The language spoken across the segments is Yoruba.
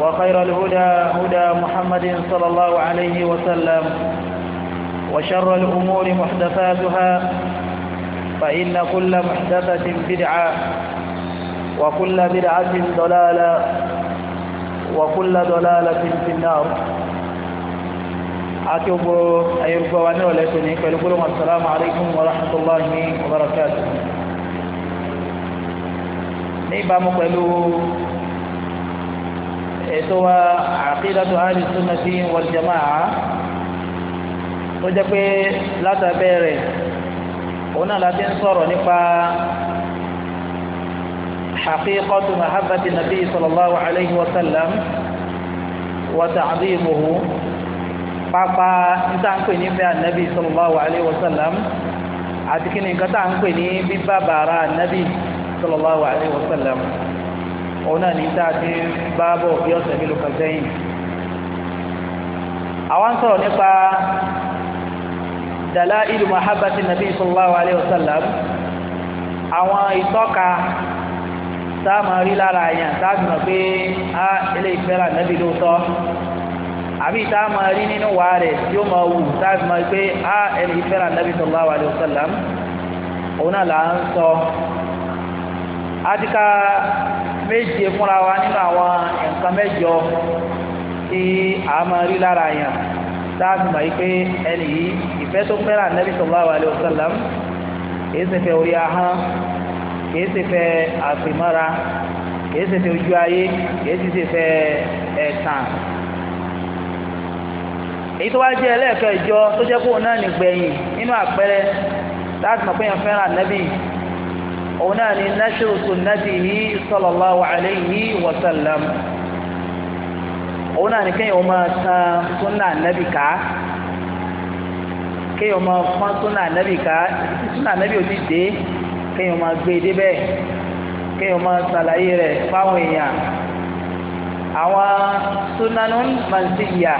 وخير الهدى هدى محمد صلى الله عليه وسلم وشر الأمور محدثاتها فإن كل محدثة بدعة وكل بدعة ضلالة وكل ضلالة في النار أتوب أيرفع ونولتني فلقلهم السلام عليكم ورحمة الله وبركاته نيبا مقلوب ètò wa àkídàtò àdìsúnàtì wal jama'a tó jẹ́ pé látàbẹ́ rẹ̀ òun náà láti ń sọ̀rọ̀ nípa حقيقة محبة النبي صلى الله عليه وسلم وتعظيمه pápá níta ń pè ní fẹ́ ànábì sallallahu alayhi wa sallam àti kí ni nǹkan tá à ní bíbá bàrà ànábì sallallahu alayhi wa sallam òun náà ní tá a ti bá bọ̀ bí ọ̀sẹ̀ mélòó kan sẹ́yìn àwa ń sọ̀rọ̀ nípa dalailu mahabbati nabi sallallahu alayhi wa sallam àwọn ìtọ́ka tá a máa rí lára yẹn tá a gbìmọ̀ pé a ilé ìfẹ́ra nàbí lóòótọ́ àbí tá a máa rí nínú wàá rẹ̀ tí máa wù tá a gbìmọ̀ pé a ilé ìfẹ́ra nàbí sallallahu alayhi wa òun náà là ń sọ. a ti ka méje fúnra wa nínú àwọn nǹkan mẹ́jọ tí a máa rí lára yàn láti mọ̀ pé ẹni yìí ìfẹ́ tó fẹ́ràn Nabi sallallahu alaihi wasallam kìí ṣe fẹ́ orí ahọ́n kìí ṣe fẹ́ àfìmọ́ra kìí ṣe fẹ́ ojú ayé kìí ṣe fẹ́ ẹ̀tàn èyí tó wá jẹ́ ẹlẹ́ẹ̀kẹ́ ìjọ tó jẹ́ kóun náà nìgbẹ̀yìn nínú àpẹẹrẹ láti mọ̀ pé yẹn fẹ́ràn Nabi òun náà ni nashru sunnatihi sallallahu alayhi wa sallam òun náà ni kéèyàn máa tan sunna nabi ká kéèyàn máa fọ́n sunna nabi ká sunna nabi ò ti dé kéèyàn máa gbé e débẹ̀ kéèyàn máa ṣàlàyé rẹ̀ fáwọn èèyàn àwọn sunanu mansiya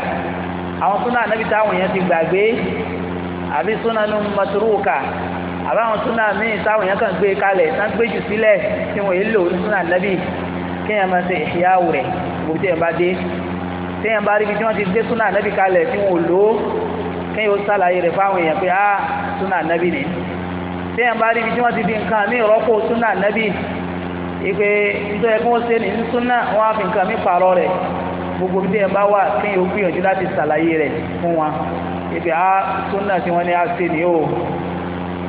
àwọn sunna nabi táwọn èèyàn ti gbàgbé àbí sunanu matruka àbáwọn súnà míì táwọn èèyàn kan gbé kalẹ̀ tán gbé jù sílẹ̀ tí wọ́n yìí lò ní súnà nàbì kéèyàn máa ṣe ìyáwó rẹ̀ gbogbo tí èèyàn bá dé téèyàn bá rí ibi tí wọ́n ti gbé súnà nàbì kalẹ̀ tí wọ́n lò ó kéèyàn ó sàlàyé rẹ̀ fáwọn èèyàn pé ah súnà nàbì ni téèyàn bá rí ibi tí wọ́n ti fi nǹkan mí rọ́pò súnà nàbì ìpè nítorí ẹ̀kọ́ wọn ṣe ní súnà wọn á fi nǹkan gbogbo bí ẹ bá wà kéèyàn ó gbìyànjú láti ṣàlàyé rẹ̀ fún wa ibi a súnà tí wọ́n ní a ṣe ní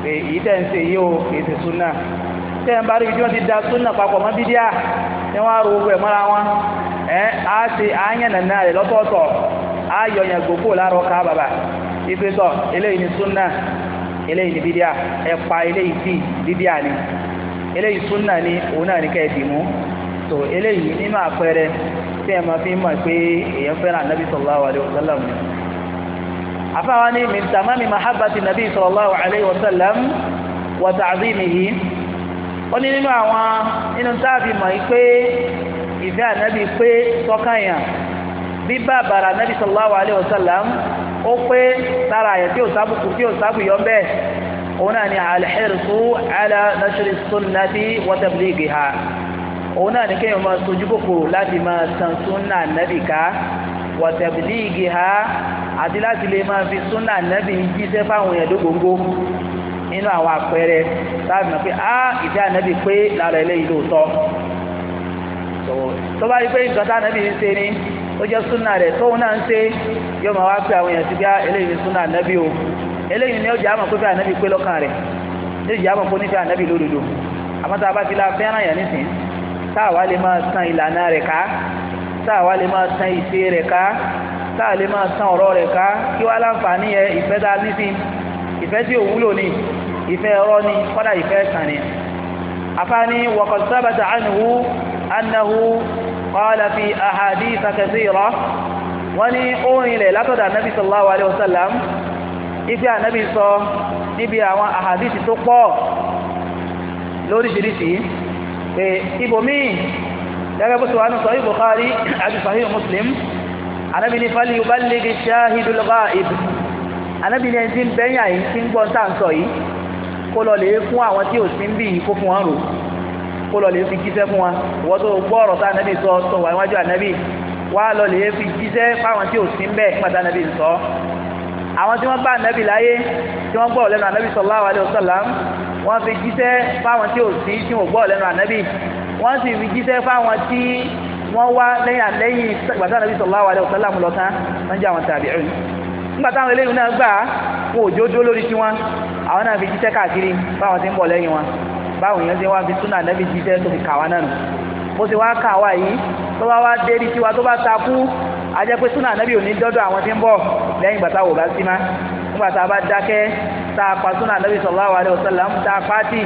pé èyí tẹ̀ ń ṣe yìí o kì í ṣe súnà tẹ́ ń bá rí ibi tí wọ́n ti da súnà papọ̀ mọ́ bídíà ni wọ́n á ro gbogbo ẹ̀ mọ́ra wọn ẹ̀ á ṣe àáyàn nàná rẹ̀ lọ́tọ̀ọ̀tọ̀ á yọ yàn gbogbo láàárọ̀ ká bàbà ife tọ̀ eléyìí ni súnà eléyìí ni bídíà ẹ̀ pa eléyìí bì bídíà ni eléyìí súnà ni òun náà ní kẹ́ ẹ̀ dì mú tó eléyìí nínú àpẹẹrẹ tí ẹ̀ máa fi mọ̀ pé èèyàn fẹ́ràn anábì sallallahu alaihi wasallam àfáwa ní min tamami mahabbati nabi sallallahu alayhi wa sallam wa ta'zimihi ó ní nínú àwọn nínú táàbì mọ̀ yìí pé ìfẹ́ ànábì pé sọ́kànyàn bí bàbàrà nabi sallallahu alayhi wa sallam ó pé lára àyẹ̀ tí ò sábùkù tí ò sábùyọ́ bẹ́ẹ̀ òun náà ni alḥirsu ala nashri sunnati wa tablighiha òun náà ni kéèyàn máa sojú kòkòrò láti máa tan sunna nabi ká wọ̀tẹ̀bìlì igi ha àti láti lè máa fi súnà nẹ́bì jíṣẹ́ fáwọn èèyàn lógbòǹgbò nínú àwọn àpẹẹrẹ láti mọ̀ pé á ìfẹ́ ànẹ́bì pé lára eléyìí lóòótọ́ tó bá rí pé nǹkan tánẹ́bì ń ṣe ni ó jẹ́ súnà rẹ̀ tóun náà ń ṣe yóò máa wá pé àwọn èèyàn ti gbá eléyìí ní súnà ànẹ́bì o eléyìí ni ó jẹ́ àmọ̀ pé fẹ́ ànẹ́bì pé lọ́kàn rẹ̀ ní ìjà àmọ̀ táà wá lè máa san ìṣe rẹ̀ ká táà lè máa san ọ̀rọ̀ rẹ̀ ká kí wá láǹfààní yẹ ìfẹ́ tá a ní sí ìfẹ́ tí ò wúlò ni ìfẹ́ ọ̀rọ̀ ni kọ́dà ìfẹ́ ẹ̀sán ni. àfààní waqad sabata anhu annahu qala fi ahadith kathira wọ́n ní ó rinlẹ̀ látọ̀dọ̀ anabi sallallahu alayhi wa sallam ife anabi sọ níbi àwọn ahadith tó pọ̀ lóríṣiríṣi pé ibòmíì gẹ́gẹ́ bó ṣe wà ní sahih Bukhari àti sahih Muslim anábì ní fali yuballighi shahidul ghaib anábì ní ẹni tí ń bẹ́yìn àyè tí ń gbọ́n tàn sọ yìí kó lọ lè fún àwọn tí ò sí ń bì kó fún wọn rò kó lọ lè fi jíṣẹ́ fún wa wọ́n tó gbọ́ ọ̀rọ̀ tá anábì sọ sọ wà níwájú anábì wá lọ lè fi jíṣẹ́ fáwọn tí ò sí ń bẹ̀ pàtó anábì sọ àwọn tí wọ́n bá anábì láyé tí wọ́n gbọ́ lẹ́nu anábì sallallahu alaihi wasallam wọ́n fi jíṣẹ́ fáwọn tí ò sí tí wọ́n gbọ́ lẹ́nu anábì wọ́n sì fi jíṣẹ́ fáwọn tí wọ́n wá lẹ́yìn àlẹ́yìn gbàtà nàbí sallallahu alaihi wasallam lọ́tán wọ́n jẹ́ àwọn tabi'un nígbà táwọn eléyìí náà gbà wọn ò jójó lórí tiwọn àwọn náà fi jíṣẹ́ káàkiri báwọn ti ń bọ̀ lẹ́yìn wọn báwọn èèyàn ti wá fi súnà nàbí jíṣẹ́ tó fi kà wá náà nù bó ti wá kà wá yìí tó bá wá dé ní tiwa tó bá takú ajẹ́ pé súnà nàbí ò ní dọ́dọ̀ àwọn ti ń bọ̀ lẹ́yìn gbàtà wò bá sí má nígbà tá a bá dákẹ́ tá a pa súnà nàbí sallallahu alaihi wasallam tá a pàtì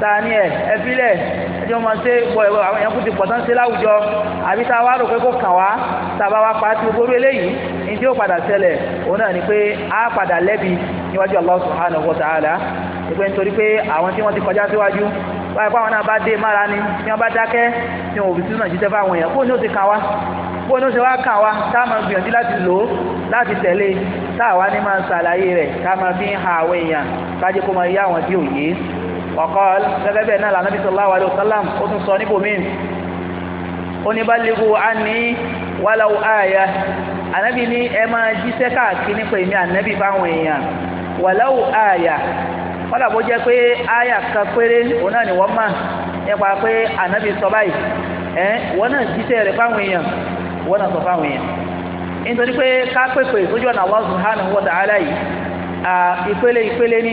tá a ní ẹ̀ ẹ fílẹ̀ ẹjọ́ máa ṣe pọ̀ ẹ̀wọ̀ àwọn èèyàn kú ti pọ̀ tán ṣe láwùjọ àbí tá a wá rò pé kó kàn wá tá a bá wá pa á ti gbogbo eléyìí ní tí ó padà ṣẹlẹ̀ òun náà ni pé á padà lẹ́bi níwájú Allah subhanahu wa ta'ala ìpè nítorí pé àwọn tí wọ́n ti kọjá síwájú báyìí pé àwọn náà bá dé mára ni tí wọ́n bá dákẹ́ tí wọn ò sínú ìjíṣẹ́ fáwọn èèyàn fóònù ó ti kàn wá fóònù ó ti wá kàn wá tá a máa gbìyànjú láti lò ó láti tẹ̀lé e. táwa ní máa ń ṣàlàyé rẹ̀ tá máa fi ń ha àwọn èèyàn kájí kó máa yá àwọn tí ò yé ọ̀kọ́l gẹ́gẹ́ bẹ́ẹ̀ náà lànàbí sallallahu alaihi ó tún sọ níbòmíì ó ní balighu aya ànábì ní ẹ máa jíṣẹ́ káàkiri nípa èmi ànábì fáwọn èèyàn aya kọ́dà bó jẹ́ pé aya kan péré òun náà ni wọ́n mà nípa pé ànábì sọ báyìí ẹ wọ́n náà jíṣẹ́ rẹ̀ fáwọn èèyàn wọ́n náà sọ fáwọn èèyàn nítorí pé ká pèpè sójú ọ̀nà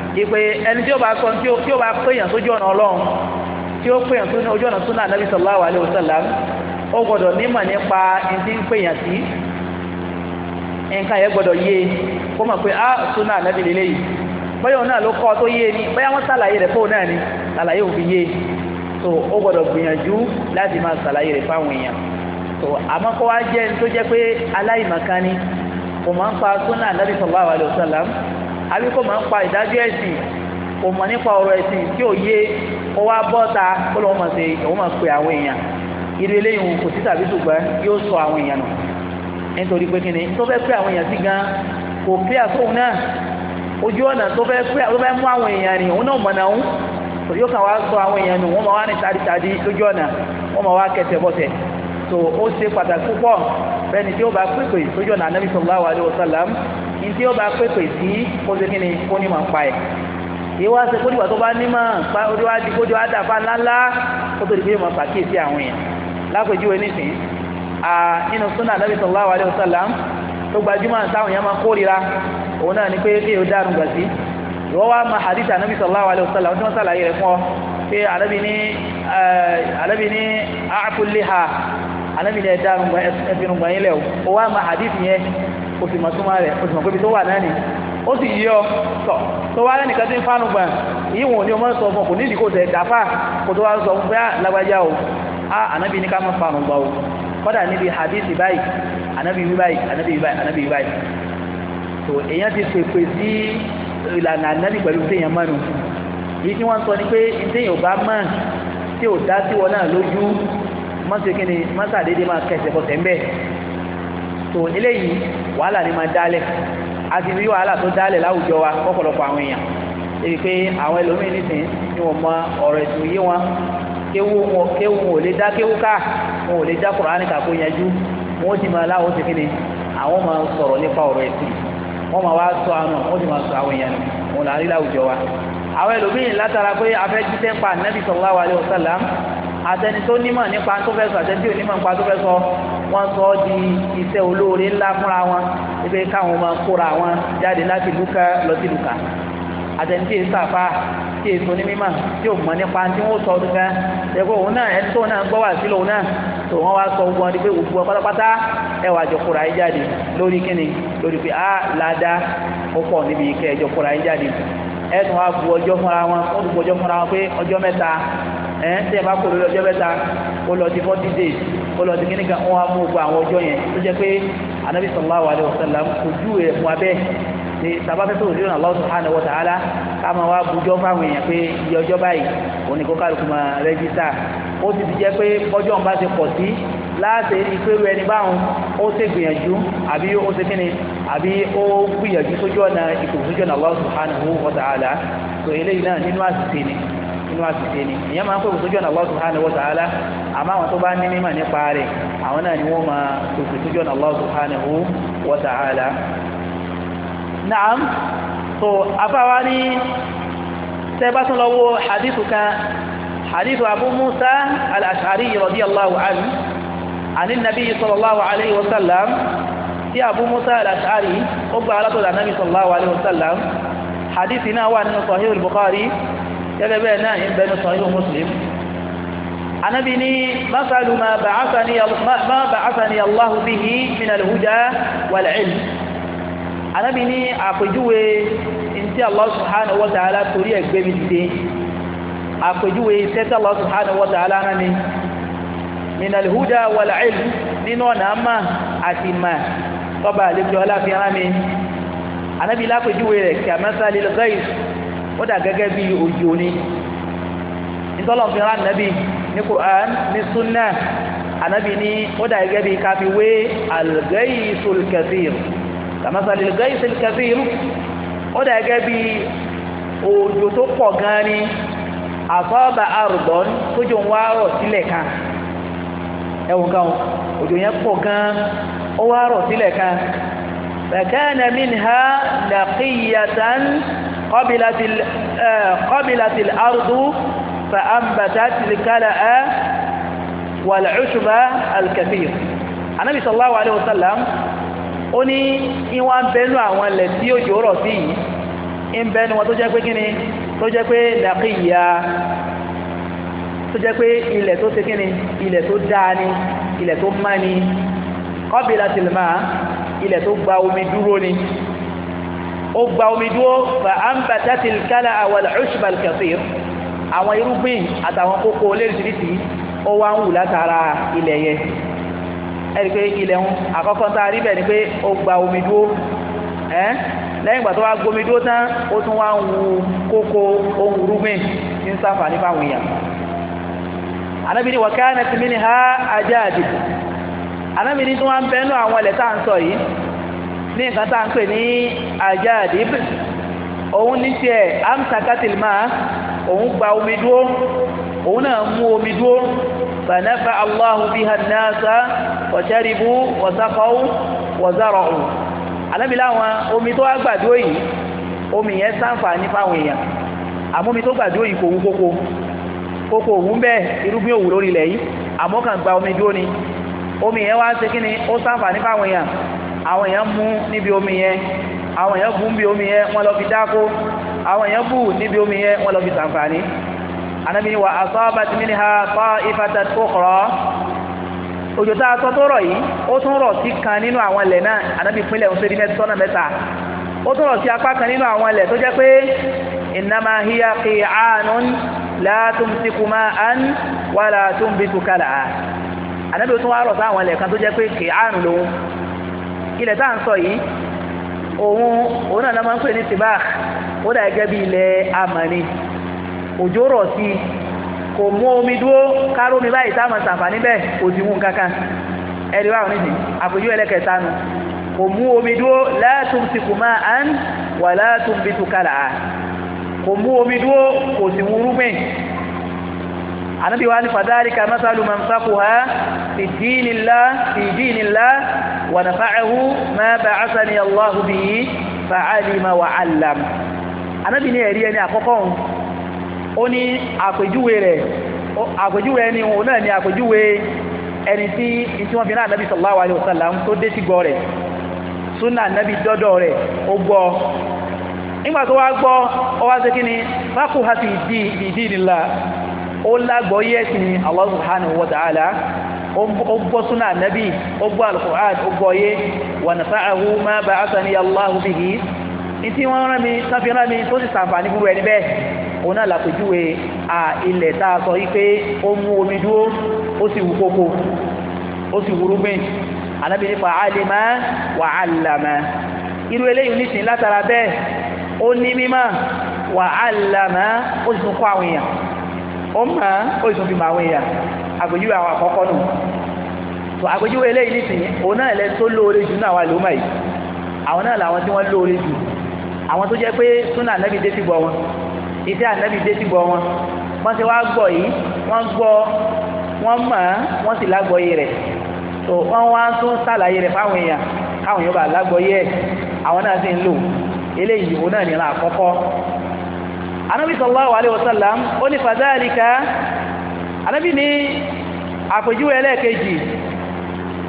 ìpè ẹni tí ó bá sọ tí ó bá péyàn sójú ọ̀nà ọlọ́run tí ó péyàn sójú ọ̀nà súnà nàbí sallallahu alaihi wasallam ó gbọ́dọ̀ nímọ̀ nípa ìdí péyàn sí nǹkan yẹn gbọ́dọ̀ yé e, kó mọ̀ pé ah súnà nàbí lélẹ́yìí bóyá òun náà ló kọ́ tó yé e ni bóyá wọ́n sàlàyé rẹ̀ fóun náà ni sàlàyé òfin yé e. so ó gbọ́dọ̀ gbìyànjú láti máa sàlàyé rẹ̀ fáwọn èèyàn so tó àbí kò máa ń pa ìdájọ́ ẹ̀sìn kò mọ̀ nípa ọ̀rọ̀ ẹ̀sìn tí ò yé ó wá bọ́ta kó lóun mọ̀ sí òun mọ̀ pé àwọn èèyàn irú eléyìí kò sí tàbí ṣùgbọ́n yóò sọ àwọn èèyàn nù nítorí pé kíni tó fẹ́ pé àwọn èèyàn sí gan kò pé àfóun náà ojú ọ̀nà tó fẹ́ pé tó fẹ́ mú àwọn èèyàn ni òun náà mọ̀ náà yóò kàn wá sọ àwọn èèyàn nù wọ́n máa wá ní tadítadí lójú ọ̀nà wọ́n máa wá kẹsẹ̀ bọ́sẹ̀ so ó ṣe pàtàkì púpọ̀ bẹ́ẹ̀ni tí ó bá pèpè sójú ọ̀nà anábì sallallahu alaihi wasallam ní tí ó bá pèpè sí kó ṣe kí ni kó ní màá pa ẹ̀ ìwọ ṣe kó dìgbà tó bá nímọ̀ pa oríwájú kó jọ á dàfa ńláńlá kó tó di pé màá pàkíyèsí àwọn èèyàn lápèjúwe nísìnyí nínú súnà anábì sallallahu alaihi wasallam tó gbajúmọ̀ táwọn èèyàn máa kórira òun náà ni pé kí o dárun gbà sí ìwọ wá ma hadith anábì sallallahu alaihi wasallam tí wọ́n sàlàyé rẹ̀ fún ọ pé anábì ní àáfù léha alábìíní ẹ dá ẹfinu gbà yín lẹ o wá máa hadith yẹn o sì máa súnmọ́ rẹ̀ o sì máa pébi tó wà náà ni ó sì yí ọ tọ̀ tó wá lẹ́nìkan tí ń fánu gbà yìí wọn ò ní o máa sọ fún ọ kò ní ìdíkò tẹ̀ dáfà kò tó wá sọ fún bẹ́ẹ̀ ah, lágbájá o a ah, ànábì ní ká máa fánu gbà o kọ́dà níbi hadith báyìí ànábì wí báyìí ànábì wí báyìí ànábì wí báyìí tó èèyàn ti pèpè sí ìlànà ànábì pẹ̀lú téèyàn mọ́nu èyí tí wọ́n sọ ni pé téèyàn bá mọ̀ tí ò dá sí wọn náà lójú má ṣe kí ni má máa kẹsẹ̀ bọ̀sẹ̀ ń bẹ̀ tó eléyìí wàhálà ni máa dálẹ̀ a ti rí wàhálà tó dálẹ̀ láwùjọ wa kọ́pọ̀lọpọ̀ àwọn èèyàn èyí pé àwọn ẹlòmíín nìsín ni wọ́n mọ ọ̀rọ̀ ẹ̀sùn yé wọn kéwú wọn kéwú wọn ò lè dá kéwú ká wọn ò lè dá Kùránì kà kó yanjú wọn ó ti máa láwọn ó ti kí ni àwọn máa sọ̀rọ̀ nípa ọ̀rọ̀ ẹ̀sìn wọ́n máa wá sọ àwọn wọ́n sì máa sọ àwọn èèyàn wọn là ń rí láwùjọ wa àwọn ẹlòmíín látara pé afẹ́ jíṣẹ́ pa nẹ́bí sallallahu alaihi wasallam àtẹni tó nímọ̀ nípa tó fẹ́ sọ àtẹni tí ò nímọ̀ nípa tó fẹ́ sọ wọ́n sọ ọ́ di iṣẹ́ olóore ńlá fúnra wọn ebe káwọn máa kóra wọn jáde láti lùkà lọ sí lùkà àtẹni tí èso àfa tí èso ní mímọ̀ tí ò mọ̀ nípa tí wọ́n sọ ọdún kan ẹ̀kọ́ òun náà ẹni tó náà gbọ́ wà sí lòun náà tó wọ́n wá sọ gbọ́n di pé òkú ọ pátápátá ẹ̀ wà jọ kóra yín jáde lórí kíni lórí pé á ládàá ó pọ̀ níbi kẹ́ jọ kóra yín jáde ẹ̀tún wa bu ọjọ́ fúnra wọn wọ́n bu ọjọ́ fúnra wọn pé ọjọ́ mẹ́ta ẹ̀ tí ẹ bá kó lórí ọjọ́ mẹ́ta ó lọ sí forty days ó lọ sí kíní kan wọ́n mú gbogbo àwọn ọjọ́ yẹn tó jẹ́ pé anabi sallallahu alayhi wa sallam kò ju ẹ̀ fún abẹ́ ní sábàfẹ́ tó lórí Allah subhanahu wa ta'ala ká máa wá bujọ́ fáwọn èèyàn pé iye ọjọ́ báyìí òun ni kó kálukú máa rẹ́jísà ó sì ti jẹ́ pé ọjọ́ ń ti pọ̀ sí láti ìpérò ẹni báwọn ó ṣe gbìyànjú àbí ó ṣe kíni àbí ó gbìyànjú sójú ọ̀nà ìkòkò sójú ọ̀nà Allah subhanahu wa ta'ala tó eléyìí náà nínú àṣìṣe ni nínú àṣìṣe ni ìyẹn máa ń pèkò sójú ọ̀nà Allah subhanahu wa ta'ala àmọ́ àwọn tó bá ní mímọ̀ nípa rẹ̀ àwọn náà ni wọ́n máa pèkò sójú ọ̀nà Allah subhanahu wa ta'ala. naam so afáwa ní tẹ́bá tún lọ wo hadithu kan hadithu abu musa al-ashari radiyallahu anhu àní nàbí sallallahu alayhi wa sallam tí Abu Musa al-Ash'ari ó gba alátọ̀dà nàbí sallallahu alayhi wa sallam hadith náà wà nínú sahih al-Bukhari gẹ́gẹ́ bẹ́ẹ̀ náà ń bẹnu sahih Muslim anabi ni masalu ma ba'athani ma ba'athani Allahu bihi min al-huda wal-ilm anabi ni àpèjúwe ntí Allah subhanahu wa ta'ala torí ẹgbẹ́ mi dìde àpèjúwe iṣẹ́ Allah subhanahu wa ta'ala rán mi minal huda wal ilm nínú ọ̀nà àmà àti mà tọ́ba àlejò aláfihàn mi anabi lápèjúwe rẹ̀ kí amẹ́sà lè lọ́gọ́ yìí ó dà gẹ́gẹ́ bí òjò ni nítorí ọ̀fìn rán anabi ní Qur'an ní sunna anabi ní ó dà gẹ́gẹ́ bí káfí wé al-ghaythul kathir amẹ́sà lè lọ́gọ́ yìí kathir ó dà gẹ́gẹ́ bí òjò tó pọ̀ gan ni àfọ́bà àrùbọ́n tó jò kan ẹwù kan òjò yẹn pọ̀ gan ó wá rọ̀ sílẹ̀ kan bẹ̀kẹ́nà minha nàkíyàtàn kọ́bìlàtì àrùdù fa'ambata tìlìkàlà ẹ̀ wàlẹ̀ṣùbà alkafir anábì sallallahu alaihi wasallam ó ní ìwọ̀n bẹnu àwọn ilẹ̀ tí òjò rọ̀ sí yìí ń wọn tó jẹ́ pé kíni tó jẹ́ pé nàkíyà tó jẹ́ pé ilẹ̀ tó ṣe kíni ilẹ̀ tó dáa ni ilẹ̀ tó má ni kọ́bìlà tìlìmà ilẹ̀ tó gba omi dúró ni ó gba omi dúró fa ambata tilkala awal ushbal kathir àwọn irúgbìn àtàwọn kókó lẹ́rìndínlẹ́sì ó wá ń wù látara ilẹ̀ yẹn ẹ̀rí pé ilẹ̀ ń àkọ́kọ́ tá a rí bẹ̀ ni pé ó gba omi dúró ẹ́ lẹ́yìn ìgbà tó wá gbomi dúró tán ó tún wá ń wù kókó ohun irúgbìn ní sáfà nípa àwọn èèyàn anábìíní wa kanat minha ajadib anábìíní tí wọ́n ń bẹ́nu àwọn ilẹ̀ tá à ń sọ yìí ní nǹkan tá à ń pè ní ajadib òun ní tiẹ̀ amsakatil ma òun gba omi dúró òun náà mú omi dúró fanafa allahu biha an-nasa wa sharibu wa saqaw omi tó wá gbàdúró yìí omi yẹn ṣàǹfààní fáwọn èèyàn àmọ́ omi tó gbàdúró yìí kò wú kókó. kókò òwú bẹ́ẹ̀ irúgbìn òwú lórí yi yìí àmọ́ kàn gba omi dúró ni omi yẹn wá ṣe kí ni ó ṣàǹfààní fáwọn èèyàn àwọn èèyàn mú níbi omi yẹn àwọn èèyàn bù níbi omi yẹn lọ fi dáko àwọn èèyàn bù níbi omi yẹn wọ́n lọ fi anabi wa asabat òjò tá a sọ tó rọ̀ yìí ó tún sí kan nínú àwọn anabi ń mẹ́ta ó tún sí apá kan nínú àwọn ilẹ̀ tó jẹ́ pé la tumsiku ma'an wala tunbitu kal'a ànábì tún wá rọ̀ sáwọn ilẹ̀ kan tó jẹ́ pé kìáàrùn lòun ilẹ̀ tá à ń sọ yìí òun òun náà máa ń pè ní tìbá ó dà gẹ́gẹ́ bí ilẹ̀ amani òjò rọ̀ sí i kò mú omi dúró káró mi báyìí táwọn sàǹfààní bẹ́ẹ̀ kò sí mú kankan ẹ̀rí wa òní sí àpèjú ẹlẹ́kẹta nu kò mú omi dúró la tumsiku ma'an wala tunbitu kal'a kò mú omi dúró kò sì mú rúgbìn anabi wa alifa dhalika masalu man saquha fi dinillah fi dinillah wa nafa'ahu ma ba'athani allah bihi fa'alima wa 'allam anabi ní ẹ̀rí ẹni àkọ́kọ́ ó ní àpèjúwe rẹ̀ àpèjúwe ẹni òun náà ni àpèjúwe ẹni tí tí wọ́n fi náà nàbí sallallahu alaihi wasallam tó nígbà tó wá gbọ́ ọ wá kí ni fákù ha fi ìdí ó lágbọ́ ni Allah subhanahu wa ta'ala ó gbọ́ súnà nàbí ó gbọ́ al ó gbọ́ wà nà fa'ahu ma ba'athani Allahu bihi ìtí wọ́n rán mi tán rán mi tó sì sàǹfààní gbogbo ẹni bẹ́ẹ̀ òun náà làpèjúwe a sọ yí ó mú omi dúró ó sì wú kókó ó sì alima irú eléyìí nísìnyí látara bẹ́ẹ̀ ó ní mímọ̀ wà á lànà ó sì tún kọ́ àwọn èèyàn ó mọ̀ ó sì tún fi mọ̀ àwọn èèyàn àgbèjúwe àwọn àkọ́kọ́ nù tó àgbèjúwe eléyìí nìsín òun náà lẹ tó lóore jù náà wà lóma yìí àwọn náà làwọn tí wọ́n lóore jù àwọn tó jẹ́ pé súnà ànábì dé sí gbọ́ wọn iṣẹ́ ànábì dé sí gbọ́ wọn wọ́n ti wá gbọ́ yìí wọ́n gbọ́ wọ́n mọ̀ wọ́n sì lágbọ́yé rẹ̀ tó wọ́n wá tún sàlàyé rẹ̀ fáwọn èèyàn káwọn èèyàn bá lágbọ́yé ẹ̀ àwọn náà sì ń lò eléyìí òun náà nìran àkọ́kọ́ anábì sallallahu alaihi wasallam ó ní fadhalika anábì ní àpèjúwe ẹlẹ́ẹ̀kejì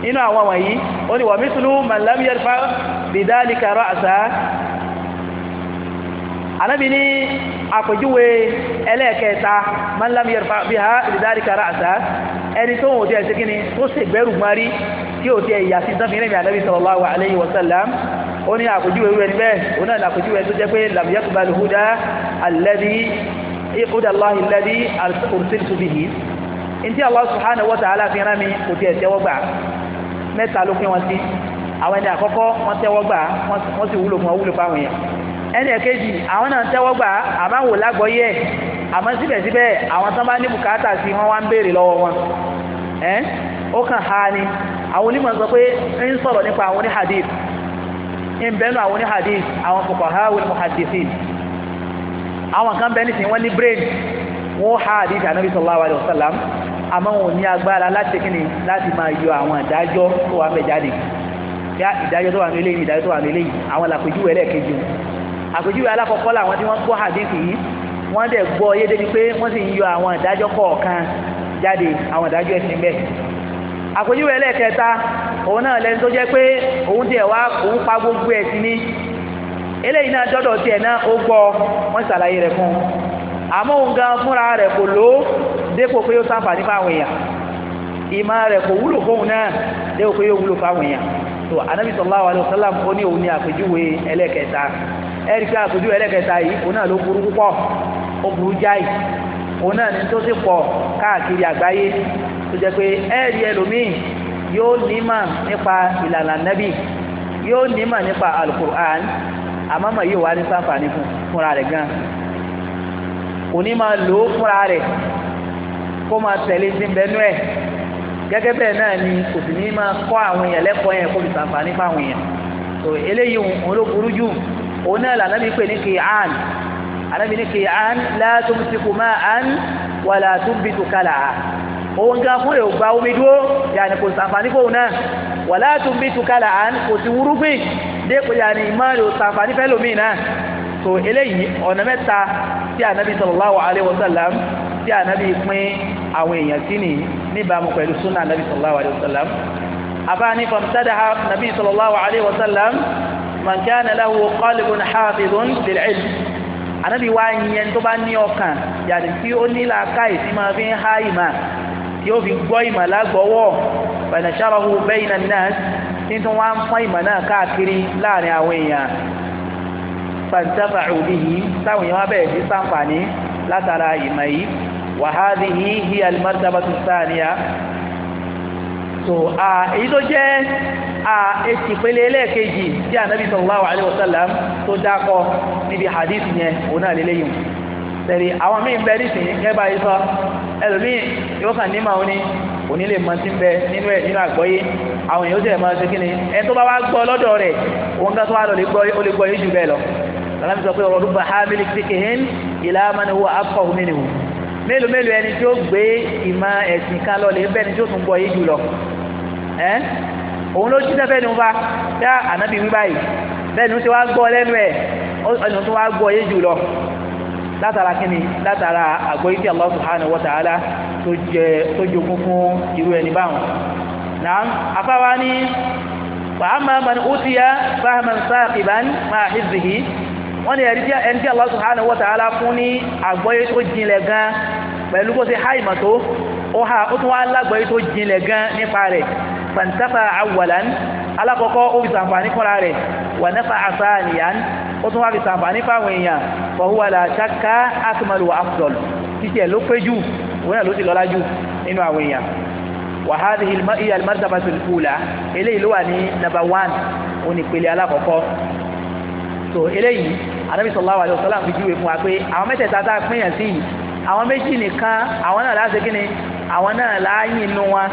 inú àwọn wọ̀nyí ó ní wa mithlu man lam yarfa bidhalika ra'sa anábì ní àpèjúwe ẹlẹ́ẹ̀kẹta man lam yarfa biha bidhalika ra'sa ẹni tó ń wò tí ẹ̀ sí kíni tó sì gbẹ́rù gbárí tí ò tí sí tán fi rìn ànábì ó ní àpèjúwe rẹ̀ bẹ́ẹ̀ òun náà làpèjúwe tó jẹ́ pé lam yaqbal huda alladhi huda Allahi alladhi ursiltu bihi ntí Allah subhanahu wa ta'ala fi rán mi kò tiẹ̀ tẹ́wọ́ gbà mẹ́ta ló pín wọn sí àwọn ẹni àkọ́kọ́ wọ́n tẹ́wọ́ gbà wọ́n sì wúlò fún wọn wúlò fáwọn àmọ́ síbẹ̀síbẹ̀ àwọn tán bá ní bùkátà sí wọ́n wá ń béèrè lọ́wọ́ wọn ẹ́ ó kàn ha ni àwọn onímọ̀ sọ pé ń sọ̀rọ̀ nípa àwọn oníhadith ń bẹ́ẹ̀ nù àwọn oní hadith àwọn fuqaha wal muhaddithin àwọn kan bẹ́ẹ̀ nísìnyí wọ́n ní brain wọ́n ha hadith anabi sallallahu alayhi wa sallam àmọ́ wọn ò ní agbára láti kíni láti máa yọ àwọn ìdájọ́ tó wà mẹ́ jáde yá ìdájọ́ tó wà ní eléyìí ìdájọ́ tó wà ní eléyìí àwọn làpèjúwe ẹlẹ́ẹ̀kejì àpèjúwe alákọ̀ọ́kọ́ làwọn tí wọ́n gbọ́ hadith yìí wọ́n dẹ̀ gbọ́ yé pé wọ́n sì ń yọ àwọn ìdájọ́ kọ̀ọ̀kan jáde àwọn ìdájọ́ ẹ̀sìn bẹ́ẹ̀ àpèjúwe ẹlẹ́ẹ̀kẹta òun náà lẹ́nu tó jẹ́ pé òun tiẹ̀ wá òun pa gbogbo ẹ̀ sí ní eléyìí náà dọ́dọ̀ tiẹ̀ náà ó gbọ́ wọ́n ṣàlàyé rẹ̀ fún un àmọ́ òun gan fúnra rẹ̀ kò lò dépò pé ó ṣàǹfààní fáwọn èèyàn ìmọ̀ rẹ̀ kò wúlò fóun náà dépò pé ó wúlò fáwọn èèyàn tó anábì sallallahu alaihi wasallam ní òun tó jẹ́ pé ẹ̀rí ẹlòmíì yóò nímà nípa ìlànà nẹ́bì yóò nímà nípa alukur'an àmọ́mọ́ yóò wá ní sáǹfààní fún fúnra rẹ̀ gan kò ní máa lò ó fúnra rẹ̀ kó máa tẹ̀lé sí bẹ́nu ẹ̀ gẹ́gẹ́ bẹ́ẹ̀ náà ni kò sì ní máa kọ́ àwọn èèyàn lẹ́kọ̀ọ́ yẹn kó fi sàǹfààní fáwọn èèyàn tó eléyìí òun ló burú jù òun náà là nábì pé ní kìíhán ànábì ní kìíhán la tumsiku ma'an wala tunbitu kal'a òun gan fún yóò gba omi dúró yàní kò sàǹfààní fóun náà wà látún bí tukàlà à ń kò sí wúrúgbìn dépò yàní ìmọ̀ yóò sàǹfààní fẹ́ lómi náà tó eléyìí ọ̀nà mẹ́ta tí ànábì sallallahu alaihi tí ànábì pín àwọn èèyàn sí ni níbàámu pẹ̀lú súnà ànábì sallallahu alaihi wasallam abáni famtadaha nàbí sallallahu alaihi wasallam man tí ó fi gbọ́ ìmọ̀ lágbọ́wọ́ fàìnàṣàròhù bẹ́yìn náà títún wá ń pọ́n ìmọ̀ náà káàkiri láàrin àwọn èèyàn fàǹtàfà òbí yìí táwọn èèyàn wá bẹ̀rẹ̀ sí sàǹfààní látara ìmọ̀ yìí wàhálì yìí hi alimartabatu sáàníyà so èyí tó jẹ́ ìpele ẹlẹ́ẹ̀kejì tí ànábì sallallahu alaihi wasallam tó dákọ níbi hadith yẹn òun náà lélẹ́yìn tẹ̀lé àwọn míì bẹ́ẹ̀ nìsín kẹ́bà yìí sọ ẹlòmíì yóò kàn nímọ̀ òní òní lè mọ tí ń bẹ nínú ẹ̀ nínú àgbọ́yé àwọn èèyàn ó tẹ̀lé máa ṣe kí ni ẹ tó bá wá gbọ́ lọ́dọ̀ rẹ̀ òun kan tó wá lọ lè gbọ́ yé jù bẹ́ẹ̀ lọ lọ́nà mi sọ pé ọ̀rọ̀ bá hámílì kékeré ìlà mánu wọ akọ̀ òmìnir mélòó mélòó ẹni tí ó gbé ìmọ̀ ẹ̀sìn kan lọ lè bẹ́ẹ̀ ni tí ó tún gbọ́ yé jù lọ ẹ́ òun ló jí sẹ́fẹ́ ni wọ́n bá dá ànábì wí látara kíni látara àgbọ́yé tí Allah subhanahu wa ta'ala tó jogún fún irú ẹni báwọn náà afáwa ní fàámà man utiya fahman saqiban máa hizbihi wọ́n ní ẹni tí Allah subhanahu wa ta'ala fún ní àgbọ́yé tó jinlẹ̀ gan pẹ̀lú kó ṣe háìmọ̀ tó ó ha ó tún wá lágbọ́yé tó jinlẹ̀ gan nípa rẹ̀ fantafa awwalan alákọ̀ọ́kọ́ ó fi sàǹfààní fúnra rẹ̀ wà nafa'a thaniyan ó tún wá fi sàǹfààní fáwọn èèyàn fọwọ́ la ṣáká akmalu wa afdol títí ẹ̀ ló pé jù òun náà ló ti lọ́lá jù nínú àwọn èèyàn wa hadhihi hiya almartabatu alula eléyìí ló wà ní number one òun ìpele alákọ̀ọ́kọ́ so eléyìí anabi sallallahu alayhi wa sallam fi júwe fún wa pé àwọn mẹ́tẹ̀ẹ̀ta tá a pín yàn sí yìí àwọn méjì nìkan àwọn náà láti kí ni àwọn náà láàyìn inú wọn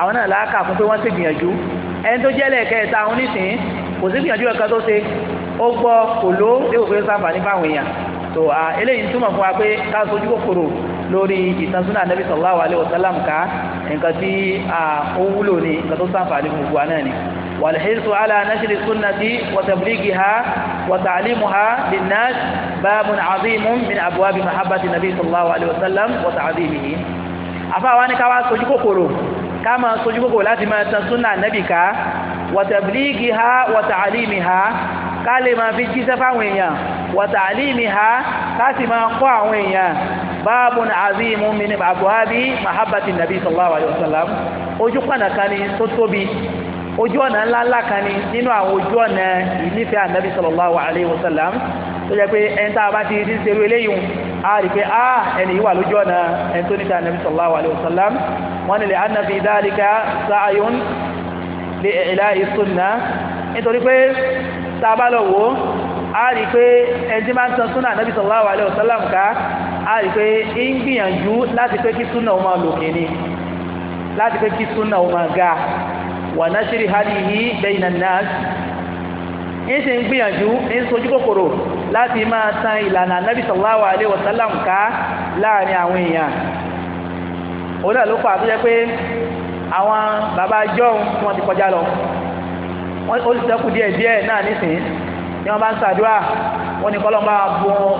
àwọn náà láàkà fún pé wọ́n sì gbìyànjú ẹni tó jẹ́ lẹ́ẹ̀kẹta àwọn onísìn kò sí gbìyànjú ẹ̀ka tó ṣe ó gbọ́ kò ló yóò fẹ́ sáfà ní fáwọn èèyàn tó a eléyìí túmọ̀ fún wa pé ká sojú kòkòrò lórí ìtansúnà nàbí sallallahu alaihi wasallam ká nǹkan tí ó wúlò ní nǹkan tó sáfà ní gbogbo wa náà ni والحرص على نشر السنة وتبليغها وتعليمها للناس باب عظيم من أبواب محبة النبي صلى الله عليه وسلم وتعظيمه أفاواني كوا سجوكو كورو كما ká lè máa fi jíṣẹ́ fáwọn èèyàn wa ta'limiha ká sì máa kọ́ àwọn èèyàn báàbùn azimu min abwabi mahabbati nabi sallallahu alayhi wa sallam ojú pàdà kan ni tó tóbi ojú ọ̀nà ńláńlá kan ni nínú àwọn ojú ọ̀nà ìnífẹ̀ẹ́ ànábì sallallahu alayhi wa sallam tó jẹ́ pé ẹni tá a bá ti rí ṣerú eléyìí a rí pé a ah, ẹni yìí wà lójú ọ̀nà ẹni tó nífẹ̀ẹ́ ànábì sallallahu alayhi wa sallam wọ́n ní lè ànábì dhalika sa'yun li ila'i nítorí pé tàbá lọ wò ó a rí i pé ẹni tí máa ń tan súnà ànábì sallallahu alaihi wasallam ká a rí i pé ń gbìyànjú láti pé kí súnà ó máa lòkè ni láti pé kí súnà ó máa ga wa nashri hadihi bayna an-nas ń sì ń gbìyànjú ń sojú kòkòrò láti máa tan ìlànà ànábì sallallahu alaihi wasallam ká láàrin àwọn èèyàn òun náà ló fà á tó jẹ́ pé àwọn bàbá jọ́hún tí ti kọjá lọ ó ti sẹ́kù díẹ̀ díẹ̀ náà nísìnyí ni wọ́n bá ń ṣàdúrà wọ́n ní kọ́lọ́mbà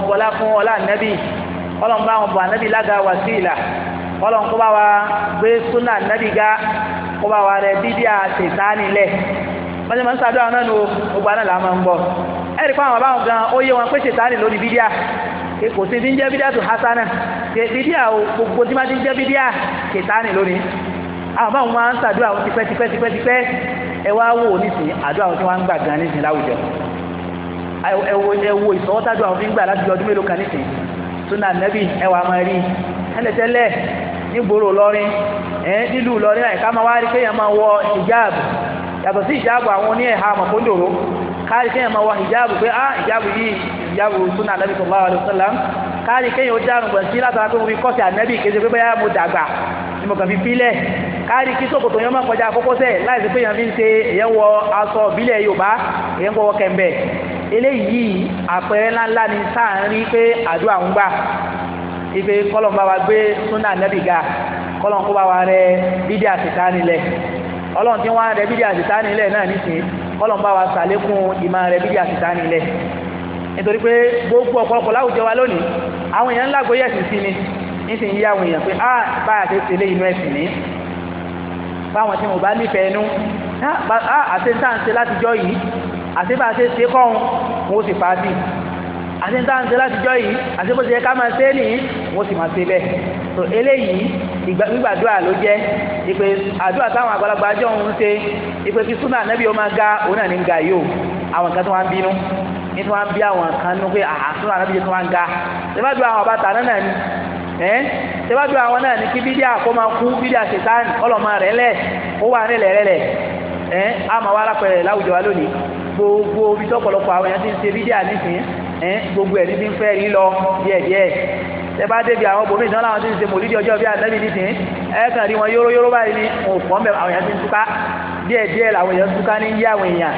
bọ́lá fún ọlá nẹ́bì kọ́lọ́mbà bùn ànẹ́bì lága wà sí ìlà kọ́lọ́n kó bá ga kó bá wa rẹ bídíà ṣètánì lẹ̀ wọ́n ti máa ń ṣàdúrà náà ní gbogbo àná là máa ń bọ̀ ẹ̀rí fún àwọn àbáwọn gan ó wọn pé hasana gbogbo ti àmọ́ àwọn máa ń ṣàdúrà wọn ti tipẹ́ ti tipẹ́ ẹ wá wò nísìnyí àdúrà wọn ti wọ́n ń gbà gan nísìnyí láwùjọ ẹ wo ẹ wo ìsọwọ́tàdúrà wọn fi ń gbà láti ọdún mélòó kan nísìnyí sunna ẹ wà máa rí nígboro lọ́rin nílùú lọ́rin àyíká máa wá rí kéèyàn máa wọ ìjáàbù yàtọ̀ sí ìjáàbù àwọn oní ẹ̀ha kari kéèyàn ma wọ hijabu pé ah hijabu yìí hijabu sunna anabi sallallahu alayhi wa sallam káàrí kéèyàn ó dárun gbọ̀nsí látara pé mo fi kọ́sì anabi kéde pé báyà mo dàgbà ni mo kàn fi bílẹ̀ káàrí kí yẹn máa kọjá pé fi ń wọ aṣọ yorùbá wọ eléyìí àpẹẹrẹ ńláńlá ni pé gbà ife ga kó bá wa rẹ kọ́lọ̀mbá wa sàlékún ìmọ̀ rẹ̀ bíbí àti sáni lẹ̀ nítorí pé gbogbo ọ̀pọ̀lọpọ̀ láwùjọ wa lónìí àwọn èèyàn ńlá gbóyè ẹ̀sìn sí ni ní sì ń yí àwọn èèyàn pé á ah, báyà tó ṣe lé inú ẹ̀sìn ní báwọn tí mo bá nífẹ̀ẹ́ nú ah, á ah, àti ń tà látijọ́ yìí àti bá a ṣe ṣe kọ́ òun mo sì pa á sí i àti ní táwọn ṣe láti jọ yìí àti bó ṣe yẹ ká máa ṣe é nìyí wọ́n sì máa ṣe bẹ́ẹ̀ tó eléyìí gbígbàdúrà ló jẹ́ ìpè àdúrà táwọn àgbàlagbà jọ ń ṣe ìpè kí súnà ànábì ó máa ga òun náà ní ga yìí o àwọn kan tó wá ń bínú ní tí wọ́n bí àwọn kan nú pé àsúnà ànábì tó wá ń ga tẹ́bàdúrà àwọn bàtà náà ni ẹ́ tẹ́bàdúrà àwọn náà ni kí bídíà kó máa kú bídíà ṣètàn ọlọ́mọ rẹ̀ lẹ̀ ó wà nílẹ̀ rẹ̀ lẹ̀ ẹ́ àmọ́ wàhálà pẹ̀lẹ̀ láwùjọ wa lónìí gbogbo ibi tọ́pọ̀lọpọ̀ àwọn èèyàn ti ń ṣe bídíà nísìnyí ẹ̀ gbogbo ẹ̀ níbi ń fẹ́ rí lọ díẹ̀díẹ̀ tẹ bá débi àwọn bòmí ìtàn láwọn tí ń ṣe mòlídìí ọjọ́ bí àtẹ́bí nìsín ẹ kàn rí wọn yóró yóró báyìí ni wọn ò pọ̀ ń bẹ àwọn èèyàn ti ń túká díẹ̀díẹ̀ làwọn èèyàn túká ní yí àwọn èèyàn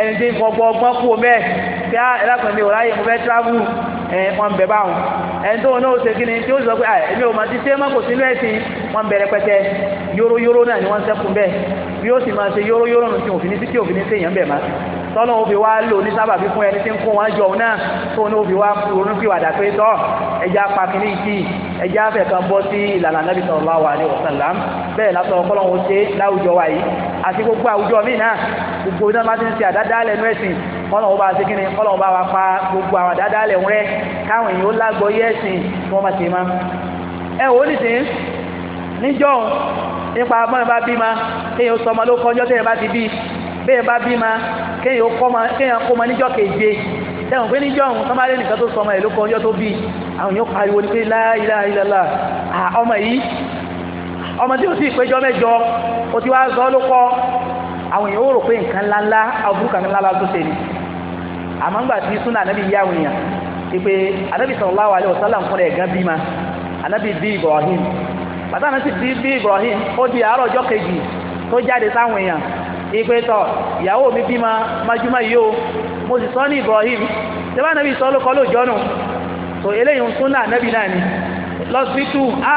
ẹni tí ń fọgbọ́ ọgbọ́n kú o mẹ́ẹ̀ kí á ẹlẹ́kùnrin mi ò ráyè mo fẹ́ travel ẹ wọn bẹ báwọn ẹni tó náà ṣe kí ni tí ó sọ pé ah, èmi ò mọ̀ ti ṣe mọ́ kò sínú ẹ̀sìn wọn bẹ̀rẹ̀ pẹ́tẹ́ yóró yóró náà ni wọ́n ṣẹ́kù bẹ́ẹ̀ bí ó sì máa ṣe yóró yóró nù tí òfin sí tí òfin sí èèyàn bẹ̀ máa tọ́lọ́ òun fi wá lò ní sábàbí fún ẹni tí ń kó wọn jọ òun náà tó ní òun fi wá ronú fi wàdà tọ́ ẹja pàkínní ìkì ẹja afẹ́kan bọ́ sí ìlànà nàbì sallallahu alaihi wasallam bẹ́ẹ̀ lásán ọkọ́lọ́hún ṣe láwùjọ wa yìí àti gbogbo àwùjọ míì náà gbogbo náà máa ti ń ṣe àdáda lẹ́nu ẹ̀sìn kọ́lọ́hún bá ṣe kí ni kọ́lọ́hún bá wa pa gbogbo àwọn àdáda lẹ́hún rẹ káwọn èèyàn lágbọ́yé ẹ̀sìn tí wọ́n máa ṣe máa ẹ wò ó nìsín níjọ́ nípa mọ́ni bá bí ma kéèyàn sọmọ ló kọjọ́ tẹ́yẹ bá bẹ́ẹ̀ bá bí ma kéèyàn kó ma níjọ́ keje ẹ̀wọ̀n pé níjọ́ ọ̀hún tán bá lé nìkan tó sọ ọmọ ìlú kan ọjọ́ tó bí àwọn yóò pariwo ní pé láìlá ìlàlá ọmọ yìí ọmọ tí ó sì péjọ mẹ́jọ ti wá zọ́ ló kọ́ àwọn èèyàn rò pé nǹkan ńláńlá àbúrúkà ńláńlá tó ni àmọ́ ńgbà tí súnà ànábì yá àwọn èèyàn ti pé ànábì ìpè tọ̀ ìyàwó mi bímọ yìí o mo sì sọ ní Ibrahim ṣẹ́bá nàbí sọ ló kọ́ nù tó eléyìí ń tún náà nàbí náà ni lọ́sítù á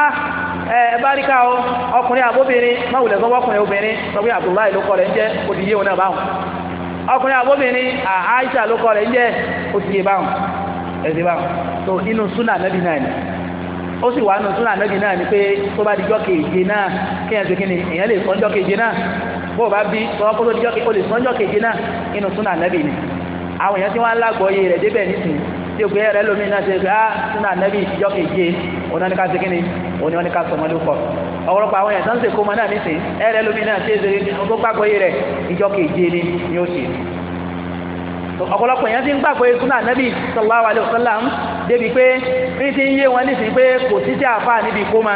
ẹ báríkà o ọkùnrin àbóbìnrin má wulẹ̀ sọ́wọ́ ọkùnrin obìnrin sọ pé Abdullahi ló kọ́ rẹ̀ ń jẹ́ òun Aisha ló kọ́ rẹ̀ ń jẹ́ ẹ̀sìn tó inú nàbí náà ni ó sì wà nù súnà ànábì náà ni pé tó bá di jọ́ naa, náà kéèyàn ṣe kíni èèyàn lè sọ jọ́ náà bó o bá bí tọ́wọ́ kó tó di jọ́ keje ó lè náà nínú súnà ànábì ni àwọn èèyàn tí wọ́n á lágbọ́ọ́yé rẹ̀ débẹ̀ nísìnyí tí o gbé ẹrẹ lómi náà ṣe gbé ah sínú ànábì ìjọ keje òun ṣe àwọn ṣe ọ̀pọ̀lọpọ̀ èèyàn ti ń gbàgbé súnà nẹ́bì sallallahu alaihi wasallam débi pé rí ti ń yé wọn nísìnyí pé kò sí sí àfà níbi ma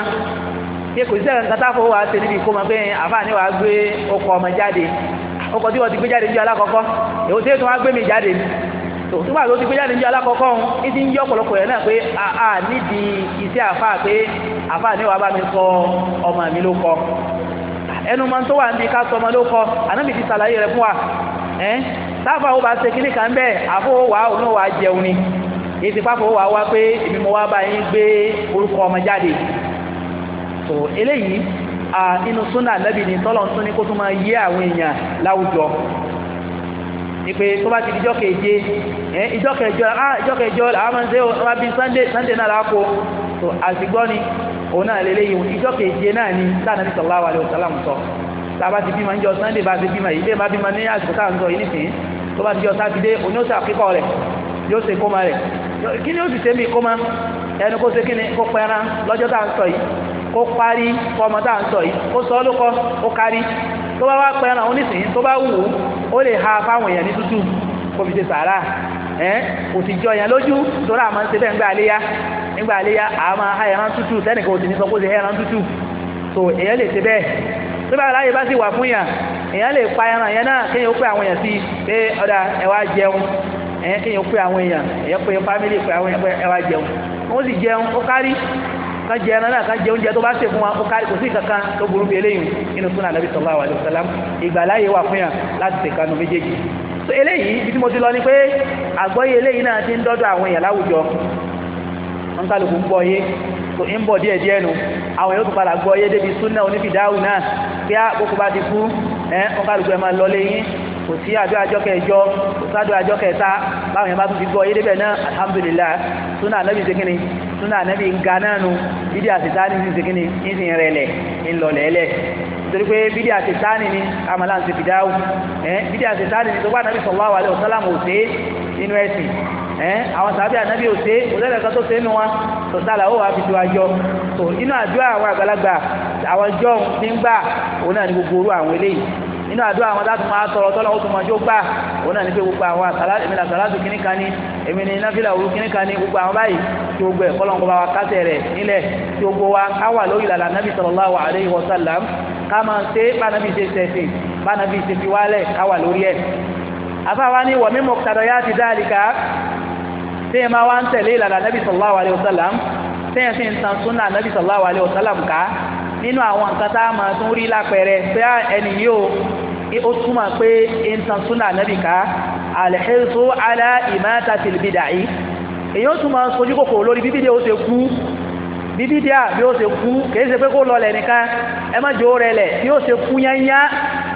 pé kò sí nǹkan táfọ́ níbi pé àfà ni gbé ọkọ̀ ọmọ tí wọ́n ti gbé jáde ní alákọ̀ọ́kọ́ èwo tí ètò wọn gbé mi jáde tó ti gbé jáde ní alákọ̀ọ́kọ́ ti ń ọ̀pọ̀lọpọ̀ yẹn náà pé ẹnu níbi ká sọ ló sáfà ó bá ṣe kíní kan bẹ́ẹ̀ àfọwọ́wà òun wà jẹun ni èsì pápọ̀ wà wá pé èmi mo wá bá gbé orúkọ ọmọ jáde so eléyìí inú súnà lẹ́bí ni tọ́lọ̀ tún ní kó tún máa yé àwọn èèyàn láwùjọ ìpè tó bá ti di ìjọ keje ìjọ kẹjọ ah kẹjọ máa ń ṣe sunday sunday náà ni òun náà tàbá ti bímọ níjọ́ sunday bá ti bímọ yìí lè má bímọ ní àsìkò tá à ń sọ yìí nìsín tó bá ti jọ sátidé òní ó sàkíkọ rẹ̀ yóò ṣe kóma rẹ̀ kí ni ó sì ṣe mí kóma ẹnu kó ṣe kí ni kó pẹran lọ́jọ́ tá à ń sọ yìí kó parí tá à ń sọ yìí bá wá ha fáwọn èèyàn ní tútù kó fi ṣe sàárà ẹ kò sì jọ yẹn lójú torí ṣe ẹran tútù tẹ́nìkan ò sì ní so èèyàn lè ṣe bẹ́ẹ̀ tó bá láyé bá sì wà fún yàn èèyàn lè pa ẹran yẹn náà kéèyàn ó pè àwọn èèyàn sí i pé ọ̀dà ẹ jẹun ẹ̀yẹn kéèyàn ó pè àwọn èèyàn ẹ̀yẹ pé fámìlì pé àwọn èèyàn pé ẹ jẹun wọ́n sì jẹun ó kárí kan jẹ ẹran náà kan jẹ oúnjẹ tó bá ṣe fún wa ó kárí kò sí kankan tó burú bí eléyìí súnà nàbí wà fún láti méjèèjì eléyìí mo ti lọ ni pé tó ń bọ̀ díẹ̀ díẹ̀ nu àwọn yóò tún padà gbọ́ yé débi súnà onífìdáhùn náà kí á kókó bá ti kú ẹ wọn kálukú ẹ máa lọ léyìn kò sí àdó àjọ kẹjọ kò sí àdó àjọ kẹta báwọn yẹn bá tún ti gbọ́ yé débẹ̀ náà alhamdulilayi súnà anábì sekini súnà anábì nga náà nu bídí àsìtáni ní sekini ní ti rẹ̀ lẹ̀ ńlọlẹ̀ẹ́lẹ̀ torí pé bídí àsìtáni ni amala ń ṣe fìdáhùn ẹ bídí àsìtáni ni tó bá anábì sallallahu alaihi wasallam òsè nínú ẹ̀sìn ẹ àwọn sàbí ànábì ò ṣe òṣèlè kan tó ṣe nù wọn tó sálà ó wà fi ju àjọ tó inú àdúrà àwọn àgbàlagbà àwọn jọ ti ń gbà òun náà ní gbogbo orú àwọn eléyìí inú àdúrà àwọn láti máa tọrọ tọ́lọ́ ó tún máa jó gbà òun náà ní pé gbogbo àwọn àsàlá èmi là sàlátù kínní kan ní èmi ní náfìlà òru kínní kan ní gbogbo àwọn báyìí tí gbogbo ẹ̀ kọ́lọ́n bá wa kásẹ̀ rẹ̀ nílẹ̀ tí gbogbo wa ká wà lórí ìlànà nábì sallallahu alaihi wasallam ká máa ṣe bá nábì ṣe ṣẹ̀ṣìn bá nábì ṣe fi wálẹ̀ ká wà lórí ẹ̀ àfáwa ní wọ̀mí mọ̀kútàdọ̀ yá ti dáàlì ká téèyàn máa wá ń tẹ̀lé ìlànà nàbì sallallahu alayhi wa sallam téèyàn sì ń tan súnà nàbì sallallahu alayhi wa sallam ká nínú àwọn nǹkan tá a máa tún rí lápẹẹrẹ pé ẹni yóò ó túmọ̀ pé ń tan súnà nàbì ká al-hirsu ala imatatil bid'ah èyí ó túmọ̀ sojú kòkò lórí bíbí dé ó ṣe kú bíbí dé à bí ó ṣe kú kìí ṣe pé kó lọ lẹ̀ ẹ má jò rẹ̀ lẹ̀ bí ó ṣe kú yányá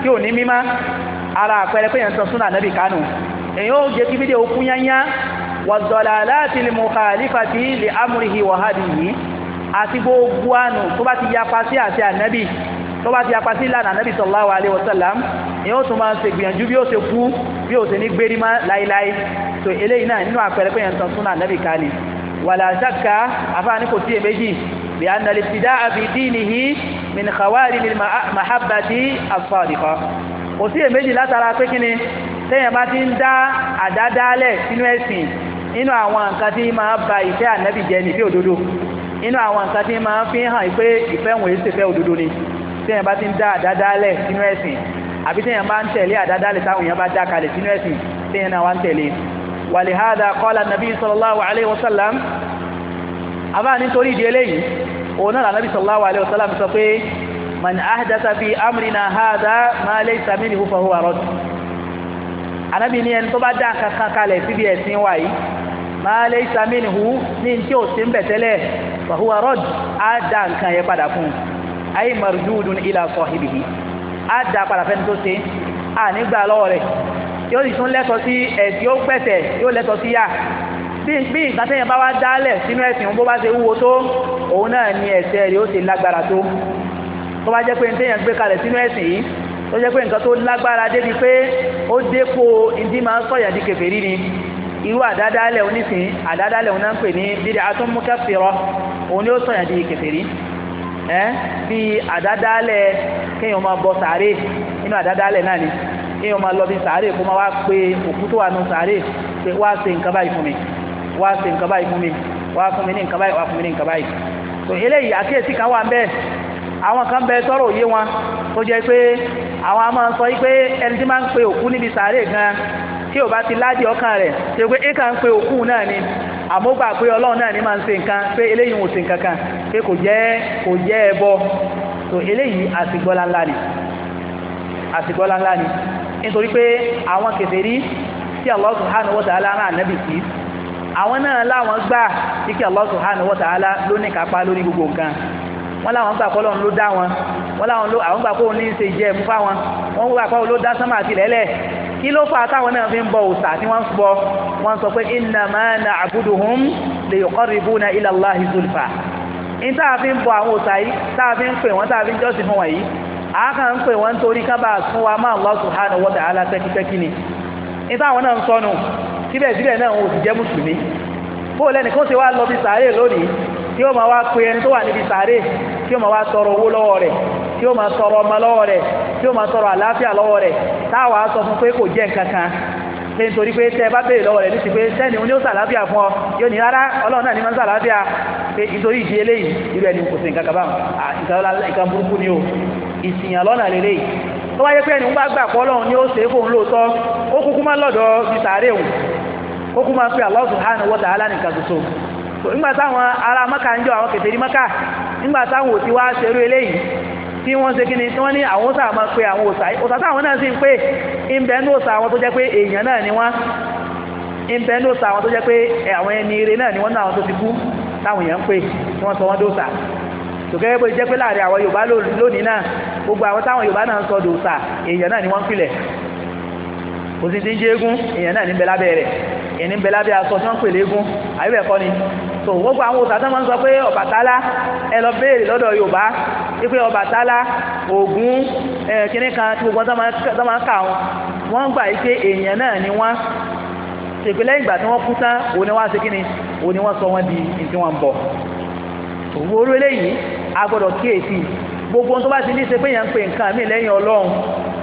tí ò ní mímá ara àpẹẹrẹ pé yẹn ń tan súnà nàbì kánù èyí ó jẹ́ bíbí dé ó kú yányá wàdọ̀làláti lè mọ̀ká àlífàtí lè amúrihì wàhádì yìí àti gbogbo àánú tó bá ti yapa sí àti ànábì tó bá ti yapa sí ìlànà ànábì sallallahu alaihi wasallam ni ó tún máa ń ṣe gbìyànjú bí ó ṣe kú bí ó ṣe ní gbérí má láíláí tó eléyìí náà nínú àpẹẹrẹ pé yẹn tán súnà ànábì kalẹ̀ inú àwọn nǹkan tí máa ba ìfẹ́ ànábì jẹ́ ní ìfẹ́ òdodo inú àwọn nǹkan tí máa fi hàn pé ìfẹ́ wọn èsì ìfẹ́ òdodo ni tí èèyàn bá ti ń dá àdádálẹ̀ sínú ẹ̀sìn àbí tí èèyàn bá ń tẹ̀lé àdádálẹ̀ táwọn èèyàn bá dá kalẹ̀ sínú ẹ̀sìn tí èèyàn náà wá ń tẹ̀lé wàlíhádà kọ́lá nàbí sallallahu alaihi wasallam àbá nítorí ìdí eléyìí òun náà nàbí sallallahu alaihi wasallam sọ pé ẹni tó bá dá kankan kalẹ̀ síbi ẹ̀sìn wáyìí ma laysa minhu ní tí ó sì ń bẹ̀ tẹ́lẹ̀ fa huwa radd á dá nǹkan yẹn padà fún un ay mardudun ila sahibihi á dá padà fẹ́ni tó ṣe á nígbà lọ́wọ́ rẹ̀ yóò sì tún lẹ́tọ̀ sí ẹ̀sì ó pẹ̀tẹ̀ yóò lẹ́tọ̀ sí yá bí nǹkan tẹ́yìn bá wá dálẹ̀ sínú ẹ̀sìn bó bá ṣe wúwo tó òun náà ni ẹ̀ṣẹ̀ rẹ̀ ó ṣe lágbára tó tó bá jẹ́ pé tẹ́yìn gbé kalẹ̀ sínú ẹ̀sìn yìí tó jẹ́ pé nǹkan tó lágbára débi pé ó dépò ìdí máa ń sọ̀yà di kèfèrí ni irú àdádálẹ̀ onísìn àdádálẹ̀ oná ń pè ní bid'atun mukaffira òun ni ó di kèfèrí ẹ́ bí àdádálẹ̀ kéèyàn máa bọ sàárè nínú àdádálẹ̀ náà ni kéèyàn máa lọ bí sàárè kó máa wá pe òkú tó wà nù sàárè pé wá ṣe nǹkan báyìí fún mi wá nǹkan báyìí fún mi wá fún mi ní nǹkan báyìí wá fún mi ní nǹkan báyìí tó eléyìí àkíyèsí kan wà ń tí ò bá ti ládì ọkàn rẹ̀ ka pé é kàn ń pe òkú náà ni àmọ́ pé náà ni máa ń nǹkan pé eléyìí ò ṣe nǹkan kan pé kò jẹ́ kò jẹ́ ẹbọ tó eléyìí ńlá ni àsìgbọ́lá ńlá ni nítorí pé àwọn kèfèrí tí Allah subhanahu wa ta'ala rán ànábì sí àwọn náà láwọn gbà kí Allah wọ́n láwọn gbà pé ọlọ́run ló dá wọn wọ́n láwọn ló àwọn gbà pé òun ní í ṣe ìjẹ́ ẹ̀mú fáwọn wọ́n gbà pé òun ló dá sánmà àti lẹ́lẹ̀ kí ló fà táwọn náà fi ń bọ òòṣà tí wọ́n ń bọ wọ́n sọ pé innama na'buduhum liyuqarribuna ila Allahi zulfa ní táà fi ń bọ àwọn òòṣà yìí táà fi ń pè wọ́n táà fi ń jọ́sìn fún wọn yìí àákà ń pè wọ́n torí ká bá wa máa Allah subhanahu wa ta'ala tẹ́kítẹ́kí ni ní táwọn náà ń sọnù síbẹ̀síbẹ̀ náà ò sì jẹ́ mùsùlùmí fóòlẹ́nì kó ṣe wá lọ bí sàárè lónìí tí ó ma wá pe ẹni tó wà níbi sàárè tí ó ma wá tọrọ owó lọ́wọ́ rẹ̀ tí ó ma tọrọ ọmọ lọ́wọ́ rẹ̀ tí ó ma tọrọ àlàáfíà lọ́wọ́ rẹ̀ táwa sọ fún pé kò jẹ́ nǹkan kan pé nítorí pé tẹ bá béèrè lọ́wọ́ rẹ̀ ní ti pé sẹ́ni òun ni ó sàlàáfíà fún ọ yóò ní rárá ọlọ́run náà ní máa ń sàlàáfíà pé nítorí ìdí eléyìí irú ẹni kò sí nǹkan kan báwọn ìkan burúkú ni o ìsìyàn lọ́nà lélẹ́yìí tó wáyé pé ẹni ń bá gbà pọ́ lọ́run ni ó ṣe é fóun lóòótọ́ ó kúkú sàárè òun ó kúkú pe nígbà táwọn ará mọ́kà ń jọ àwọn kèfèrí mọ́kà nígbà táwọn ò ti wá ṣerú eléyìí tí wọ́n ṣe kíni ní àwọn òsà máa pe àwọn òsà òsà táwọn náà sì ń pè ń òsà àwọn tó jẹ́ pé èèyàn náà ni wọ́n ń bẹ òsà àwọn tó jẹ́ pé àwọn ẹni náà ni wọ́n náà tó ti kú táwọn èèyàn ń pè tí wọ́n sọ wọ́n kò sí ti ń jẹ́ eégún èèyàn náà ní bẹ lábẹ́ rẹ̀ èèyàn ní bẹ lábẹ́ aṣọ tí wọ́n pè léégún àbíbẹ̀ kọ́ ni so gbogbo àwọn òòṣà tó máa ń sọ pé Ọbàtálá ẹ lọ béèrè lọ́dọ̀ Yorùbá wípé Ọbàtálá Ògún kínní kan tí gbogbo tó máa ń kà wọn wọ́n gbà yí pé èèyàn náà ni wọ́n ṣègbè lẹ́yìn ìgbà tí wọ́n kú tán òní wọ́n á ṣe kíni òní wọ́n sọ wọ́n di ìdí wọn bọ̀ òwò orú eléyìí a gbọ́dọ̀ kíyèsí gbogbo ohun tó bá ti ní ṣe pé èèyàn ń pe nǹkan mí lẹ́yìn Ọlọ́run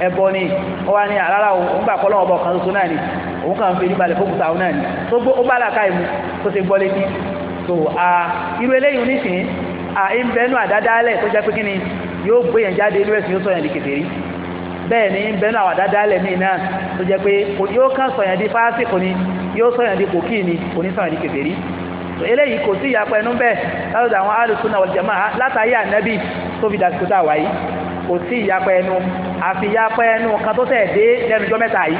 ẹbọ ni ó wá ní àrárá òun gbà pọ́ lọ́wọ́ bọ̀ kan tuntun náà ni òun kàn ń fi níbalẹ̀ fókùtà òun náà ni tó gbó ó bá làkà ìmú tó ṣe gbọ́ létí tó a irú eléyìí nísìnyí a ń bẹnu àdádálẹ̀ tó jẹ́ pé kí ni yóò gbé yẹn jáde inú ẹ̀sìn yóò sọ yẹn di kèfèrí bẹ́ẹ̀ ni ń bẹnu àwọn àdádálẹ̀ míì náà tó jẹ́ pé yóò kàn sọ yẹn di fásitì kò ní yóò sọ yẹn di kòkí ni kò ní sọ yẹn di kèfèrí eléyìí kò sí ìyapa ẹnu bẹ́ẹ̀ látọ̀dọ̀ àwọn alùsùnà wal jamaa látàrí ànábì tó fi dàsìkò tá a wà yìí kò sí ìyapa ẹnu àfi ìyapa ẹnu kan tó tẹ̀ dé lẹ́nujọ́ mẹ́ta yìí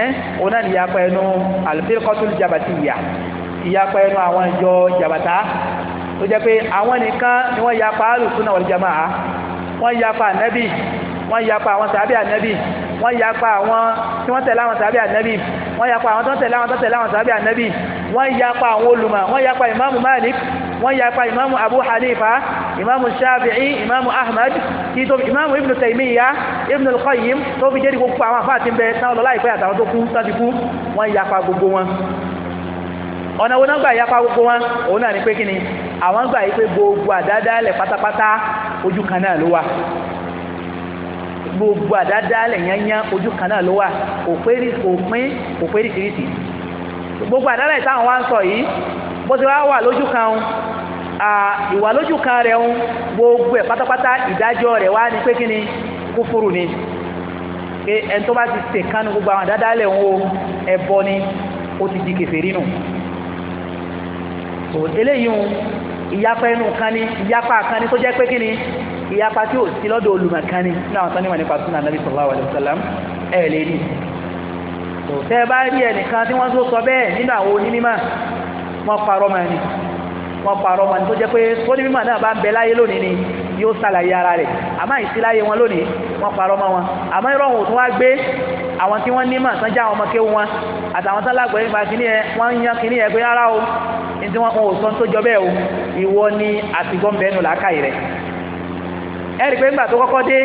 ẹ́ òun náà ní ìyapa ẹnu al-firqatul jabatiyya ìyapa ẹnu àwọn ìjọ jàbàtà tó jẹ́ pé àwọn nìkan ni wọ́n yapa alùsùnà wal jamaa wọ́n yapa ànábì wọ́n yapa àwọn sàbí ànábì wọ́n yapa àwọn tí wọ́n tẹ̀lé àwọn sàbí ànábì wọ́n yapa àwọn tó tẹ̀lé àwọn tó tẹ̀lé àwọn sàbí ànábì wọ́n yapa àwọn olùmọ̀ wọ́n yapa ìmáàmù Malik wọ́n yapa ìmáàmù Abu Hanifa ìmáàmù Shafi'i ìmáàmù Ahmad kí tó ìmáàmù Ibn Taymiyyah Ibn al-Qayyim tó fi jẹ́ gbogbo àwọn afá àti ń bẹ táwọn lọ láìpẹ́ àtàwọn tó kú tó ti kú wọ́n yapa gbogbo wọn ọ̀nà wo náà gbà yapa gbogbo wọn òun náà ní pé kí ni àwọn gbà yí pé gbogbo àdádálẹ̀ pátápátá ojú kan náà ló wà gbogbo àdádálẹ̀ yányá ojú kan náà ló wà òpin òpéríṣiríṣi gbogbo àdádálẹ̀ táwọn wá ń sọ yìí bó ti wá wà lójú kan ìwà lójú kan rẹ̀ ń gbogbo ẹ̀ pátápátá ìdájọ́ rẹ̀ wá ní pé kí ni kúfúrú ni pé ẹni tó bá ti ṣe kánú gbogbo àwọn àdádálẹ̀ ń wo ẹbọ ni ó ti di kèfèrí nù eléyìí ìyapa ẹnu kan ni ìyapa kan ni tó jẹ́ pé kí ni ìyapa tí ò sí lọ́dọ̀ olùmọ̀kánni láwọn tán níwọ̀n nípa súnà nàbí sallallahu alaihi wasallam ẹ̀ lè rí tẹ́ ẹ bá rí ẹnìkan tí wọ́n tó sọ bẹ́ẹ̀ nínú àwọn onímọ̀ wọ́n parọ́ mọ́ ni wọ́n parọ́ mọ́ ni tó jẹ́ pé tó ní mímọ̀ náà bá ń bẹ láyé lónìí ni yóò ṣàlàyé ara rẹ̀ àmọ́ ìsí láyé wọn lónìí wọ́n parọ́ mọ́ wọn àmọ́ irọ́ wọn ò tún wá gbé àwọn tí wọ́n nímọ̀ tán já àwọn ọmọ kéwu wọn àtàwọn tán lágbẹ̀ẹ́ nípa kíní ẹ wọ́n ń yan kíní ẹ pé rárá o ní tí wọ́n ò sọ tó jọ bẹ́ẹ̀ o ìwọ ni àtìgbọ́n bẹ́ẹ̀ nù làákàyè rẹ̀ ẹ̀rí pé ńgbà tó kọ́kọ́ dé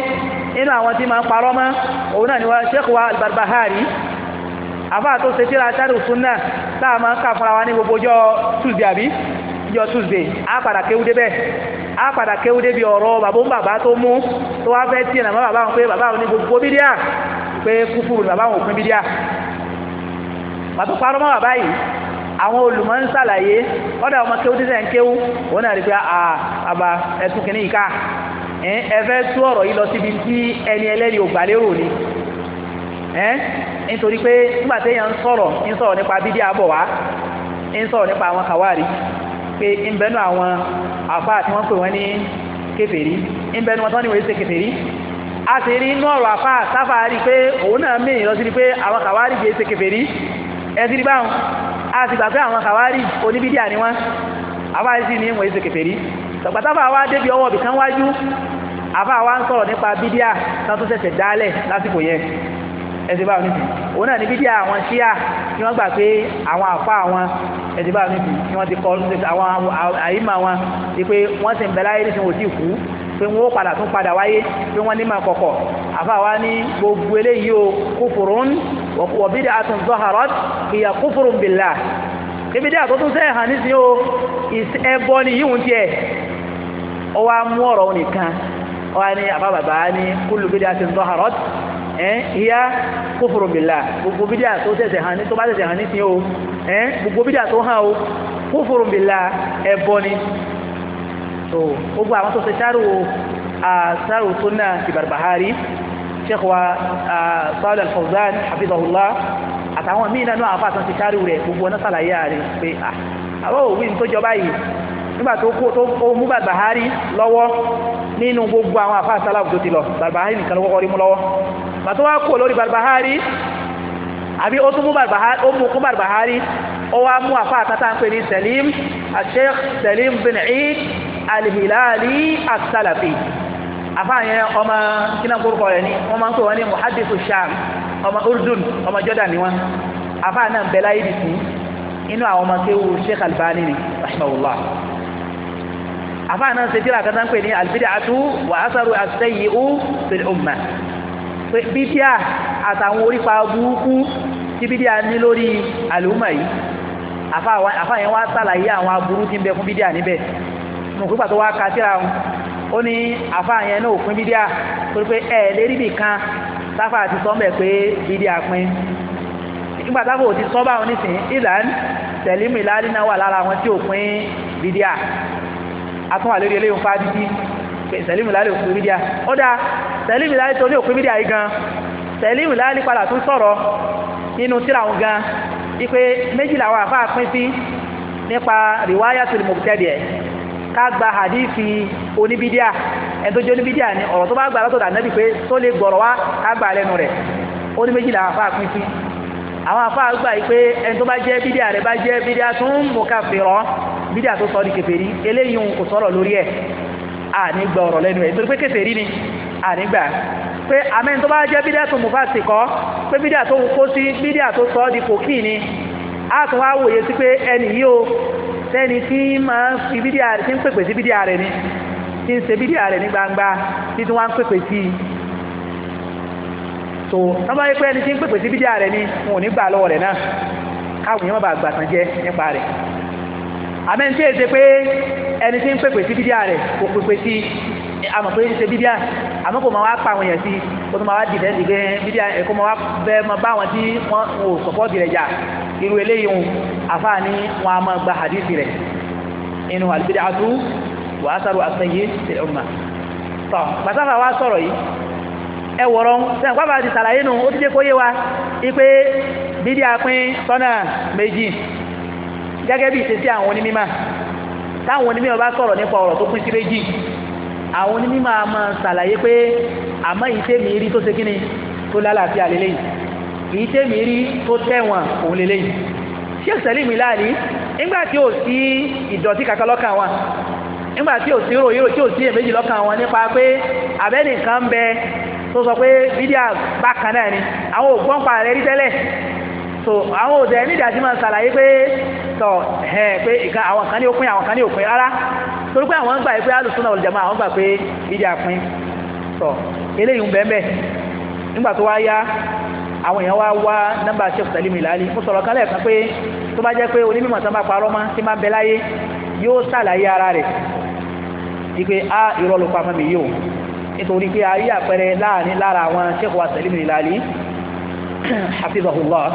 inú àwọn tí máa ń parọ́ mọ́ òun náà ni wọ́n Sheikh wa Al-Barbahari àfáà tó ṣe tíra sáré sunna táà máa ń kà fúnra wa ní gbogbo ọjọ́ Tuesday àbí ọjọ́ Tuesday á padà kéwú débẹ̀ á padà kéwú débi ọ̀rọ̀ bàbá ń bàbá tó mú tó wá fẹ́ tí ìrànlọ́wọ́ bàbá wọn pé bàbá wọn ní gbogbo bídíà pé kúfúrú bàbá wọn òpin bídíà bàbá parọ́ mọ́ bàbá yìí àwọn olùmọ̀ ń ṣàlàyé ọ̀dà ọmọ kéwú dísẹ̀ ń kéwú òun náà rí pé àbá ẹ̀tún kìíní yìí ká ẹ fẹ́ tú ọ̀rọ̀ yìí lọ síbi tí ẹni ẹlẹ́ni ni nítorí pé nígbà téèyàn ń sọ̀rọ̀ ń sọ̀rọ̀ nípa bídí àbọ̀ wá ń sọ̀rọ̀ nípa àwọn kàwárí pé ń bẹ́nu àwọn àfáà tí wọ́n pè wọ́n ní kèfèrí ń bẹ́nu wọn tí ní wọ́n ṣe a sì rí inú ọ̀rọ̀ àfáà sáfà rí pé òun náà mí lọ sí pé àwọn kàwárí àbá wa ń sọ̀rọ̀ nípa bídíà náà tó ṣẹ̀ṣẹ̀ dálẹ̀ lásìkò yẹn ẹ̀sìn báwọn nìsí òun náà ní bídíà àwọn ṣíà ni wọ́n gbà pé àwọn àfa àwọn ẹ̀sìn báwọn nìsí ni wọ́n ti kọ́ àwọn àyímọ̀ wọn ti pé wọ́n ti ń bẹ láyé nísìnyí ò tí ì pé wọ́n ó padà tún padà wáyé pé wọ́n ní máa kọ̀kọ̀ àfa wa ní gbogbo eléyìí o kúfùrún wa bid'atun zaharat hiya kúfùrún billah ibi dí àtọ́tún sẹ́ hàn nísìnyí o ẹbọ ni yíwùn tiẹ̀ ó wá mú ọ̀rọ̀ nìkan wọ́n ní àbá bàbá ní kullu bid'atin zaharat ẹ̀ hiya kufru billah gbogbo bídíà tó tẹ̀sẹ̀ hàn ní tó bá tẹ̀sẹ̀ hàn ní tiẹ̀ o ẹ̀ gbogbo bídíà tó hàn o kufru billah ẹ̀bọ ni so gbogbo àwọn tó ṣe sáàrù sáàrù sunna ti Barbahari sheikh wa Salih al-Fawzan hafizahullah àtàwọn míì náà náà àfa àtúntì sáàrù rẹ̀ gbogbo náà sàlàyé rẹ̀ pé ah, àwọn òwìn tó nígbà tó kó tó mú bàbáhárì lọ́wọ́ nínú gbogbo àwọn àfa sálàfù tó ti lọ bàbáhárì nìkan ló kọ́kọ́ rí mú lọ́wọ́ bàtó wá kó lórí bàbáhárì àbí ó tún mú bàbáhárì ó mú kún bàbáhárì ó wá mú àfa àkátá ń pè ní Salim Sheikh Salim bin Eid al-Hilali as-Salafi àfa yẹn ọmọ kíná kórúkọ rẹ ni wọn máa ń pè wọn ní muhadithu Sham ọmọ Urdun ọmọ Jordan ni wọn àfa náà bẹ láyé bìsí inú àwọn ọmọ kéwù Sheikh Albani ni rahimahullah àfáà náà ṣe tíra kan tán pè ní albid'atu wa asaru as-sayyi'u fil ummah pé bídíà àtàwọn orípa burúkú tí bídíà ní lórí àlùmọ̀ yìí àfáà yẹn wá sàlàyé àwọn be. tí ń bẹ fún bídíà níbẹ̀ mùkúgbà tó wá ka tíra wọn ó ní àfáà yẹn náà òpin bídíà torí pé ẹ̀ lérí nìkan táfà àti sọ́mbẹ̀ pé bídíà pin nígbà táfà ti sọ́ báwọn nísìnyí ìlànà tẹ̀lé mi láàrin lára àwọn tí òpin bídíà atúnwà lórí eléyìí ń fa dídí sẹ̀límù láàlì òkú mídíà ọ̀dà sẹ̀límù láàlì tó ní òkú mídíà yìí gan sẹ̀límù láàlì padà tún sọ̀rọ̀ nínú tíra òun gan ipe méjì làwọn àfáà pín sí nípa riwayatul mubtadi ká gba hadithi oníbídíà ẹni tó jẹ́ oníbídíà ni ọ̀rọ̀ tó bá gbà látọ̀dà nẹ́bí pé tó lè gbọ̀rọ̀ wá ká gbà lẹ́nu rẹ̀ ó ní méjì làwọn àfáà pín sí àwọn afa gbà yìí pé ẹni tó bá jẹ́ bídíà rẹ̀ bá jẹ́ bídíà tó ń mú ká fi rọ́ bídíà tó sọ di kèfèrí eléyìí kò sọ̀rọ̀ lórí ẹ̀ àní gba ọ̀rọ̀ lẹ́nu ẹ̀ nítorí pé kèfèrí ni àní gbà pé amẹ́ni tó bá jẹ́ bídíà tó mú bá sì kọ́ pé bídíà tó ń kó sí bídíà tó sọ di kòkí ni a tún wá wòye sí pé ẹni yìí o sẹ́ni tí máa ń fi bídíà rẹ̀ tí ń pèpè sí bídíà rẹ̀ ni tí ń ṣe bídíà rẹ̀ ní gbangba tí tí wọ́n á ń pèpè sí i so tọ́ba yẹ pé ẹni tí ń pèpè sí bídíà rẹ̀ ni wọn ò ní gbà lọ́wọ́ rẹ̀ náà káwọn èèyàn má bàa gbàtàn jẹ nípa rẹ̀ àmẹ́ni tí èsè pé ẹni tí ń pèpè sí bídíà rẹ̀ kò pèpè sí àmọ̀ pé ṣe bídíà àmọ́ kò máa wá pa àwọn èèyàn sí kó tó máa wá dìbẹ́ dìbẹ́ bídíà kó máa wá bẹ́ẹ̀ máa bá àwọn tí wọ́n ò sọ́pọ́ọ̀tì rẹ̀ jà irú eléyìí wọn àfáà ní wọn a máa gba hadithi rẹ̀ ẹ wọ̀rọ̀ sẹ́yìn pápá ti sàlàyé nù ó ti jẹ́ kó yé wa ipe bídí apín sọ́nà méjì gẹ́gẹ́ bí ìṣesí àwọn onímọ̀ táwọn onímọ̀ bá sọ̀rọ̀ nípa ọ̀rọ̀ tó pín sí méjì àwọn onímọ̀ a máa sàlàyé pé àmọ́ ìtẹ́mi rí tó ṣe kí ni tó lálàáfíà lélẹ́yìn ìtẹ́mi rí tó tẹ̀wọ̀n òun lélẹ́yìn Sheikh Salim Ilani nígbà tí ò sí ìdọ̀tí kankan lọ́kàn wọn nígbà tí ò sí ròyìnrò tí ò sí èméjì lọ́kàn wọn tó sọ pé bídíà bákan náà ni àwọn ò gbọ́n pa rẹ̀ rí tẹ́lẹ̀ so àwọn òdẹ nídìí àti máa ṣàlàyé pé tọ ẹ pé ìkan àwọn kan ní òpin àwọn kan ní òpin rárá torí pé àwọn gbà pé alùsùn náà olùjàmọ àwọn gbà pé bídíà pin tọ eléyìí ń bẹ́ẹ̀ bẹ́ẹ̀ nígbà tó wá yá àwọn èèyàn wá wá nọ́mbà Sheikh Salim Ilali mo sọ̀rọ̀ kan lẹ́ẹ̀kan pé tó bá jẹ́ pé onímọ̀ tán bá parọ́ mọ́ tí máa bẹ láyé yóò ṣàlàyé ara rẹ̀ wípé ah, a ìrọ̀lùpamọ́ mi yóò nítorí pé a rí àpẹẹrẹ láàrin lára àwọn Sheikh wa Salim Al-Hilali hafizahullah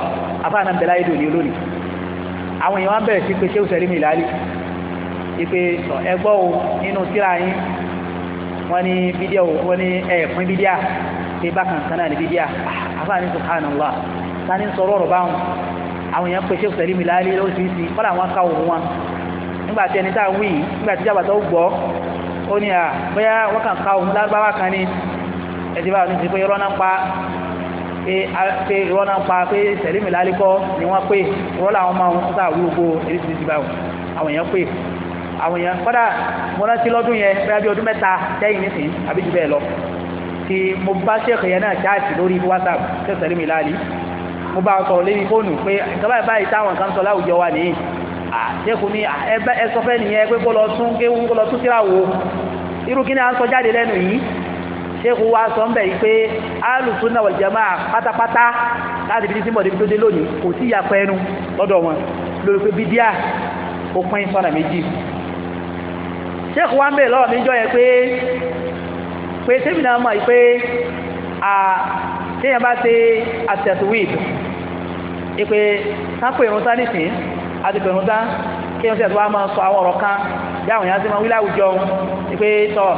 afáànà bẹ̀lá ìdò ní olórí àwọn èèyàn bẹ̀rẹ̀ sí pé Sheikh Salim Al-Hilali ipe ẹgbọ́ o nínú tíra yín wọ́n ní bídíà o wọ́n ní ẹ̀ẹ̀kún bídíà pé bákan kan náà ní bídíà afáàní subhanallah tani sọ̀rọ̀ ọ̀rọ̀ báwọn àwọn èèyàn pé Sheikh Salim Al-Hilali lóṣìṣì nígbà tí ẹni tá à wí nígbà tí jábàtà ó gbọ́ ó ní à bóyá wọ́n kàn ká òun lágbára kan ní ẹ̀dí báwọn ti pé rọ́nà pa pé rọ́nà pa pé sẹ̀lẹ́mì lálẹ́kọ́ ni wọ́n pè rọ́lá àwọn máa ń sá àwúgbò eréṣiríṣi báwọn àwọn èèyàn pè àwọn èèyàn kọ́dà mo rántí lọ́dún yẹn bóyá bí ọdún mẹ́ta lẹ́yìn nísìnyí àbí jù bẹ́ẹ̀ lọ tí mo bá ṣèkè yẹn náà ṣáàtì lórí whatsapp sẹ̀lẹ́mì lálẹ́ mo bá sọ̀rọ̀ lórí fóònù pé ìjọba ìbáyìí táwọn kan sọ láwùjọ wa nìyí àjẹkùn ni ẹ sọ fẹ́ nìyẹn pé kó lọ tún kéwú kó lọ tún síra wo irú kí ni à ń sọ jáde lẹ́nu yìí ṣéèkù wa sọ ń bẹ̀ yìí pé alùsùnà wal jamaa pátápátá láti ibi tí mọ̀dé tó dé lónìí kò sí ìyàpẹ́ ẹnu lọ́dọ̀ wọn lórí pé bídíà ó pín sọ́nà méjì ṣéèkù wa ń bẹ̀ lọ́wọ́ mi jọ yẹ pé pé sẹ́mi náà mọ̀ yìí pé téèyàn bá ṣe àtẹ̀síwìd ìpè sápò ìrúnsá nìsín àti pẹ̀lú tán kí wọ́n sẹ́yìn tó wá máa sọ àwọn ọ̀rọ̀ kan bí àwọn èèyàn ti máa wí láwùjọ ní pé tọ́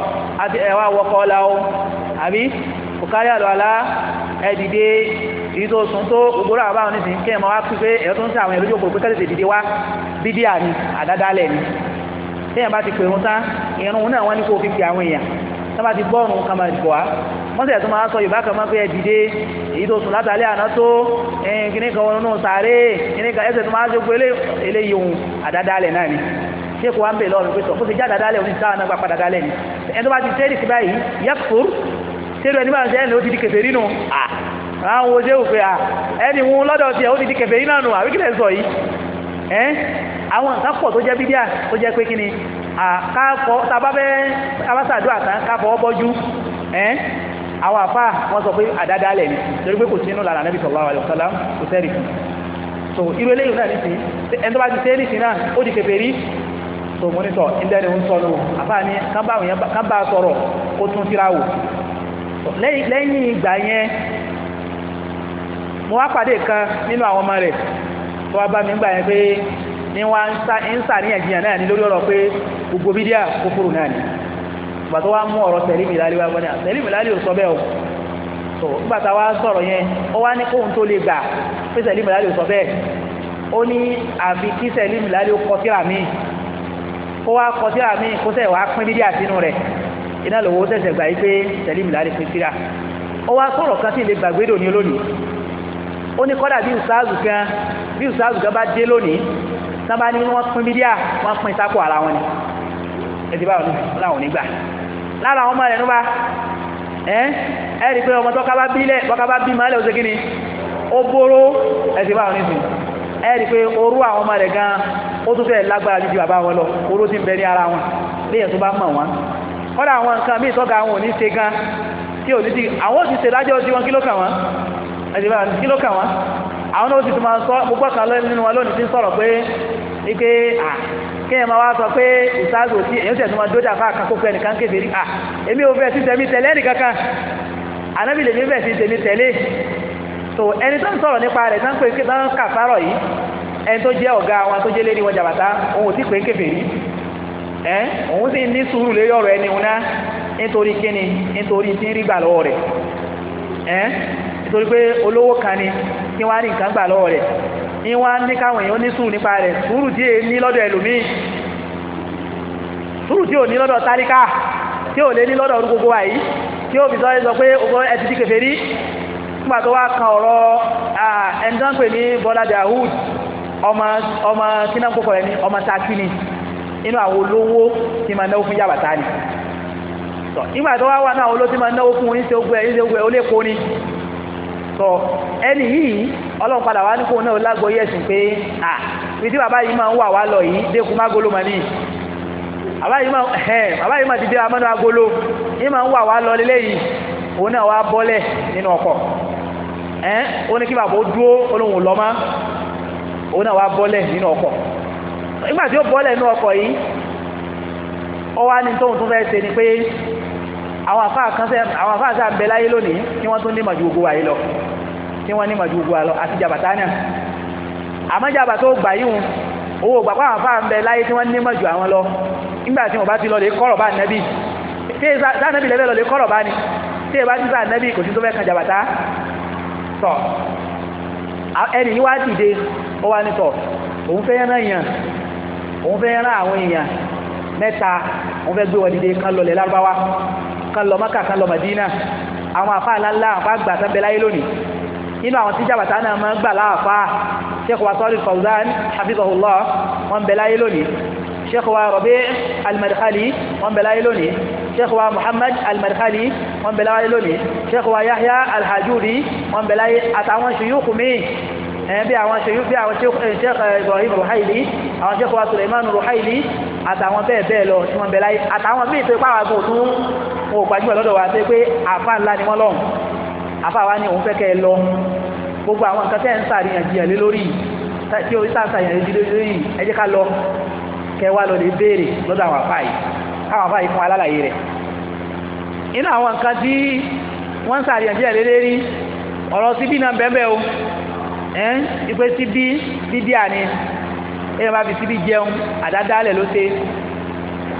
àti ẹ̀wà wọkọ̀ ọ̀la o àbí òkárí àlọ́ àlá ẹ̀dìdé èyí tó sun tó ògbóró àwọn báwọn nísìnyí kí ẹ̀ máa wá pípé ẹ̀yọ́ tó ń sẹ́ àwọn ẹ̀rọ ìjókòó pé kẹ́lẹ́sì dìde wá bídíà ni àdádálẹ̀ ni téèyàn bá ti pèrún tán ìrún náà wọ́n ní kó fi pe àwọn èèyàn tó bá ti gbọ́rùn ká máa gbọ́ á wọ́n sì ẹ̀ tó máa sọ yorùbá kan máa pé ẹ dìde èyí tó sùn látàlẹ́ àná tó kíní kan wọn náà sáré kíní kan ẹsẹ̀ tó máa ṣe pé eléyìí ohun àdádálẹ̀ náà ni ṣé kò wá ń bè lọ́rùn pé tọ̀ kó ti já àdádálẹ̀ òní sáà náà gba padà dálẹ̀ ni ẹni tó bá ti tẹ́lẹ̀ sí báyìí yẹ́kùr tẹ́lẹ̀ ẹni bá ń ṣe ẹni ó ti di kẹfẹ́ rínu à àwọn wo ṣé wò pé à ẹni ó ti di kẹfẹ́ rínu àwọn nǹkan pọ̀ A tabafẹ́ abásàdúrà tán káfọ́ bọ́jú ẹ́ àwọn àfa wọ́n sọ pé àdáda alẹ̀ ni torí pé kò sí inú làlànà bíi sallallahu alaihi kò so irú eléyìí náà nìsín ẹni tó bá ti nìsín náà ó di so mo ní sọ ń sọ kan nínú àwọn ọmọ tó wá bá mi gbà yẹn pé ń náà lórí gbogbo bídíà kúkúrú náà ni ìgbà tó wá mú ọ̀rọ̀ sẹ̀límì láàlì wá gbọ́dọ̀ sẹ̀límì láàlì ò sọ bẹ́ẹ̀ o tó ìgbà tá a wá sọ̀rọ̀ yẹn ó wá ní kóhun tó lè gbà pé sẹ̀límì láàlì ò sọ bẹ́ẹ̀ ó ní àfi kí sẹ̀límì láàlì ó kọ síra míì kó wá kọ síra míì kó sẹ̀ wá pín bídíà sínú rẹ̀ iná lòwó sẹ̀sẹ̀ gbà yí pé sẹ̀límì láàlì pín síra ó wá sọ̀rọ̀ kan sí ilé gbàgbé dòní lónìí ó ní kọ́dà bí ìsáàzù kan bí ìsáàzù kan bá dé lónìí sábà ní wọ́n pín bídíà wọ́n pín sápò ara wọn ni ẹtì báwọn ní láwọn ò ní gbà lára àwọn ọmọ rẹ̀ nípa ẹ́ ẹ́ rí pé ọmọ tó kábá bílẹ̀ bọ́kábá bí máa lẹ̀ ó ṣe kí ni ó bóró ẹtì báwọn ní ẹ́ rí pé orú àwọn ọmọ rẹ̀ gan ó tún fẹ́ lágbára ju ju bàbá wọn lọ oró ti ń bẹ ní ara wọn léyìn tó bá mọ̀ wọn kọ́dà àwọn nǹkan míì tọ́ga àwọn ò ní ṣe gan tí ò ní ti àwọn ò ti ṣe lájọ́ sí wọn kí ló kàn wọ́n ẹtì báwọn kí ló kàn wọ́n àwọn náà ó ti tún máa sọ gbogbo kéèyàn máa wá sọ pé ìsáàzù òsì èyàn tẹ̀sán máa dójà fún àkàkókò ẹnìkan kéferì à èmi ò fẹ́ sí tẹ̀mí tẹ̀lé ẹnìkankan ànábì lèmi fẹ́ sí tẹ̀mí tẹ̀lé tó ẹni tó ń sọ̀rọ̀ nípa rẹ̀ tán pé kà sárọ̀ yìí ẹni tó jẹ́ ọ̀gá wọn tó jẹ́ wọn jàbàtà òun ò sì pé ẹ òun sì ní sùúrù nítorí pé olówó kan ni kí wọ́n á ní nǹkan gbà lọ́wọ́ rẹ̀ ní wọ́n á ní káwọn èèyàn ní nípa rẹ̀ sùúrù tí ní lọ́dọ̀ ti nígbà tó wá kan ọ̀rọ̀ ní Bọ́lá ọmọ ọmọ kínákókò ní ọmọ ni inú àwọn olówó tí máa náwó fún yàbàtà ni nígbà tó wá wà náà máa náwó fún oníṣẹ́ ogun ẹ̀ oníṣẹ́ ogun ẹ̀ ó lè sọ ẹni yìí ọlọ́run padà wá ní kóun náà lágbóyè ẹ̀sìn pé à ibi tí bàbá yìí máa ń wà wá lọ yìí dẹ́kun má golo màní bàbá yìí máa ẹ̀ bàbá yìí agolo yìí máa ń wà wá lọ òun náà wá bọ́lẹ̀ nínú ọkọ̀ ó ní kí bàbá ó dúró olóhùn òun náà wá bọ́lẹ̀ ọkọ̀ nígbà tí ó bọ́lẹ̀ nínú ọkọ̀ yìí àwọn àfáà kan sẹ́ àwọn àfáà sá bẹ láyé lónìí kí wọ́n tún ní màjú gbogbo àyè lọ kí wọ́n ní màjú gbogbo àlọ àti jàbàtà náà àmọ́ jàbàtà ó gbà yíhun owó gbàgbọ́ àwọn àfáà ń bẹ láyé tí wọ́n ní màjú àwọn lọ nígbà tí wọ́n bá ti lọ lè kọ́rọ̀ bá nẹ́bí tí sànẹ́bí lẹ́fẹ́ lọ lè kọ́rọ̀ bá ni tí ẹ bá ti sànẹ́bí kò sí tó fẹ́ kan jàbàtà tọ̀ ẹnì yìí wá dìde ó wá ní tọ̀ òun fẹ́ yẹn náà yàn òun fẹ́ yẹn náà àwọn èèyàn mẹ́ta wọ́n fẹ́ gbé wọn dìde kan lọ lẹ̀ lárúbáwá kan lọ mọ́kà kan lọ mọ̀dínà àwọn àfa ńláńlá àfa gbà tán bẹ láyé lónìí nínú àwọn tíjà bàtà náà máa ń gbà láàfa sheikh wa sọ́ọ́lì fawzan hafizahullah wọ́n bẹ láyé lónìí sheikh wa rabi' al-madkhali wọ́n bẹ láyé lónìí sheikh wa muhammad al-madkhali wọ́n bẹ láyé lónìí sheikh wa yahya al wọ́n bẹ láyé àtàwọn ṣùyúkù míì bí àwọn ṣe bí àwọn ṣe eh, eh, Ibrahim Ruhaili àwọn ṣe kọwa Suleiman Ruhaili àtàwọn bẹ́ẹ̀ bẹ́ẹ̀ lọ tí wọ́n bẹ láyé àtàwọn míì tó pàwọn agbó tún wọn ò gbajúmọ̀ lọ́dọ̀ wa pé àfa ńlá ni wọ́n lọ́hùn àfa wa ni òun fẹ́ kẹ́ ẹ lọ gbogbo àwọn nǹkan tẹ́ ń sàríyànjiyàn lé lórí tí o sá sàríyànjiyàn lé lórí ẹ jẹ́ ká lọ kẹ́ wá lọ lè béèrè lọ́dọ̀ àwọn àfa yìí káwọn àfa yìí fún alálàyé rẹ̀ inú àwọn nǹkan tí wọ́n ń sàríyànjiyàn lé lérí ọ̀rọ̀ síbí náà bẹ́ẹ̀ bẹ́ẹ̀ o ẹ́ ìpè síbí bíbí àní èèyàn bá fi síbi jẹun àdádálẹ̀ ló ṣe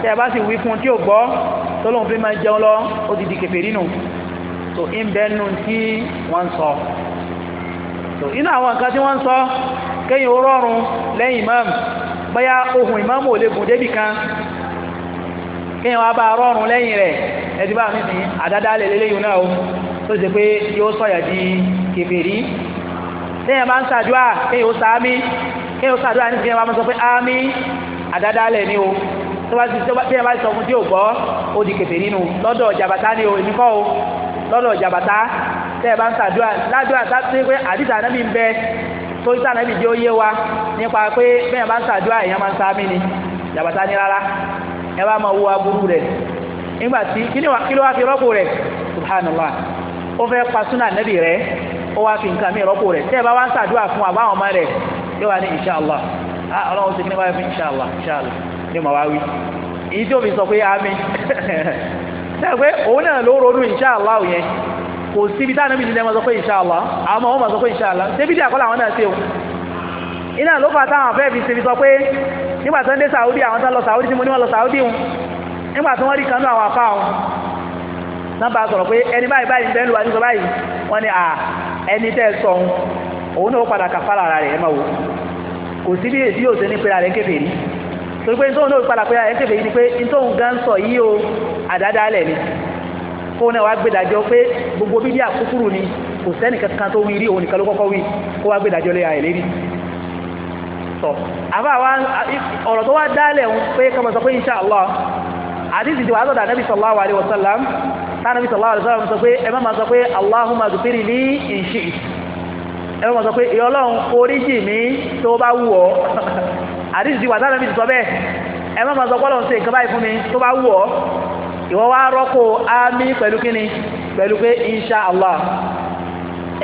tẹ́ ẹ bá sì wí fún tí ò gbọ́ tó lóun fi máa jẹun lọ ó ti di kèfèrí nù tó ń bẹ́ẹ̀ nù tí wọ́n ń sọ tó inú àwọn nǹkan tí wọ́n ń sọ kéyìn ó rọrùn lẹ́yìn imam bóyá ohun imam ò lè gùn débì kan kéyìn wá bá rọrùn lẹ́yìn rẹ̀ ẹtì bá mi sìn àdádálẹ̀ lélẹ́yìn náà o tó ṣe pé yóò sọ̀yà di kèfèrí lẹ́yìn bá ń ṣàdúrà kéyìn ó sáámi kí ẹ sàdúrà ní ìfihàn wa mọ sọ pé ámì àdáadáa lẹ̀ ni o tó bá bí ẹ bá sọ fún tí ò gbọ́ ó di kèfè nínú lọ́dọ̀ jàbàtà ni o èmi kọ́ o lọ́dọ̀ jàbàtà tẹ́ ẹ bá ń sàdúrà ládùúrà tá pé pé àdìsá náà mi ń bẹ tó ìsá náà mi di óyé wa nípa pé bẹ́ẹ̀ bá ń sàdúrà èèyàn máa ń sá mí ni jàbàtà ni rárá ẹ bá máa wo aburú rẹ̀ nígbà tí kí ló wá fi rọ́pò rẹ̀ subhanallah ó fẹ́ pa súnà nẹ́bì rẹ̀ ó wá fi nǹkan mi rọ́pò rẹ̀ tẹ́ ẹ bá wá ń sàdúrà fún àbáwọn ọmọ rẹ̀ yóò wá ní inṣàlá ọlọ́run ti kí ni wáyé fún inṣàlá inṣàlá ní ma wá wí èyí tí ó fi sọ pé àmín náà pé òun náà ló ronú inṣàlá yẹn kò síbi táwọn ẹbí ti dẹ́ ma sọ pé inṣàlá àwọn ọmọ sọ pé inṣàlá débi dí àkọlà àwọn náà ṣe o iná ló fà táwọn afẹ́ fi ṣèbi sọ pé nígbà tó ń dé Saudi àwọn tó ń lọ Saudi tí mo ní wọn lọ Saudi wọn nígbà tí wọ́n rí kanú àwọn afá wọn náà bá sọ̀rọ̀ pé ẹni báyìí báyìí bẹ́ẹ̀ lù wá ní sọ báyìí wọ́n ní à ẹni tẹ́ sọ òun náà padà kàfàrà ara rẹ̀ ẹ máa wò kò sí bí èsì yóò ṣe ní pera rẹ̀ kèfèrí torí pé nítorí náà padà pera rẹ̀ kèfèrí ni pé nítorí gan sọ yìí o àdádálẹ̀ ni kó náà wá gbẹdàjọ pé gbogbo bíbí àkúkúrú ni kò sẹ́nì kankan tó wí rí òun nìkan ló kọ́kọ́ wí kó wá gbẹdàjọ lé àìlè rí sọ àbá wa ọ̀rọ̀ tó wá dálẹ̀ ń pé kọ́mọ sọ pé insha Allah àdìsí ti wà lọ́dọ̀ ànábì sallallahu alaihi wasallam tánàbì sallallahu alaihi wasallam sọ pé ẹ má máa sọ pé Allahumma ghfir li in ẹ̀rọ mọ̀ sọ pé ìyọ́ ọlọ́run oríjì mi tó bá wù ọ́ àdìsí ti wà sáà nàbí ti sọ bẹ́ẹ̀ ẹ má ma sọ pọ́lọ́ ń ṣe nǹkan báyìí fún mi tó bá wù ọ́ ìwọ wá rọ́pò ámì pẹ̀lú kíni pẹ̀lú pé insha allah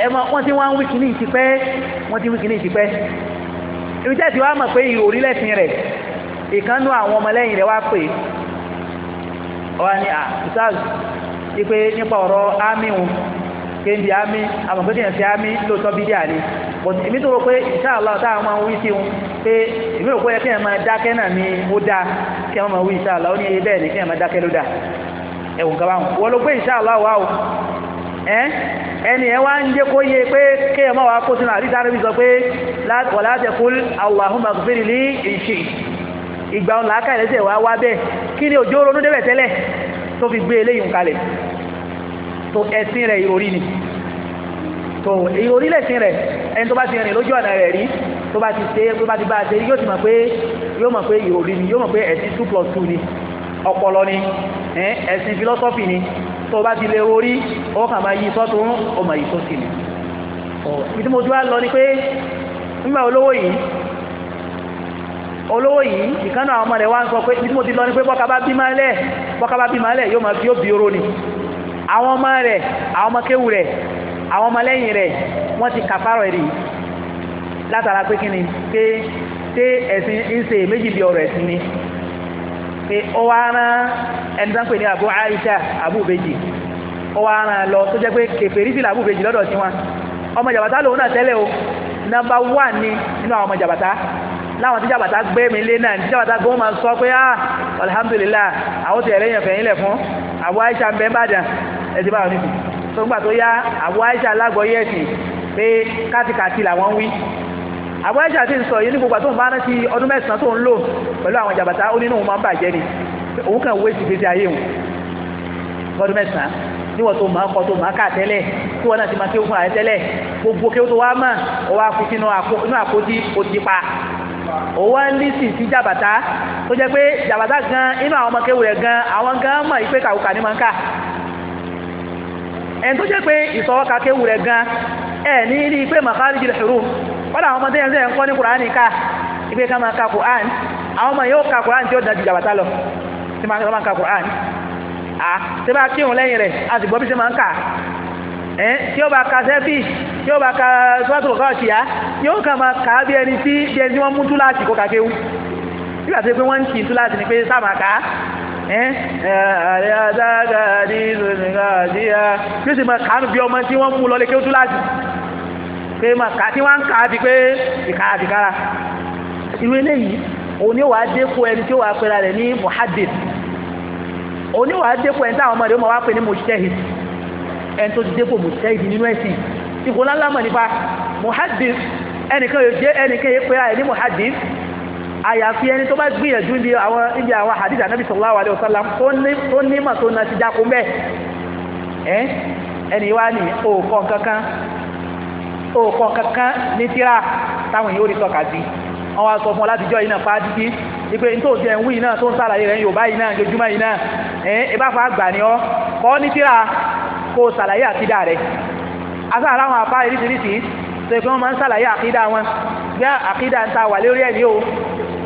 ẹ mọ wọ́n ti wọ́n wí kíní ìtì pẹ́ wọ́n ti wí kíní ìtì pẹ́ ibi tẹ́ ti wá mọ̀ pé ìrò orílẹ̀ sìn rẹ̀ ìkànnú àwọn ọmọlẹ́yìn rẹ̀ wá pè ọ́ ni à ìsáàlù ti pé nípa ọ̀rọ̀ ámì wọn kéńbi àmì àmọ̀gbẹ́kẹ̀yàn sí àmì lóòótọ́ bídí àní but èmi tó rò pé inshallah táwọn máa ń wí sí wọn pé èmi rò pé ẹ kéèyàn máa dákẹ́ náà ni ó dáa kí wọ́n máa wí inshallah ó ní ẹ bẹ́ẹ̀ ni kéèyàn máa dákẹ́ ló dáa ẹ̀wùn kan báwọn wọ́n ló pé inshallah wà o ẹni ẹ wá ń jẹ́ kó yé pé kéèyàn máa wá kó sínú àríta rẹ̀ sọ pé wala taqul allahumma ighfir li ìṣe ìgbà òun làákà ìrẹsẹ̀ wá wá bẹ́ẹ̀ kí ni òjò ronú débẹ̀ tẹ́lẹ̀ tó fi gbé eléyìí kalẹ̀ tó ẹ̀sìn rẹ̀ ìròrí ni tó ìròrí lẹ̀sìn rẹ̀ ẹni tó bá ti rìn lójú ọ̀nà rẹ̀ rí tó bá ti ṣe tó bá ti bá a ṣe yóò ti mọ̀ pé yóò mọ̀ pé ìròrí ni yóò mọ̀ pé ẹ̀sìn two plus two ni ọpọlọ ni ẹ̀sìn philosophy ni tó bá ti lè orí ó kà máa yí sọ́tún ó máa yí sósì ni ìdí mo ti wá lọ ni pé nígbà olówó yìí olówó yìí ìkànnà àwọn ọmọ rẹ̀ wá ń sọ pé ìdí mo ti lọ ni pé bọ́ka bá bí máa lẹ̀ bọ́ka bá bí máa lẹ̀ yóò máa fi ó bí oró ni àwọn ọmọ rẹ̀ àwọn ọmọ kéwù rẹ̀ àwọn ọmọ lẹ́yìn rẹ̀ wọ́n ti kàfàrọ̀ ẹ̀rí látara pé kí ni pé pé ẹ̀sìn ń ṣe méjì bí ọ̀rọ̀ ẹ̀sìn ni pé ó wá rán ẹni tán pè ní àbú Aisha àbú bèjì ó wá rán lọ tó jẹ́ pé kèfèrí sí làbú bèjì lọ́dọ̀ sí wọn ọmọ jàbàtà lòun náà tẹ́lẹ̀ o nọ́mbà wà ní nínú àwọn ọmọ jàbàtà láwọn tí jàbàtà gbé mi lé náà tí jàbàtà gbọ́n máa sọ pé ah alhamdulillah àwọn ti ẹ̀rẹ́yìn ọ̀fẹ́ yín lẹ̀ fún àbú Aisha ń bẹ́ ń bàdàn ẹ̀sìn báwọn nìkú tó gbà tó yá àbú Aisha alágbọ̀ọ́yé ẹ̀sìn pé kátikàti làwọn wí àbú Aisha ti ń sọ yìí ní gbogbo àtúnbá náà ti ọdún mẹ́sàn-án tó ń lò pẹ̀lú àwọn jàbàtà ó nínú máa bàjẹ́ ni òun kàn wé ìgbésí ayé òun lọ́dún mẹ́sàn-án níwọ̀n tó máa ń kọ́ tó máa kà tẹ́lẹ̀ tí wọ́n náà ti máa kéwù fún ààrẹ tẹ́lẹ̀ gbogbo kéwù tó wá mọ̀ ó wá fi sínú àpótí òtí pa òwò ń lì sí sí jàbàtà tó jẹ́ pé jàbàtà gan inú àwọn ọmọ kéwù rẹ̀ gan àwọn gan mọ̀ ìpè kàwùkà ní máa ń kà ẹni tó jẹ́ pé ìsọwọ́ka kéwù rẹ̀ gan ẹ̀ ní rí pé màkàrí jìlẹ̀ ṣòro wọ́n àwọn ọmọdé yẹn ń kọ́ ní kùránì ká ìgbé ká máa ka kùrán àwọn ọmọ yóò ka kùrán tí ó dájú jàbàtà lọ tí máa ka kùrán à tí bá kírun lẹ́yìn rẹ̀ a sì gbọ́ bí ṣe máa ń kà ẹ́ tí ó bá ka sẹ́fì tí ó bá ka sọ́tò kọ́ọ̀tì yá yóò kà máa kà á bí ẹni tí bí ẹni tí wọ́n mú túláàtì kó ka kéwù nígbà tí wọ́n ń kì í túláàtì ni pé sáà máa kà á ààrẹ eh, eh, adága ní ìlúmìnira àti ya eh, yóò sì máa kàánù bí ọmọ tí wọ́n mú lọlé kéwú túláàsì pé máa kà tí wọ́n ń kà á di pé ìkara àtìkára irú eléyìí òní wàá dẹ́kun ẹni tí ó wàá pera rẹ̀ ní muhaddith òní wàá dẹ́kun ẹni táwọn ọmọdé ó máa wá pè ní mujtahid ẹni tó ti dẹ́kun mujtahid nínú ẹ̀sìn ìkòlá nípa muhaddith ẹnìkan yóò jẹ́ ẹnìkan yóò pera rẹ̀ ní muhaddith àyàfi ẹni tó bá gbìyànjú ibi àwọn ibi àwọn hadith anabi sallallahu alayhi wa sallam tó ní mà tó na ti dákun bẹ́ẹ̀ ẹ́ ẹni wá ní òòkọ́ kankan òòkọ́ kankan ní tíra táwọn èèyàn ò rí tọ́ka sí wọ́n wá sọ fún ọ látijọ́ yìí náà pa á títí ìpè ní tó jẹ ń wí náà tó ń sàlàyé rẹ̀ yóò báyìí náà jojúmọ́ yìí náà ẹ̀ ìbáfa àgbà ni ọ́ kọ́ ní tíra kó sàlàyé àtidá rẹ̀ asáàláwọn àpá ìrísìírísìí sèpé wọn máa ń sàlàyé àkídà wọn gbé àkídà ń ta wà lórí ẹ̀ o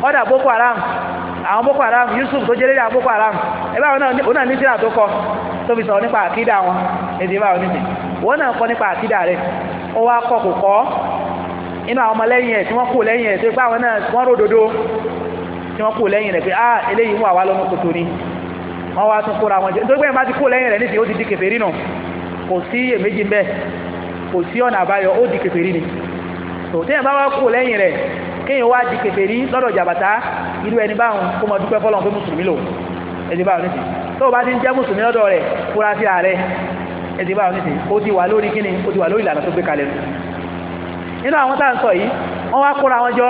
ọ̀dà boko haram àwọn boko haram yusuf tó jele àwọn boko haram ẹ̀bá wọn náà wọn náà ní tó kọ tobi fi sọ̀rọ̀ nípa àkídà wọn èdè ìbá wọn níbi wọn náà kọ nípa àkídà rẹ̀ ó wá kọ kò kọ́ inú àwọn ọmọlẹ́yìn ẹ̀ tí wọ́n kù lẹ́yìn ẹ̀ tó gbá wọn náà wọ́n ròdodo tí wọ́n kù lẹ́yìn rẹ̀ pé ah eléyìí wà wá lọ́nà kòtò ni wọ́n wá tún kò sí ọ̀nà àbáyọ ó di kèfèrí ni tó téèyàn bá wá kú lẹ́yìn rẹ̀ kéèyàn wá di kèfèrí lọ́dọ̀ jàbàtà irú ẹni báwọn kó mọ dúpẹ́ fọlọ́n pé mùsùlùmí lò ẹni báwọn nìsí tó o bá ti ń jẹ́ mùsùlùmí lọ́dọ̀ rẹ̀ fúra sí ààrẹ ẹni báwọn nìsí ó ti wà lórí kíni ó ti wà lórí ìlànà tó gbé kalẹ̀ nínú àwọn tá à ń sọ yìí wọ́n wá kóra wọn jọ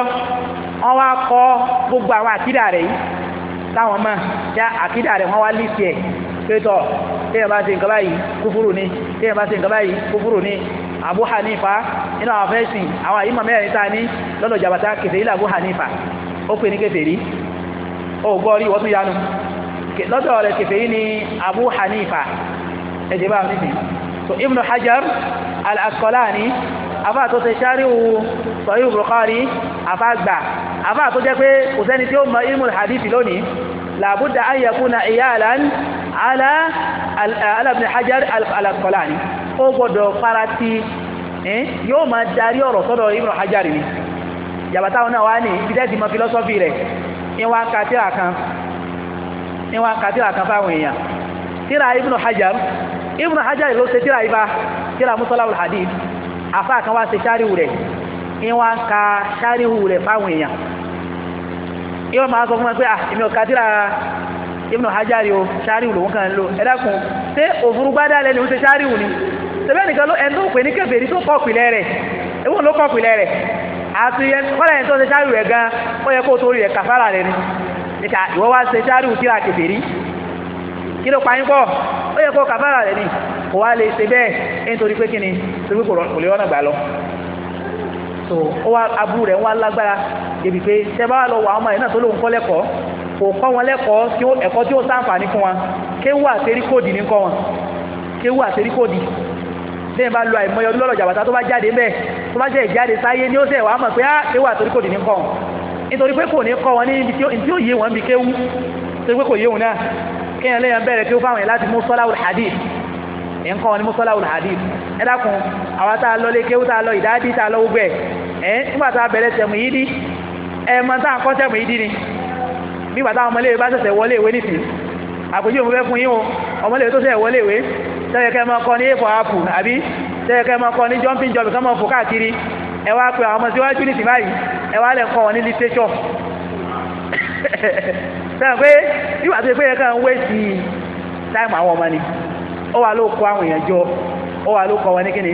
wọ́n wá kọ́ gbogbo àwọn àkídà rẹ̀ yìí táwọn mọ̀ já àkídà rẹ̀ wọ́n wá lì tiẹ̀ pé tọ̀ téèyàn bá ṣe nǹkan báyìí kúfúrú ni téèyàn bá ṣe nǹkan báyìí kúfúrú ni Abu Hanifa nínú àwọn afẹ́sìn àwọn àyímọ̀ mẹ́rin tá a ní lọ́dọ̀ jàbàtà kèfèrí làbú Hanifa ó pè ní kèfèrí ó gbọ́ rí wọ́n tún yanu lọ́dọ̀ rẹ̀ kèfèrí ni Abu Hanifa ẹ̀jẹ̀ bá mi sìn so Ibn Hajar al-Asqalani afa tó ṣe ṣáríwù sọ̀yìn Bukhari afa gbà afa tó jẹ́ pé kò sẹ́ni tí ó mọ ilmu hadith lónìí iyalan ala ala ibn hajar al-asqalani ó gbọ́dọ̀ farati yóò máa darí ọ̀rọ̀ sọ́dọ̀ ibn hajar ni yàbàtà wọn náà wá ní ìdẹ́sì mọ́ fílọ́sọ́fì rẹ̀ ìwà kàtírà kan ìwà kàtírà kan fáwọn èèyàn tíra ibn hajar ibn hajar ló ṣe tíra ibà tíra musola al-hadid afa kan wá ṣe ṣáríwù rẹ̀ ìwà ka ṣáríwù rẹ̀ fáwọn èèyàn yóò máa sọ fún wọn pé ah èmi ò kàtírà ibnu hajari o ṣáríwù lòun kàn ń lò ẹ dákun ṣé òfurú gbádá lẹ́nu ń ṣe ṣáríwù ni ṣẹbẹ́ nìkan ló ẹni tó pè ní kèfèrí tó kọ̀ pìlẹ̀ rẹ̀ ewu ló kọ̀ pìlẹ̀ rẹ̀ àti kọ́lá ẹni tó ṣe ṣáríwù rẹ̀ gan ó yẹ kó o torí rẹ̀ kàfàrà rẹ̀ ni níta ìwọ wá ṣe ṣáríwù kíra kèfèrí kí ló pààyàn pọ̀ ó yẹ kó o kàfàrà rẹ̀ ni kò wá lè ṣe bẹ́ẹ̀ nítorí pé kí ni torí pé kò lè ọ̀nà gbà lọ so ó wá aburú rẹ̀ ń wá lágbára débi pé tẹ́ bá wà lọ wà ọmọ yẹn náà tó lóun kọ́ lẹ́kọ̀ọ́ kò kọ́ wọn lẹ́kọ̀ọ́ ẹ̀kọ́ tí ó ṣàǹfààní fún wọn kéwú àtẹríkòdì ní kọ́ wọn kéwú àtẹríkòdì lẹ́yìn bá lo àìmọye ọdún lọ́rọ̀ jàbàtà tó bá jáde ńbẹ̀ tó bá jẹ́ ìjáde sáyé ni ó sẹ̀ wàá mọ̀ pé ah, kéwú àtẹríkòdì ní kọ́ wọn nítorí pé kò ní kọ́ wọn ní tí ó yé wọn bí kéwú torí pé kò yé wọn náà kéèyàn lẹ́yìn bẹ̀rẹ̀ kéwú fáwọn nígbà táwọn ọmọléèwé bá ṣẹ̀ṣẹ̀ wọlé ìwé nìsín àpèjú òun fẹ́ fún yín o ọmọléèwé tó ṣẹ̀ wọlé ìwé kẹ́ máa kọ́ ní a for apple àbí tẹ́yẹ kẹ́ máa kọ́ ní jumping jump kẹ́ máa fò káàkiri ẹ wá pe àwọn ọmọ síwájú nìsín báyìí ẹ wá lẹ̀ kọ́ wọn ní literature sẹ́yìn pé nígbà tó i táìmù àwọn ọmọ ni ó wà ló kó àwọn èèyàn jọ ó wà ló kọ́ wọn ní kíni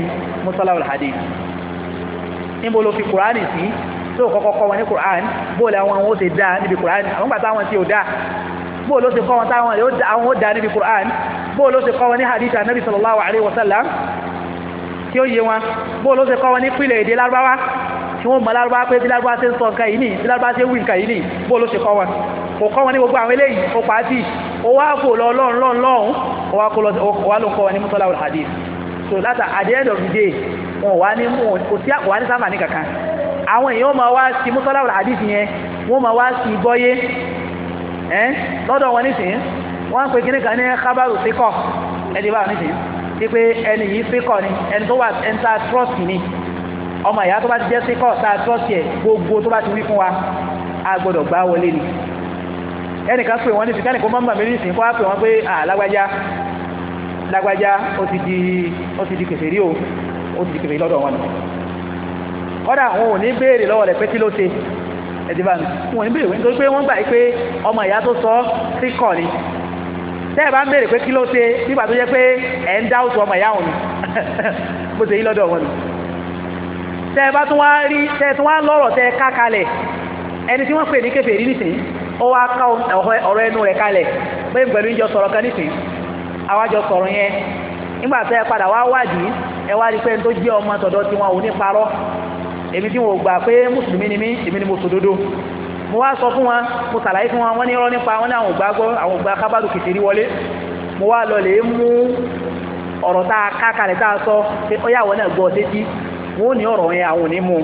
tó kọ́kọ́ kọ́ wọn ní Quran bóòlù àwọn àwọn ó ṣe dáa níbi Quran àwọn gbà táwọn ti ò dáa bóòlù ó ṣe kọ́ wọn táwọn àwọn ó dáa níbi Quran bóòlù ó ṣe kọ́ wọn ní hadith anabi sallallahu alayhi wa sallam tí ó yé wọn bóòlù ó ṣe kọ́ wọn ní pìlẹ̀ èdè lárúbáwá tí wọ́n mọ̀ lárúbáwá pé bí lárúbáwá ṣe ń sọ nǹkan yìí nì bí lárúbáwá ṣe ń wí nǹkan yìí nì bóòlù ó ṣe kọ́ wọn kò kọ́ wọn ní gbogbo àwọn eléyìí ó pa á tì ó wá kò so láti at the end of the day wọn wá ní mú kò sí àkọ́wá ní sáfà ní kankan àwọn èèyàn máa wá sí mọ́sálà àdìsí yẹn wọ́n máa wá sí bọ́yé ẹ́ lọ́dọ̀ wọn nísìnyí wọ́n ń pe kíní kan ní kábàrù síkọ̀ ẹni báwọn nísìnyí ti pé ẹni yìí síkọ̀ ni ẹni tó wà ẹni tá a trust ni ọmọ ìyá tó bá ti jẹ́ síkọ̀ tá a trust yẹ gbogbo tó bá ti wí fún wa a gbọ́dọ̀ gbá wọlé ni ẹnìkan pè wọ́n nísìnyí kẹ́nìkan mọ́ mọ́ mi nísìnyí kó wá pè wọ́n pé àlágbájá lágbájá ó ti di ó ti di o ó ti di kèfèrí lọ́dọ̀ wọn kọ́dà wọn ò ní béèrè lọ́wọ́ rẹ̀ pé kí ló ṣe ẹ̀dìbà wọn ní béèrè nítorí pé wọ́n gbà pé ọmọ ìyá tó sọ sí kọ̀ ni tẹ́ ẹ̀ bá ń béèrè pé kí ló ṣe nígbà tó jẹ́ pé ẹ̀ ń dáwùtù ọmọ ìyá òun ni bó ṣe yí lọ́dọ̀ wọn ni tẹ́ ẹ bá tún wá rí tẹ́ ẹ tún wá lọ́rọ̀ tẹ́ ẹ ká kalẹ̀ ẹni tí wọ́n pè ní kèfèrí nìsín ó wá ká ọ̀rọ̀ ẹnu rẹ̀ kalẹ̀ bẹ́ẹ̀ pẹ̀lú ìjọ sọ̀rọ̀ kan nìsín àwájọ sọ̀rọ̀ yẹn nígbà tẹ́ ẹ padà wá wádìí ẹ wá rí pé tó jẹ́ ọmọ tọ̀dọ̀ tí wọn ò ní parọ́ èmi tí wọn ò gbà pé mùsùlùmí ni mí èmi ni mo sòdodo mo wá sọ fún wọn mo sàlàyé fún wọn wọn ní irọ́ nípa wọn ní àwọn ògbà gbọ́ àwọn ògbà kábàdù kìtìrí wọlé mo wá lọ lè mú ọ̀rọ̀ tá sọ pé ó yà wọ́n náà gbọ́ ní ọ̀rọ̀ yẹn àwọn ò ní mú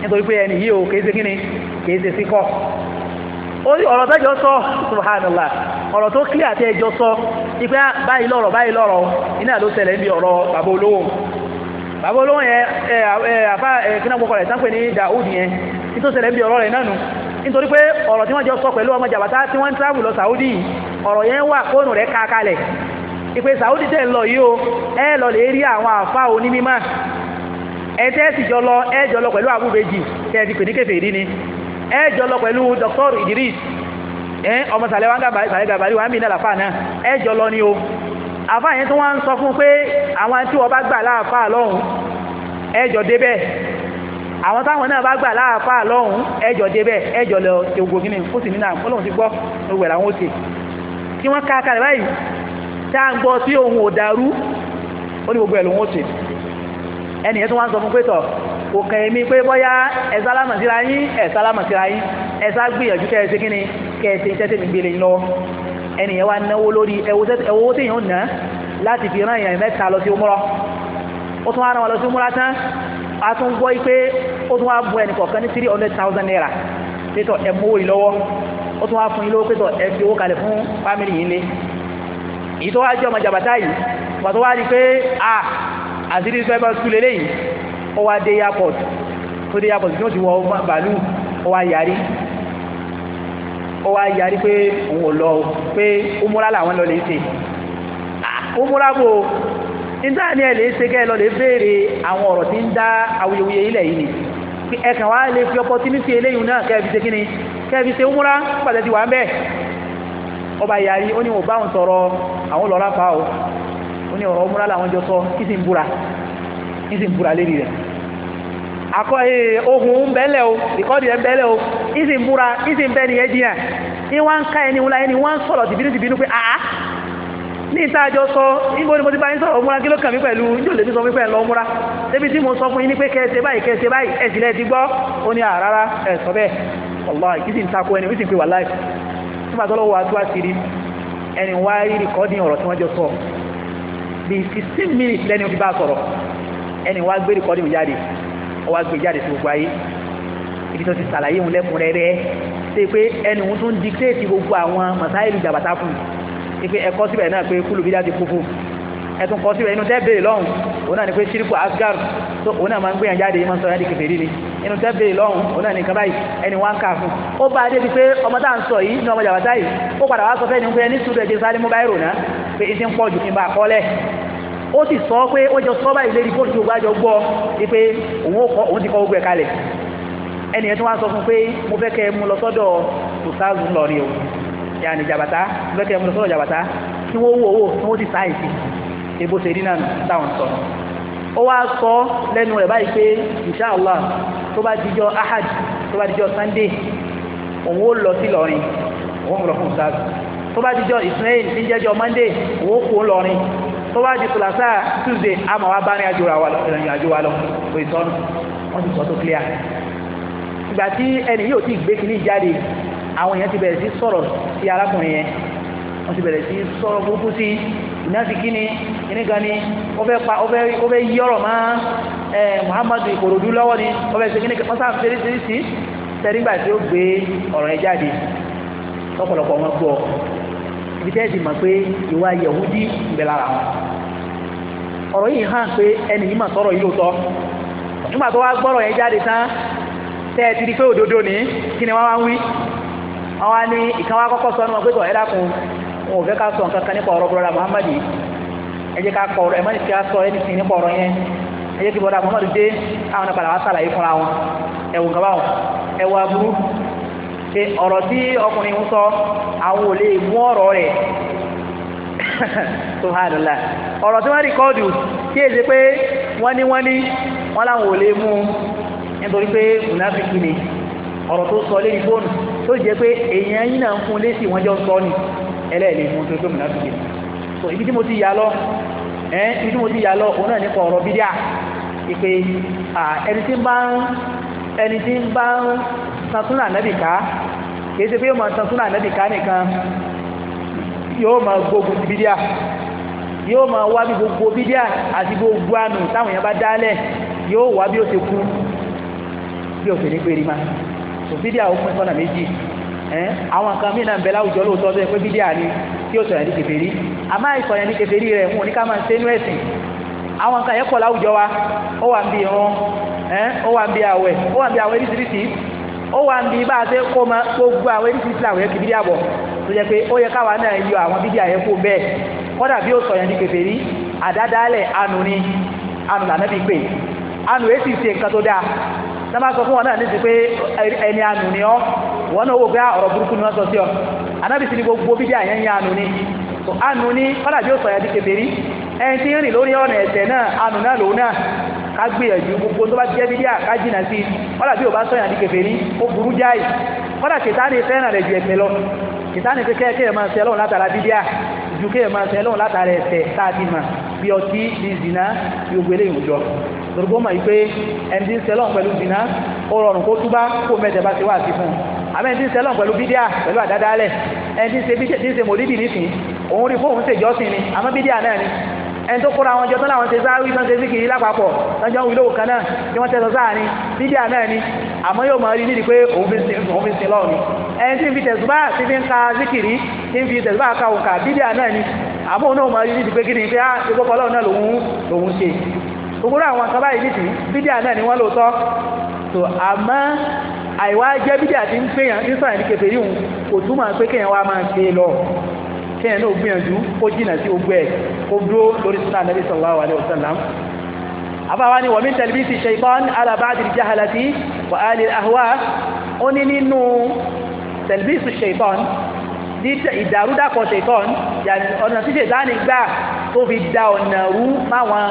nítorí pé ẹni yìí ò orí ọ̀rọ̀ tẹ́jọ sọ subhanallah ọ̀rọ̀ tó kílẹ̀ àti ẹjọ sọ ipẹ́ báyìí lọ́rọ̀ báyìí lọ́rọ̀ iná ló tẹ̀lé níbi ọ̀rọ̀ bàbá olówó bàbá olówó yẹn ẹ àfa gbọ́kọ̀ rẹ̀ ní Daoud yẹn níbi ọ̀rọ̀ rẹ̀ nítorí pé ọ̀rọ̀ tí wọ́n jọ sọ pẹ̀lú ọmọ jàbátá tí wọ́n ń lọ Saudi ọ̀rọ̀ yẹn wà fóònù rẹ̀ ìpè Saudi tẹ̀ ń lọ o ẹ lọ lè rí àwọn àfa ẹ lọ ẹ jọ lọ pẹ̀lú ẹ jọ lọ pẹ̀lú Dr. Idris ọmọ sàlẹ̀ wa ń gàbàrí wa ń bì ní àlàfà náà ẹ jọ lọ ni o àfà yẹn tó wọ́n ń sọ fún pé àwọn tí wọ́n bá gbà láàfà lọ́hùn ẹ jọ débẹ̀ àwọn táwọn náà bá gbà láàfà lọ́hùn ẹ jọ débẹ̀ ẹ jọ lọ ewu gíní fún sí nínú àpọ́lọ́hùn ti gbọ́ ìwẹ̀ làwọn ó ṣe kí wọ́n ká kalẹ̀ báyìí tá à gbọ́ tí òun ò ó ní gbogbo ẹ̀ lòun ó ṣe ẹni yẹn tó wá ń sọ fún pé tọ̀ kò kàn èmi pé bóyá ẹ sálámà síra yín ẹ sálámà síra yín ẹ sá gbìyànjú kẹ́ ẹ ṣe kíni kẹ́ ẹ ṣe iṣẹ́ tèmi gbélé yín lọ́wọ́ ẹni yẹn wá náwó lórí ẹwọ́ téèyàn ná láti fi rán èèyàn mẹ́ta lọ sí umrah ó tún wá rán wọn lọ sí umrah tán a tún gbọ́ pé ó tún wá bu ẹnì kọ̀ọ̀kan ní three hundred thousand naira pé tọ̀ ẹ mú owó yìí lọ́wọ́ ó tún wá fún yín lówó pé tọ̀ ẹ fi owó kalẹ̀ fún fámìlì yín lé èyí tó wá jẹ́ ọmọ jàbátá yìí wà tó wá rí pé a àṣírí sọ́ẹ́bà skul eléyìí ó wá dé airport ó dé airport tí wọ́n ti wọ bàálù ó wá yarí ó wá yarí pé òun ò lọ pé ó múra làwọn lọ lè ṣe ó múra bò ó nígbà ní ẹ lè ṣe kẹ́ ẹ lọ lè béèrè àwọn ọ̀rọ̀ tí ń dá awuyewuye ilẹ̀ yìí ni ẹ kàn wá lè fi opportunity eléyìí náà kẹ́ ẹ fi ṣe kí ni kẹ́ ẹ fi ṣe ó múra wà ń bẹ́ẹ̀ ọba yarí ó ní wọn bá wọn sọ̀rọ̀ àwọn lọ́ra fa o ó ní ọ̀rọ̀ múra làwọn jọ sọ kí sì ń búra kí sì ń búra lérí rẹ̀ akọ ee ohun ń bẹ́lẹ̀ o ìkọ́dì ẹ̀ ń bẹ́lẹ̀ o kí sì ń búra kí sì ń bẹ́ ni ẹ jiyàn ní wọ́n ń ká ẹni wúlá ẹni wọ́n ń sọ̀rọ̀ tìbínú tìbínú pé àá ní ìtajọ sọ níbo ni mo ti bá yín sọ̀rọ̀ múra kí ló kàn mí pẹ̀lú ní òlèmí sọ wípé ẹ̀ lọ múra débi tí mo sọ fún yín ní pé kẹsẹ̀ báyìí kẹsẹ̀ báyìí ẹ̀sìn lẹ́ẹ̀ ti gbọ́ ó ní àrárá ẹ̀ sọ bẹ́ẹ̀ ọlọ́ọ̀ kí sì ń takò ẹni ó sì ń wà láì nígbà tó wa tó àṣírí ẹni wá rí rìkọ́dì ọ̀rọ̀ tí wọ́n jọ sọ bí fifteen minutes lẹ́ni òbí bá sọ̀rọ̀ ẹni wá gbé rìkọ́dìmù jáde ó wá gbé jáde sí gbogbo ayé ibi tó ti sàlàyé òun lẹ́kùnrẹ́rẹ́ ṣe pé ẹni òun tún dictate gbogbo àwọn mọ̀sáìlì jàbàtà fún un pé ẹ̀kọ́ síbẹ̀ náà pé kúlù bídá ti kú fún ẹ̀tún kọ́ síbẹ̀ inú tẹ́bẹ̀rẹ̀ lọ́hùn òun náà ni pé ṣírípù asgar tó òun náà máa ń gbìyànjú àdéyé máa ń sọ ẹ́ di kèfèrí ni inú tẹ́bẹ̀rẹ̀ lọ́hùn òun náà ni nǹkan báyìí ẹni wá kà fún ó bá a débi pé ọmọ tá à ń sọ yìí ní ọmọ jàbàtà yìí ó padà wá sọ fẹ́ ni pé ẹni sùúrù ẹ̀jẹ̀ sáré mobile rò náà pé ẹsẹ̀ ń pọ̀ jù nígbà àkọọ́lẹ̀ ó sì sọ pé ó jọ sọ́ọ́bà ìlérí fóònù tí ògbájọ gbọ́ pé òun ti kọ́ sọ fún pé mo fẹ́ kẹ́ mú lọ sọ́dọ̀ tòsáàzù lọ o yàní jàbàtà mo fẹ́ kẹ́ mú lọ sọ́dọ̀ jàbàtà kí wọ́n ti sáà ebo sọ tó bá dijọ́ Ismail ní jẹ́jọ́ Monday òun kò ń lọrin tó bá di kùlàsá Tuesday àmọ́ wa bá ní àjò wa lọ ìrìn àjò wa lọ kò ì sọnù wọ́n ti sọ tó clear ìgbà tí ẹni yóò ti gbé kínní jáde àwọn èèyàn ti bẹ̀rẹ̀ sí sọ̀rọ̀ sí arákùnrin yẹn wọ́n ti bẹ̀rẹ̀ sí sọ̀rọ̀ burúkú sí ìnáfi kíni kíni gan ni ó fẹ́ pa ó fẹ́ ó fẹ́ yí ọ̀rọ̀ mọ́ ẹ muhammadu ìkòròdú lọ́wọ́ ni ó fẹ́ ṣe kíni wọ́n sáà fẹ́rẹ́ sí sí sẹ́rígbà tí ó gbé ọ̀rọ̀ yẹn jáde lọ́pọ̀lọpọ̀ wọn gbọ́ ibi tẹ́ ti mọ̀ pé ìwà yẹ̀húdí ń bẹ lára wọn ọ̀rọ̀ yìí hàn pé ẹni yìí mà sọ̀rọ̀ yìí lóòótọ́ nígbà tó wá gbọ́rọ̀ yẹn jáde tán tẹ́ ẹ ti di pé òdodo ní kí ni wọ́n wá ń wí wọ́n wá ní ìkan wá kọ́kọ́ sọ ní wọn pé tọ̀ ẹ dákun wọn ò fẹ́ ká sọ nǹkan kan nípa ọ̀rọ̀ bọ́lá Muhammad yìí ẹ jẹ́ ká kọ ọ̀rọ̀ ẹ̀ má ní kí á sọ anything nípa ọ̀rọ̀ yẹn ẹ jẹ́ kí bọ́lá Muhammad dé àwọn ọ̀nà pé ọ̀rọ̀ tí ọkùnrin ń sọ àwọn ò lè mú ọ̀rọ̀ rẹ̀ tó hà lọ́la ọ̀rọ̀ tí wọ́n rìkọ́ọ̀dù kí pé wọ́n ní wọ́n ní wọ́n láwọn ò lè mú nítorí pé mùnáfíkì ni ọ̀rọ̀ tó sọ fóònù tó jẹ́ pé èèyàn yín náà ń fún jọ ń sọ ni ẹlẹ́ẹ̀lẹ́ mú ibi tí mo ti yà lọ ibi tí mo ti yà lọ òun náà nípa ọ̀rọ̀ bídíà ìpè ẹni tí ń bá ń tan súnà nẹ́bì ká kìí ṣe pé yóò máa gbogbo súnà nẹ́bì ká nìkan yóò máa bídíà gbogbo bídíà àti gbogbo àánú táwọn èèyàn bá dálẹ̀ yóò wá bí ó ṣe kú bí ó ma so bídíà ó pín sọ́nà méjì ẹ́n àwọn kan mí náà ń bẹ láwùjọ lóòótọ́ bẹ́ẹ̀ pé ni tí ó sọ̀rọ̀ ní àmọ́ ní rẹ̀ wọn ò ní ká àwọn nǹkan yẹn pọ̀ láwùjọ wa ó wà ń bi irun ó wà ń bi àwẹ̀ ó wà ń bi ó wà ń bi bá a ṣe kó ma gbogbo àwẹ̀ oríṣiríṣi àwẹ̀ kìbìrì tó pé ó yẹ káwa náà yọ àwọn bíbí àyẹ̀kú bẹ́ẹ̀ kọ́dà bí ó sọ yẹn ní anu ni anu lànà pé anu èsì ṣe nǹkan tó dáa tá sọ fún wọn náà ní pé ẹni anu ni ọ wọn náà wò pé ah, ọ̀rọ̀ burúkú ni wọ́n sọ gbogbo bíbí ẹni tí ń rìn lórí ọ̀nà ẹ̀ṣẹ̀ náà anù náà lòun náà ká gbìyànjú gbogbo tó bá jẹ́ bíbí àká jìnà sí kọ́dà bí ò bá sọ̀yàn di kèfèrí ó burú jáì kọ́dà kìtàní fẹ́ràn rẹ̀ ju ẹ̀ṣẹ̀ lọ kìtàní fi kẹ́ẹ̀kẹ́ máa ṣe lọ́run látara bíbí à ju kẹ́ẹ̀ máa ṣe lọ́run látara ẹ̀ṣẹ̀ táàbí mà bí ọtí bí zìnà bí gbogbo eléyìí òjọ lórúkọ mọ̀ wípé ẹni tí ń ṣe lọ́run pẹ̀lú zìnà ó rọrùn kó túbá kó mẹ́tẹ̀ bá ṣe wá sí fún un àmọ́ ẹni tí ń ṣe pẹ̀lú bídíà pẹ̀lú àdádálẹ̀ ẹni tí ń ṣe mòlídì nísìn òun rí fóun ṣèjọ́sìn ni àmọ́ bídíà náà ni ẹni tó kóra àwọn ọjọ́ tó láwọn ṣe sáwí tó ń ṣe síkìrì lápapọ̀ lọ́jọ́ ń wí lóhùn kan náà tí wọ́n tẹ̀sọ̀ sáà ni bídíà náà ni àmọ́ yóò máa rí nídìí pé òun fi sin lọ́ọ̀ ni ẹni tí ń fi tẹ̀sùbá ti fi ń ka síkìrì tí ń fi tẹ̀sùbá ka òǹkà bídíà náà ni àmọ́ òun náà máa rí nídìí pé kí ni pé á ah, ṣe gbọ́kọ̀ lọ́ọ̀ náà lòun lòun ṣe gbogbo àwọn kan báyìí nìsín bídíà náà ni wọ́n lò tọ́ tó àmọ́ àìwá jẹ́ bídíà ti ń pèèyàn ní sọ̀rọ̀ ní kẹfẹ́ yìí kò túmọ̀ pé kéèyàn wá máa ṣe lọ kẹ́yìn náà gbìyànjú ó jìnà sí ogbó ẹ̀ ó dúró lórí súnà nàbí sallallahu alaihi wasallam àbáwá ni wọ̀mí tẹlifíṣì shaytan ala ba'd al-jahalati wa ahli al-ahwa ó ní nínú tẹlifíṣì shaytan ní ìdàrúdàpọ̀ shaytan ọ̀nà tí ṣètọ́ni gbà tó fi da ọ̀nà rú máwọn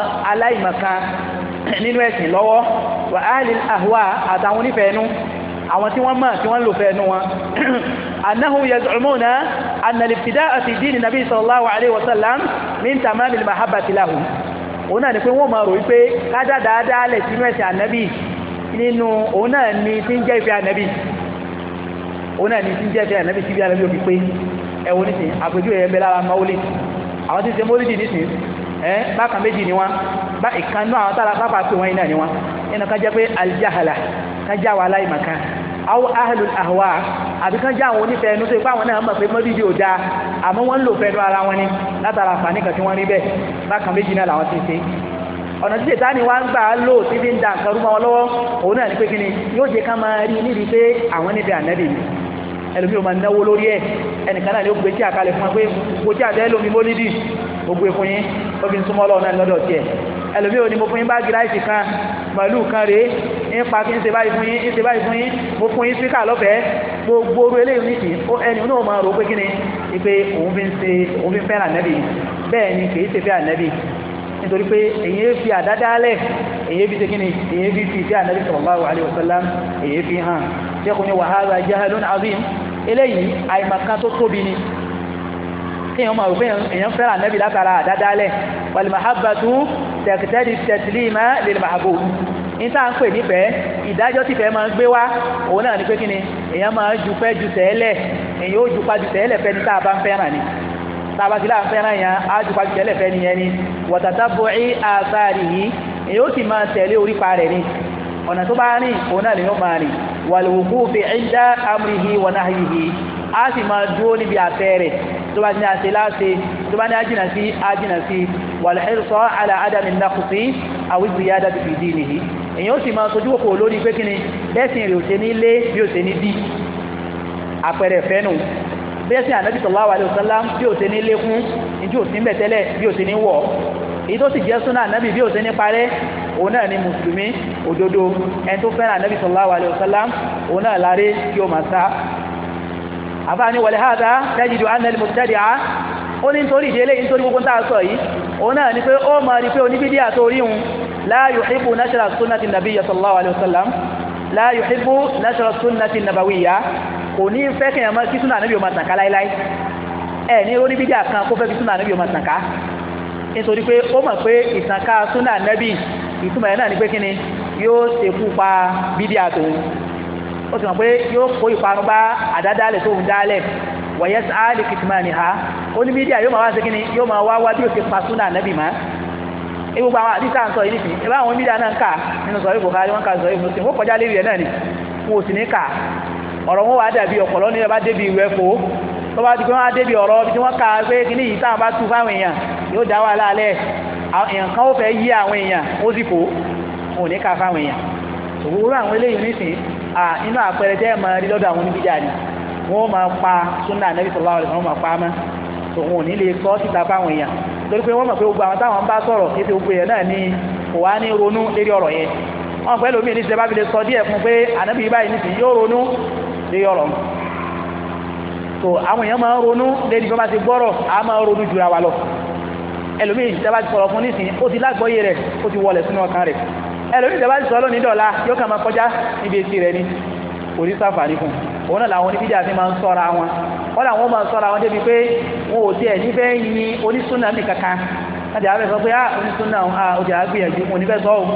àwọn tí wọ́n mọ̀ tí wọ́n lò fẹ́ nú wọn annahum yaz'umuna anna al-ibtida'a fi dini nabi sallallahu alayhi wa sallam min tamami al-mahabbati lahu òun náà ni pé wọ́n máa rò wípé kádà dáadáa lẹ̀ sínú ẹ̀sìn ànábì nínú òun náà ni tí ń jẹ́ ìfẹ́ ànábì òun náà ni tí ń jẹ́ ìfẹ́ ànábì síbi ànábì òbí pé ẹ̀wọ̀n nísìn àpèjúwe ẹ̀yẹ́ bẹ́ẹ̀ lára àwọn tí ń ṣe maulid nísìn ẹ̀ bákan méjì ni wọ́n bá ìkànnú àwọn tára pápá pé wọ́n iná ni wọ́n ẹnì kan pé aljahala kan já wa àwọn ahlul ahwa àbí kan já àwọn onífẹ́ ẹnu tó ipá àwọn náà mọ̀ pé mọ́lídìí ò dáa àmọ́ wọ́n ń lò fẹ́nu ara wọn ni látara àǹfààní kan tí wọ́n rí bẹ́ẹ̀ bákan méjì náà làwọn ti ṣe ọ̀nà tí ìta ni wá ń gbà á lò tí fi ń da nǹkan rúmọ́ wọn lọ́wọ́ òun náà ní pé kíni yóò jẹ́ ká máa rí níbi pé àwọn níbi ànábì ni ẹlòmíì ò máa náwó lórí ẹ̀ ẹnìkan náà ni ó gbé tí àkàlẹ̀ fún wa pé gbogbo tí àbẹ́ lómi mólídì gbogbo ìfún yín ó fi ń súnmọ́ lọ́wọ́ náà lọ́dọ̀ tiẹ̀ ẹlòmí ò ní mo fún yín báàgì láìsì kan màálù kan rèé ń pa kí ń ṣe báyìí fún yín ń ṣe báyìí fún yín mo fún yín síkà lọ́fẹ̀ẹ́ gbogbo orú eléyìí nìkì ẹni náà máa rò pé kí ni pé òun fi ń ṣe òun fi ń fẹ́ràn ànẹ́bì bẹ́ẹ̀ ni kì í ṣe fẹ́ ànẹ́bì nítorí pé èyí fi àdádálẹ̀ èyí èyí fi fi ìfẹ́ ànábì èyí fi hàn tẹ́kùn ni wàhálà jahalun azim èèyàn máa rò pé èèyàn fẹ́ràn ànábì látara àdádálẹ̀ wal mahabbatu taqtadi taslima lil mahbub ní tá à ń pè nífẹ̀ẹ́ ìdájọ́ tí fẹ́ẹ́ máa ń gbé wá òun náà ni pé kí ni èèyàn máa ju fẹ́ ju tẹ́lẹ̀ èèyàn ó ju pa ju tẹ́lẹ̀ fẹ́ni tá a bá ń fẹ́ràn ni tá a bá ti láà ń fẹ́ràn yẹn á ju pa ju tẹ́lẹ̀ fẹ́ni yẹn ni wa tatabbu'i atharihi èèyàn ó sì máa tẹ̀lé orípa rẹ̀ ni ọ̀nà tó bá rìn òun náà lè yóò máa rìn wal wuqufi 'inda amrihi wa nahyihi a sì máa dúró níbi àtẹ rẹ̀ tó bá ní àṣẹ láṣẹ tó bá ní àjìnà sí àjìnà sí wàlẹ́sọ àlà ádámì nàkùsí àwùjọ yá dábì fìdí nìyí èyàn ó sì máa sojú kòkò lórí pé kíni bẹ́sìn rẹ̀ ò ṣe ní lé bí ò ṣe ní dí àpẹẹrẹ fẹ́nu bẹ́sìn ànábì sallallahu alaihi wasallam bí ò ṣe ní lékún àfáàní wàlẹ́hàdá dájìdò annal mubtadi'a ó ní nítorí ìdílé nítorí gbogbo tàà sọ yìí òun náà ni pé ó máa rí pé oníbídíà tó rí hun la yuhibbu nashra sunnati nabiyya sallallahu alaihi wasallam la yuhibbu nashra sunnati nabawiyya kò ní fẹ́ kí ẹ̀mọ́ kí súnà níbi ọmọ tànká láíláí ẹ̀ ó sì mọ̀ pé yóò kó ìparun bá àdádálẹ̀ tó ń dálẹ̀ wọ̀nyẹ́ sáàlì kìtìmá ni ha ó ní mídíà yóò máa wá sí kí ni yóò máa wá wá bí òsè pa súnà ànábì má gbogbo àwọn àdìsá ń sọ yìí nìsín ìbá àwọn mídíà náà ń kà nínú sọ ìbò kárí wọn kà sọ ìbò sìn wọn kọjá lérí ẹ náà ni wọn ò sì ní kà ọ̀rọ̀ wọn wà dàbí ọ̀pọ̀lọ́ ní ẹbá débi ìwé ẹ̀fọ́ tó bá ti pé wọn á débi ọ̀rọ̀ tí wọn kà pé kíní yìí táwọn bá tu fáwọn èèyàn yóò dá wàhálà alẹ́ èèyàn kan ó fẹ́ yí àwọn èèyàn ó sì fò wọn ò Ah, inú àpẹẹrẹ tẹ́ ẹ̀ máa rí lọ́dọ̀ àwọn oníbíjà ni wọ́n máa pa súnà nẹ́bí sallallahu alaihi wasallam máa pa á mọ́ tòun ò ní lè sọ síta fáwọn èèyàn torí pé wọ́n mọ̀ pé gbogbo àwọn táwọn bá sọ̀rọ̀ kí ti gbogbo èèyàn náà ni kò wá ní ronú lérí ọ̀rọ̀ yẹn wọ́n pẹ́ lómi ìníṣẹ́ bá fi lè sọ díẹ̀ fún pé ànábì báyìí nìsí yóò ronú lérí ọ̀rọ̀ so àwọn èèyàn máa ń ronú lérí bí wọ́n bá ti gbọ́rọ̀ a máa ń ronú jura wa lọ ẹlòmíì ìṣẹ́ bá ti sọ̀rọ̀ fún nísìn ó ti lágbọ́yé rẹ̀ ó ti wọlé sínú ọkàn rẹ̀ ẹlòmí ìjọba ti sọ lónìí dọ̀la yóò kà máa kọjá níbi etí rẹ ni kò ní sáfàní fún òun náà làwọn oníbídà fi máa ń sọ́ra wọn wọ́n làwọn máa ń sọ́ra wọn débi pé wọn ò tiẹ̀ nífẹ̀ yin onísúnà ah, ah, ní kankan láti àwọn ẹ̀fọ́ pé á onísúnà ó jẹ́ àgbìyànjú òun nífẹ̀ sọ́ òun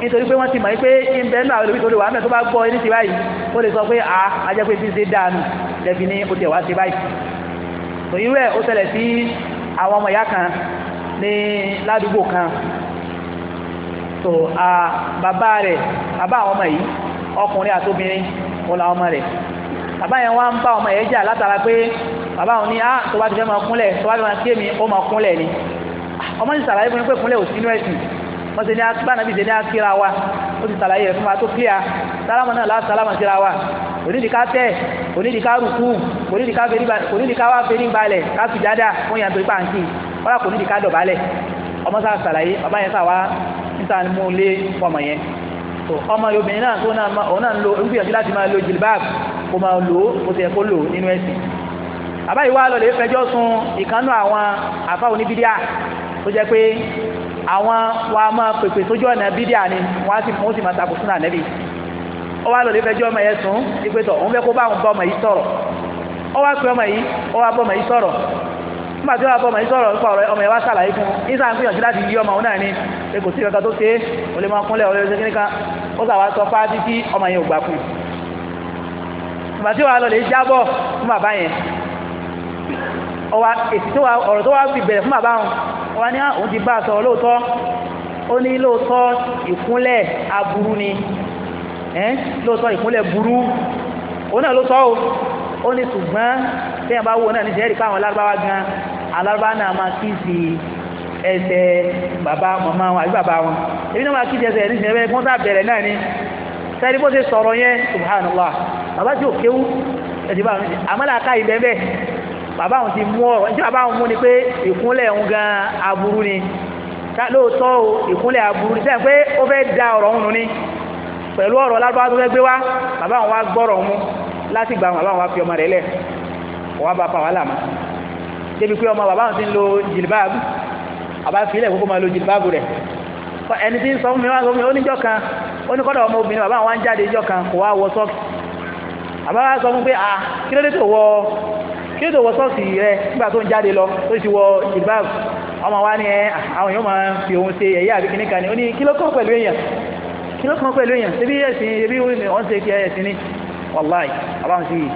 nítorí pé wọ́n ti mọ̀ pé ìbẹ́ náà lórí tó lè wà mẹ́ tó bá gbọ́ ẹni ti báyìí ó lè sọ pé à ah, á jẹ́ pé tí ń ṣe dáanu lẹ́bi ní ó tiẹ̀ wá ti báyìí tòyí rẹ̀ ó ṣẹlẹ̀ sí àwọn ọmọ ìyá kan ní ládùúgbò kan so bàbá rẹ̀ bàbá àwọn ọmọ yìí ọkùnrin àtòbìnrin wọn làwọn ọmọ rẹ̀ bàbá yẹn wá ń bá ọmọ yẹn jà látara pé bàbá òun ní ah tó bá ti fẹ́ máa kúnlẹ̀ tó bá ti máa kéèmí ó máa kúnlẹ̀ ni ọmọ ti sàlàyé fún mi pé kúnlẹ̀ ò sínú ẹ̀sìn wọ́n ti ní bánabi ti ní akíra wa ó ti sàlàyé rẹ̀ fún wa tó kíá sálámà náà láti sálámà síra wa onídìí ká tẹ̀ onídìí ká rùkú onídìí ká wá fẹ́rí balẹ̀ ká fi dáadáa fún yàtọ̀ ipá àǹtí wọ́n kò nídìí ká dọ̀bálẹ̀ ọmọ sáà sàlàyé bàbá yẹn wá níta mú lé ọmọ yẹn tó ọmọ obìnrin náà tó náà òun náà ń lo láti máa lo jilbab kó máa lò ó kó tiẹ̀ kó lò nínú ẹ̀sìn bàbá yìí wá lọ lè fẹjọ́ sun àwọn àfa tó wa máa pèpè sójú ọ̀nà bídíà ni wọ́n sì mú sí máa takò sínú ànẹ́bí ó wá lọ lè fẹjọ́ ọmọ yẹn òun fẹ́ kó bá òun nígbà tí wọ́n bọ́ ọmọ yìí sọ̀rọ̀ nípa ọ̀rọ̀ ọmọ yẹn wá sàlàyé fún ìsà ń gbìyànjú láti yí ọmọ òun náà ni pé é ò lè máa kúnlẹ̀ ọ̀rẹ́ ẹ̀ṣẹ̀ kíníkan ó sà wá sọ fáátì tí ọmọ yẹn ò gbà fún un nígbà tí wàá lọ lè jábọ̀ fún bàbá yẹn ọ̀rọ̀ tó wá fi bẹ̀rẹ̀ fún bàbá òun wọ́n ní ah, òun ti bá a sọ̀rọ̀ lóòótọ́ ó ní lóòótọ́ ìkúnlẹ̀ aburú ni lóòótọ́ ìkúnlẹ̀ burú òun náà ló ó ní ṣùgbọ́n tẹ́yìn bá wò náà ní sẹ́yìn rí káwọn alárúbáwá gan alárúbá náà máa kí sí ẹsẹ̀ bàbá màmá wọn àbí bàbá wọn èmi náà máa kí sí ẹsẹ̀ ní sẹ́yìn bẹ́ẹ̀ fúnta bẹ̀rẹ̀ náà ni sẹ́yìn bó ṣe sọ̀rọ̀ yẹn subhanallah bàbá tí ò kéwú ẹ̀sìn bá wọn àmàlà ká ibẹ̀ bẹ́ẹ̀ bàbá wọn ti mú ọ̀rọ̀ tí bàbá wọn mú ni pé ìkúnlẹ̀ ń gan aburú ni lóòótọ́ o ìkúnlẹ̀ aburú ni sẹ́yìn pé ó fẹ́ da ọ̀rọ̀ ń nu ni pẹ̀lú ọ̀rọ̀ lágbára tó fẹ́ gbé wá bàbá wọn wá gbọ́rọ̀ mú láti gba àwọn àbáwọn wá fi ọmọ rẹ̀ lẹ̀ wọ́n bá fa wàhálà mọ́ débi pé ọmọ bàbá àwọn ti ń lo jìlbáàbù àbá filẹ̀ kókó máa lo jìlbáàbù rẹ̀ ẹni tí ń sọ mi wá sọ mi ó níjọ́ kan ó ní kọ́dọ̀ ọmọ obìnrin bàbá àwọn wá ń jáde ìjọ́ kan kò wá wọ sọ́ọ̀kì àbá wá sọ fún pé à kí ló dé tó wọ kí ló dé tó wọ sọ́ọ̀kì rẹ nígbà tó ń jáde lọ tó ti wọ jìlbáàbù ọmọ wa ni ẹ àwọn èèyàn máa fi òun ṣe ẹ̀yà àbí kìnnìkan ni ó ní kí ló kàn pẹ̀lú èèyàn kí ló kàn pẹ̀lú èèyàn ṣebí ẹ̀sìn ṣebí ọ̀n ṣe kí ẹ̀sìn ni wàláì aláwọn sí yìí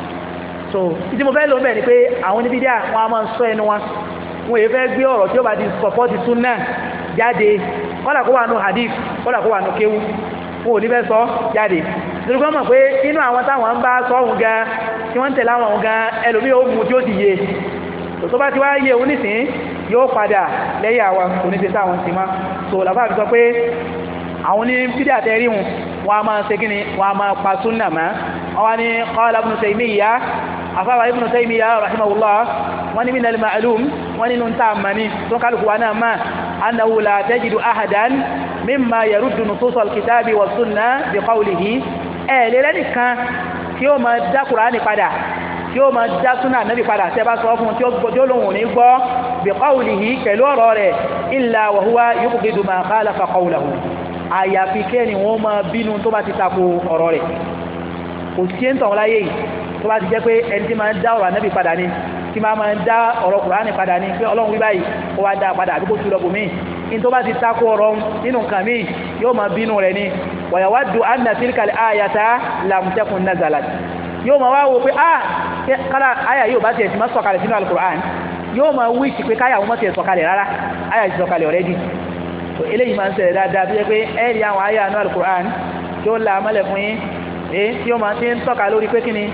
so ìdí mo fẹ́ lò bẹ́ẹ̀ ni pé àwọn níbi díà wọn a máa ń sọ ẹnu wọn wọn èyí fẹ́ gbé ọ̀rọ̀ tí ó bá di sọ̀pọ́tì súnà jáde kọ́dà kó wà nù hadith kọ́dà kó wà nù kéwú wọn ò ní fẹ́ sọ jáde nítorí wọn mọ̀ pé inú àwọn táwọn ń bá sọ òun gan tí wọ́n ń tẹ̀lé àwọn òun gan ẹlòmíì ó mú tí ó ti yé tó bá ti wá yé òun nísìnyí yóò padà lẹ́yìn àwọn oníṣẹ́ sáwọn ti má so làbá fi sọ pé àwọn ní fídíà tẹ́rí wọn wọ́n a máa ṣe kí ni wọ́n a máa pa súnà mọ́ wọ́n wá ní qala ibn Taymiyya àfáwà ibn Taymiyya rahimahullah wọ́n ní min al-ma'lum wọ́n nínú tá a mọ̀ ní tó kálukú wa náà la tajidu ahadan mimma yaruddu nusus al-kitabi wa sunna bi qawlihi ẹ̀ lélẹ́ nìkan tí ó máa dá Kùránì padà tí ó máa dá súnà nábì padà tẹ́ bá sọ fún tí ó gbọ́jọ́ lòun ní gbọ́ bi qawlihi pẹ̀lú ọ̀rọ̀ rẹ̀ illa wa huwa yuqbidu ma khalafa qawlahu àyàfi kẹ́ni wọ́n máa bínú tó bá ti tako ọ̀rọ̀ rẹ̀ kò sí ń tàn láyé yìí tó bá ti jẹ́ pé ẹni tí máa ń dá ọ̀rọ̀ ànábì padà ni tí máa máa ń dá ọ̀rọ̀ kùránì padà ni pé ọlọ́run wí báyìí ó wá dá padà àbí kó tu ní tó bá ti tako ọ̀rọ̀ nínú nǹkan míì yóò máa bínú rẹ̀ ni wàyàwádùn anna tilkal ayata lam takun nazalat yóò máa wá wo pé ah kálá àyà yóò bá tiẹ̀ ti máa sọ̀kalẹ̀ sínú alukur'an yóò máa wíṣì pé káyà wọn máa tiẹ̀ sọ̀kalẹ̀ rárá àyà ti sọ̀kalẹ̀ ọ̀rẹ́dì so eléyìí máa ń ṣẹlẹ̀ dáadáa tó jẹ́ pé ẹ̀rí àwọn àyà àánú alukur'an yóò la amọ́lẹ̀ fún yín ẹ tí ó máa ti ń tọ́ka lórí pé kíni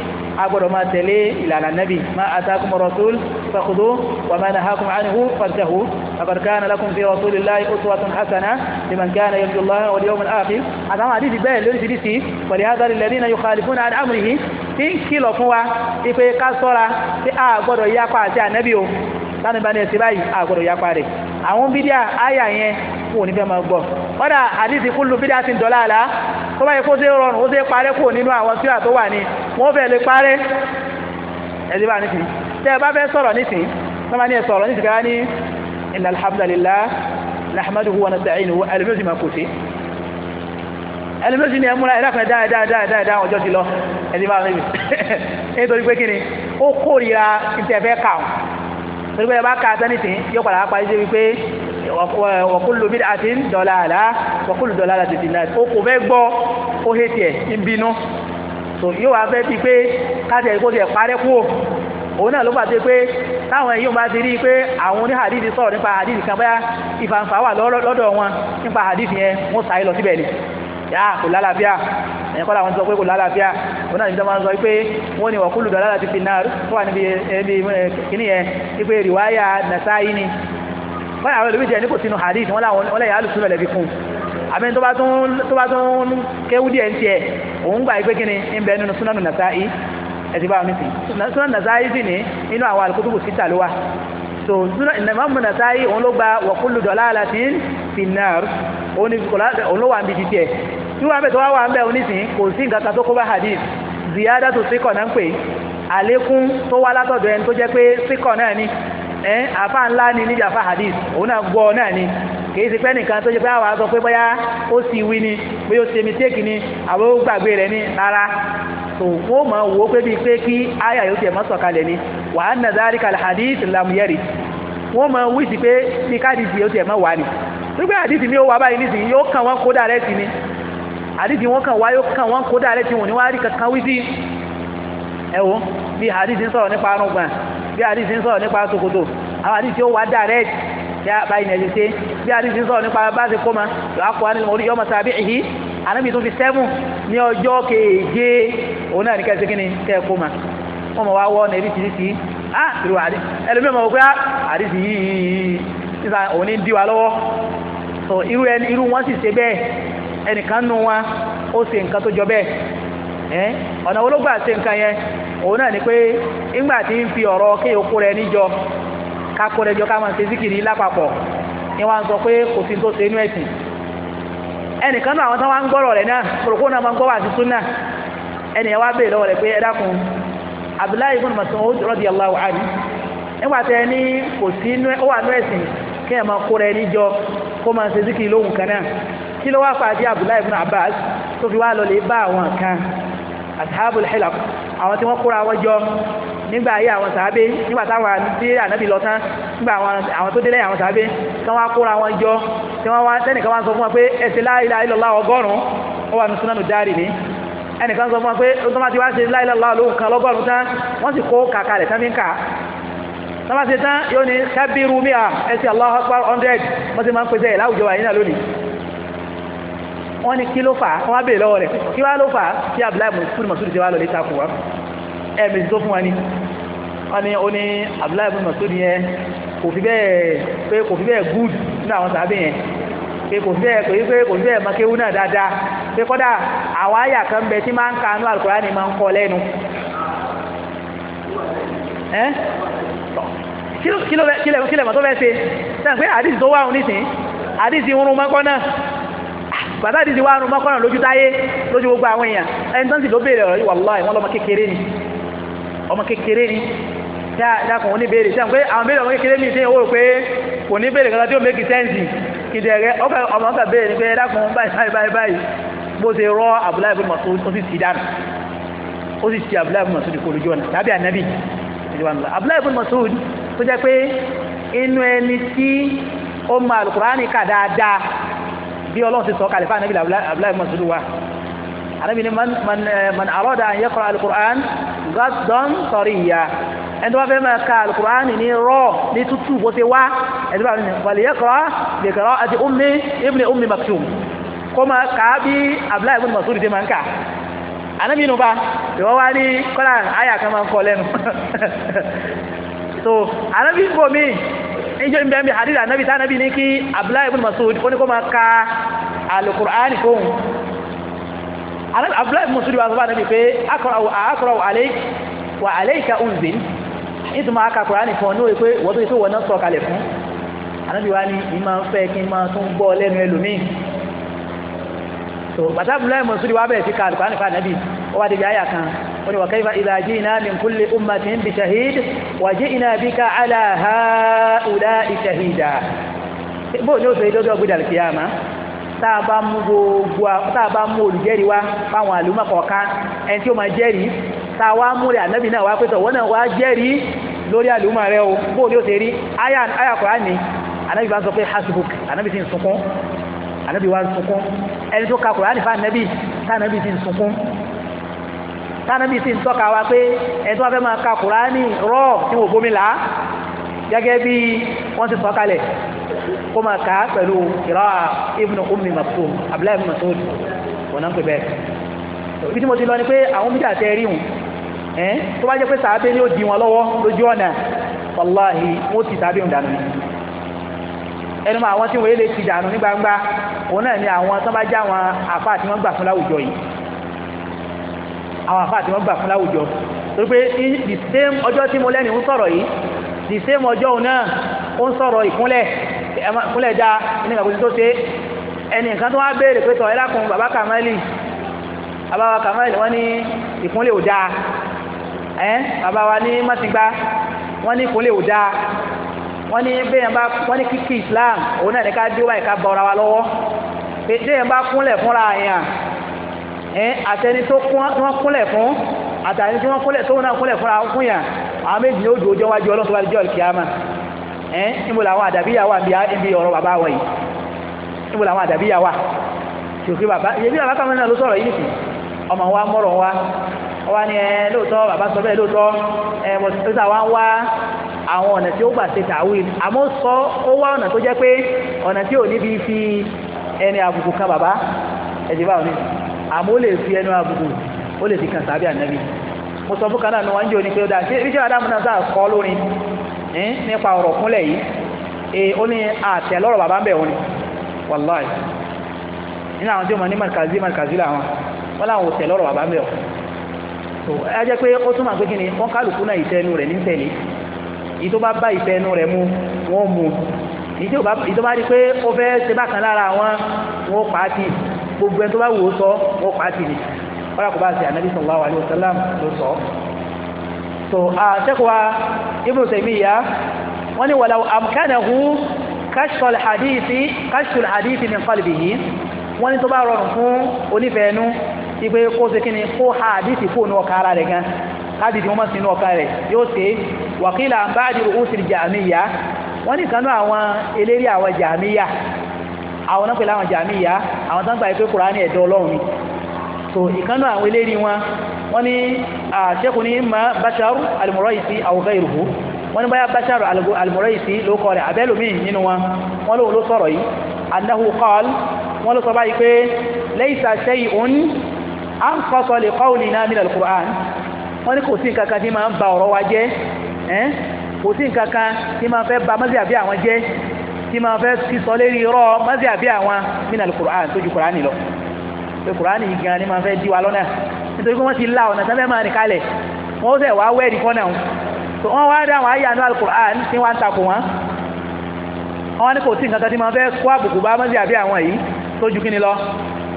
a gbọ́dọ̀ máa tẹ̀lé ìlànà nabi ma atakum rasul fakhudhu wa ma nahakum anhu fantahu laqad kana lakum fi rasulillahi uswatun hasana liman kana yarju allaha wal yawmal akhir àtàwọn àdìsí bẹ́ẹ̀ lórí fìdísì wal yadhari alladhina yukhalifuna an amrihi tí ń kìlọ̀ fún wa ipe ká sọ́ra tí a gbọ́dọ̀ yapa àti ànábì o báni báni ẹsẹ báyìí àgbọ́dọ̀ yapa rẹ̀ àwọn bídíà àyà yẹn kò ní fẹ́ máa gbọ́ kódà àdìsí kúlù bídíà ti ń dọ́là àlá tó báyìí kó ṣe rọrùn ó ṣe parẹ́ kò nínú àwọn síra tó wà ní wọ́n fẹ́ lè parẹ́ ẹ̀dí bá nísìn tẹ́ ẹ bá fẹ́ sọ̀rọ̀ nísìn tó máa ní ẹ sọ̀rọ̀ nísìn káyá ní inna alhamdulillah nahmaduhu wa nasta'inuhu ẹlẹ́mẹ́sì máa kò sí ẹlẹ́mẹ́sì ni ẹ múra ẹ̀dá kan dáadáa ọjọ́ ti lọ ẹ̀dí bá níbi nítorí pé kí ni ó kórìíra ìtẹ̀fẹ́ kàwọn torí pé ẹ bá ka sẹ́nìtì yóò padà wá parí wípé wọ́kúlù bí àti ń dọ̀là àlá wọ́kúlù dọ̀là àlá tètè náà o kò fẹ́ gbọ́ ó hé tiẹ̀ ń bínú so yóò wá fẹ́ bíi pé káṣẹ̀ kó tiẹ̀ parẹ́ kú òun náà ló bá ti pé táwọn èyí bá ti rí i pé àwọn oní hadithi sọ̀rọ̀ nípa hadithi kan báyà ìfàǹfà wà lọ́dọ̀ wọn nípa hadithi yẹn wọ́n sáré lọ síbẹ̀ ni Ya kò lálàáfíà ẹ̀yìn kọ́lá wọn sọ pé kò lálàáfíà wọn náà ní sọ́mọ́ sọ pé wọ́n ní wọ́kúlù dọ̀lá láti fi náà tó wà níbi ẹbí eh, eh, kìíní yẹn wípé rìwáyà nàṣáyí ni wọ́n àwọn olùbí jẹ́ ní kò sínú hadith wọ́n lẹ́yìn alùsùn rẹ̀ fi kún àbẹ́ tó bá tún kéwú díẹ̀ ń tiẹ̀ òun gbà pé kíni ń bẹ nínú súnánù nàṣáyí ẹ̀sìn bá so suna ìmọ̀mù nàṣáyí òun ló gba wọ̀kúlù dọ̀lá aláàtín finar òun ló wà ń bi títí ẹ̀ tí wọ́n bẹ̀ tó wá wà ń bẹ̀ onísìn kò sí nǹkan kan tó kó bá hadith ziyada tó síkọ̀ náà ń pè àlékún tó wá látọ̀dọ̀ ẹni tó jẹ́ pé síkọ̀ náà ni ẹ̀ àfa ńlá ni níbi àfa hadith òun náà gbọ́ náà ni kìí ṣe pé nìkan tó ṣe pé àwa sọ pé bóyá ó sì wí ni bóyá ó ṣe mistake ni àwọn ó gbàgbé rẹ̀ ni rárá tó wọ́n mọ̀ wò ó pé bíi pé kí àyà yóò tiẹ̀ mọ́ sọ̀kalẹ̀ ni wa anna dhalika al-hadith lam yarid wọ́n mọ̀ wí sí pé bí káàdìsì yóò tiẹ̀ mọ́ wà ni wípé àdìsì mi ó wà báyìí nísìnyí yóò kàn wọ́n kó dàrẹ́ sí ni àdìsì wọn kàn wá yóò kàn wọ́n kó dàrẹ́ sí wọn ni wọ́n á rí kankan wí sí ẹ̀wọ̀ bí àdìsì ń sọ̀rọ̀ nípa arúgbọ̀n bí àdìsì ń sọ̀rọ̀ nípa sokoto àwọn àdìsì ó wà dàrẹ́ kí á báyìí bi ṣe bí a ti ti sọ̀rọ̀ nípa koma ti kó ma làákùá nínú orí yọmọ tàbí ìhí ànábì tó fi sẹ́mù ní ọjọ́ keje òun na ní kẹ́sì kí ni kẹ́ ẹ kó ma wọ́n mọ̀ wá wọ́ ọ̀nà a tìrì tìrì á tìrì wà ní ẹlòmíràn mọ̀ pé àdìsí yìí onye òun ní wa lọ́wọ́ so irú ẹni irú wọn sì ṣe bẹ́ẹ̀ ẹnìkan nù jọ bẹ́ẹ̀ ẹ́ ọ̀nà ológbà ṣe nǹkan yẹn òun náà ni Ka rẹ jọ ká máa ṣe síkìrì lápapọ̀ ni wọ́n sọ pé kò sí tó ṣe inú ẹ̀sìn ẹnìkan náà àwọn tó wá ń náà kòròkó náà máa ń gbọ́ sí wá bèèrè lọ́wọ́ rẹ̀ pé ẹ dákun Abdullahi ibn Mas'ud nígbà tẹ kò sí ó wà nú ẹ̀sìn kí máa kó rẹ níjọ kó máa ashabul hilaf àwọn tí wọ́n kóra wọn jọ nígbà ayé àwọn sàábé nígbà táwọn dé ànábì lọ tán nígbà àwọn tó délẹ̀ àwọn sàábé tí wọ́n kóra wọn jọ tí wọ́n wá tẹ́nìkan wá sọ fún wọn pé ẹsẹ̀ la ilaha illallah ọgọ́rùn-ún wọ́n wà ní súnánù dárì ní ẹnìkan sọ fún wọn pé tó má ti wá ṣe la ilaha illallah lóhùn kan lọ́gọ́rùn-ún tán wọ́n sì kó kàkà rẹ̀ tán ń kà tọ́ba ṣe tán yóò ní kábírù mí à ẹsẹ̀ Allahu wọ́n ní kí ló fà á wọ́n á bèèrè lọ́wọ́ rẹ̀ kí wá ló fà á kí Abdullahi ibn Mas'ud ti wá lọ lè takò wá ẹ̀mí tó fún wa ni wọ́n ní ó ní Abdullahi ibn Mas'ud yẹn kò fi bẹ́ẹ̀ pé kò fi bẹ́ẹ̀ gúd nínú àwọn sàábì yẹn pé kò fi bẹ́ẹ̀ pé pé kò fi bẹ́ẹ̀ makéwú náà dáadáa pé kọ́dà àwọn àyà kan bẹ tí máa ń ka anú Al-Qur'ani máa ń kọ lẹ́nu kílẹ̀ mọ̀ tó fẹ́ ṣe sẹ́yìn pé àdìsí tó wà nísìnyí àdìsí irun mọ́kọ́ náà bàtà àdìsí wa rún mọ́kànlá lójú táyé lójú gbogbo àwọn èèyàn ẹni tó sì ló béèrè ọ̀rọ̀ yìí wàláì lọ́mọ kékeré ni ọmọ kékeré ni dákùn ó ní béèrè sẹ́wọ̀n pé àwọn béèrè ọmọ kékeré mi sẹ́yìn owó rò pé kò ní béèrè kankan tí ó méjì sẹ́ǹsì kìdẹ̀rẹ́ ọmọ ọkà pé dákùn báyìí báyìí báyìí bó ṣe rọ ti dànù ó ti bí ọlọ́run ti sọ kalẹ̀ fún anabi abdullahi masudu wa anabi ni man eh, arọ́dà an yaqra alukur'an gàdán sọ̀rí ìyá ẹni tó bá fẹ́ máa ka alukur'an ní rọ́ ní tútù bó ṣe wá ẹni tó bá wàlẹ̀ yaqra bi qira'ati ummi ibn ummi maktum kó máa kà á bí abdullahi masudu ti máa ń kà anabi nu ba ìwọ wá ní kọ́lá àyà kan máa ń kọ lẹ́nu so anabi ń bò míì níjọ́ ń bẹ́ẹ̀ bí hadith anabi tá anabi ní kí abdullahi ibn masud ó ní kó máa ka alukur'an fóun abdullahi ibn masud wà sọ́ba anabi pé akọ̀rọ̀ wà alayka unzil nítorí aka kur'an fún ọ ní òye pé wọ́n tó wọ́n náà sọ̀ kalẹ̀ fún anabi wa ni fẹ́ kí n tún gbọ́ lẹ́nu ẹlòmíì so bàtà abdullahi ibn masud wà bẹ̀rẹ̀ ka alukur'an fún anabi ó wá débi àyà kan قل وكيف إذا جئنا من كل أمة بشهيد وجئنا بك على هؤلاء شهيدا bóò ní ó sèé dọ́dọ́ gbé dàlùkì yá ma tá a bá mú gbogbo tá a bá mú olùjẹ́rìí wá fáwọn àlùmọ̀ kọ̀ọ̀kan ẹni tí ó máa jẹ́rìí tá wá mú rẹ̀ ànábì náà wá pé wọ́n náà wá jẹ́rìí lórí àlùmọ̀ rẹ o bóò ní ó sèé rí àyà àyà ànábì bá sọ pé hasbuk ànábì ti ń sunkún ànábì wá ń sunkún ẹni tó ka Kùránì fún ànábì ti ń sunkún tánàbí sì ń tọ́ka wa pé ẹni tó wá fẹ́ máa ka kùránì rọ̀ tí wọ́n bómi là á gẹ́gẹ́ bí wọ́n ti sọ̀kalẹ̀ kó máa kà á pẹ̀lú ìrọ̀ ibùdó omi Maktum Abdullahi ibn Mas'ud wọn náà ń pè bẹ́ẹ̀. ibi tí mo ti lọ ni pé àwọn méjì àti ẹrí hùn ẹ́ tó bá jẹ́ pé sàábé ni ó di wọn lọ́wọ́ lójú ọ̀nà wàláhì wọ́n ti sàábé hùn dànù ẹnu mọ àwọn tí wọ́n yé lè ti dànù ní gbangba òun náà ni àwọn tó bá já àwọn àfa àti wọn gbà fún láwùjọ yìí àwọn àfáà tí wọ́n gbà fún láwùjọ torí pé the same ọjọ́ tí mo lẹ́nu ń sọ̀rọ̀ yìí the same ọjọ́ òun náà ó ń sọ̀rọ̀ ìkúnlẹ̀ ìkúnlẹ̀ dá ní ìgbàgbọ́sí tó ṣe ẹni nǹkan tó wá béèrè pé tọ̀ ẹlákùn bàbá kàmáìlì bàbá wa kàmáìlì wọ́n ní ìkúnlẹ̀ ò dáa ẹ́ bàbá wa ní mọ́sìgbá wọ́n ní ìkúnlẹ̀ ò dáa wọ́n ní bẹ́ẹ̀ bá wọ́n ní kíkí Islam òun náà ní ká dé wáyé ká bá ọ̀ra wa lọ́wọ́ bẹ́ẹ̀ bá kúnlẹ̀ fúnra yẹn àtẹni tó wọ́n kúnlẹ̀ fún àtàrí tí wọ́n kúnlẹ̀ tó náà kúnlẹ̀ fúnra fún yàn àwọn méjì ní ó dùn ọjọ́ wájú ọlọ́sọ̀rọ̀ àdìjọ́ ìkìyàmà ẹ̀ níbo làwọn àdàbíyà wà níbi ọ̀rọ̀ bàbá wọn yìí níbo làwọn àdàbíyà wà tòkí bàbá ìyẹ́bí bàbá kan náà ló sọ̀rọ̀ yìí nìsín ọmọ wa mọ̀rọ̀ wa wa ni ẹ lóòótọ́ bàbá sọ bẹ́ẹ̀ lóòótọ́ ẹ mọ̀tòtà wa ń wá àwọn ọ̀nà tí ó gbà ṣe tàwíìlì àmọ́ sọ ó wá ọ̀nà tó jẹ́ pé ọ̀nà tí ò níbi fi ẹni àbùkù kan bàbá ẹ̀dí báwọn nìsín àmọ́ ó lè fi ẹnu àbùkù ó lè fi kàn sábẹ́ ànábì mo sọ fún kanáà ní wọn jẹ́ onípe ọ̀dà ṣé iṣẹ́ adamu náà sáà kọ́ lórí nípa ọ̀rọ̀ kúnlẹ̀ yìí ee ó ní àtẹ lọ́rọ̀ bàbá ń bẹ̀ wọn ni wàláì nínú àwọn tí ó mọ̀ ní markazi markazi làwọn wọn làwọn ò tẹ̀ lọ́rọ̀ bàbá ń bẹ̀ wọn tó ẹ jẹ́ pé ó túmọ̀ pé kí ni wọ́n kálukú náà ìfẹ́ inú rẹ̀ ní tẹ̀lé èyí tó bá bá ìfẹ́ inú rẹ̀ mu wọ́n mu èyí tó bá rí pé ó fẹ́ ṣe bákan lára wọn pàá tì gbogbo ẹni tó bá wò ó sọ wọ́n pa á ti nì ọ̀rọ̀ kò bá ti ànábì sallallahu alaihi wasallam ló sọ. tó àtẹ́kọ̀ọ́ Ibn Taymiyyah wọ́n ní walau amkanahu kashful hadithi kashful hadithi min qalbihi wọ́n ní tó bá rọrùn fún onífẹ̀ẹ́nu ipe kó ṣe kí ni kó hadithi fóònù ọ̀ka ara rẹ̀ gan hadithi wọ́n mọ̀ sínú ọ̀ka rẹ̀ yóò ṣe wàkílà ba'di ru'usil jahmiyya wọ́n ní kanú àwọn eléré àwọn jahmiyya àwọn náà pẹ̀lú àwọn jàmíyà àwọn tó ń gbà pé kùránì ẹ̀dọ́ ọlọ́run ni so ìkánú àwọn eléri wọn wọ́n ní àṣẹ́kù ní ma basharu al-Muraisi aw ghayruhu wọ́n ní báyá basharu al-Muraisi ló kọ rẹ̀ abẹ́lùmí nínú wọn wọ́n lóun ló sọ̀rọ̀ yìí annahu qala wọ́n sọ báyìí pé tí máa fẹ́ sísọ lérí irọ́ mọ́sí àbí àwọn mí nàlù kùránì tó ju kùránì lọ pé kùránì yìí gan ni máa fẹ́ dí wa lọ́nà nítorí pé wọ́n ti la ọ̀nà sábẹ́ máa nìkan lẹ̀ wọ́n sẹ̀ wá wẹ́ẹ̀dì kọ́nà wọn wọ́n wá dáhùn ayé àánú alukùránì tí wọ́n ń takò wọn àwọn ní kò sí nǹkan kan tí ma fẹ́ kó àbùkù bá mọ́sí àbí àwọn yìí tó ju kíni lọ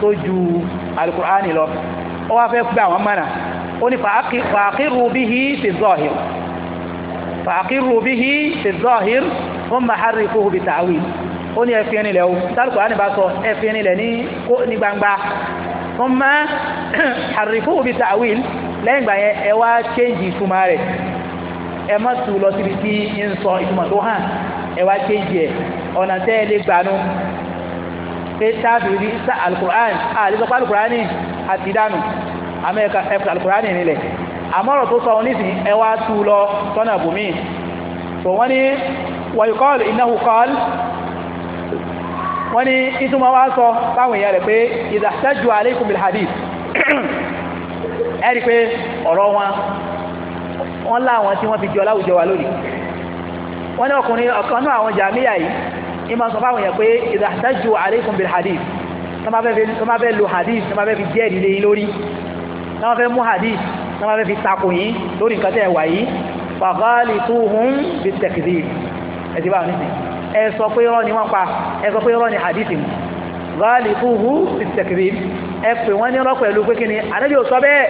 tó ju lọ ó wá fẹ́ gbé àwọn mọ́nà ó ní fàákìrù فأقروا به في الظاهر ثم حركوه بالتعويل ó ní ẹ̀fẹ́ nílẹ̀ o tálùkù ánìbá sọ ẹ̀fẹ́ nílẹ̀ ní gbangba ثم حركوه بالتعويل lẹ́yìn ìgbà yẹn ẹ wá chéǹjì ìtumọ̀ rẹ̀ ẹ má tù lọ síbi tí ń sọ ìtumọ̀ tó hàn ẹ wá chéǹjì ẹ̀ ọ̀nà tẹ́ ẹ lè gbanú pé táàbì rí sa alukur'an àlejò pa alukur'an àti dànù àmọ́ ẹ̀ka alukur'an nílẹ̀ àmọ́rọ̀ tó sọ onísìn ẹwà tú lọ tọ́nà bùmí so wọ́n ni wọ̀yíkọ́ọ̀lù ináhù kọ́ọ̀lù wọ́n ni ìtumọ̀ wá sọ báwọn èèyàn rẹ̀ pé ìdàṣẹ́jù alaykum bil hadith ẹ̀rí pé ọ̀rọ̀ wọn wọ́n láwọn tí wọ́n fi jọ láwùjọ wa lónìí wọ́n ní ọkùnrin ọ̀kan náà àwọn jàmíyà yìí ìmọ̀ sọ fáwọn èèyàn pé ìdàṣẹ́jù alaykum bil hadith tó máa fẹ́ lo hadith tó máa fẹ́ fi jẹ́rìí lé lórí tó fẹ́ mú hadith tí wọ́n fẹ́ fi takò yín lórí nǹkan tẹ́ ẹ wà yìí fàgálì tó hun bí tẹ̀kìdì ẹ ti bá wọn nísìnyí ẹ sọ pé irọ́ ni wọ́n pa ẹ sọ pé irọ́ ni hadith mu fàgálì tó hun bí tẹ̀kìdì ẹ pè wọ́n ní irọ́ pẹ̀lú pé kíni ànábì ò sọ bẹ́ẹ̀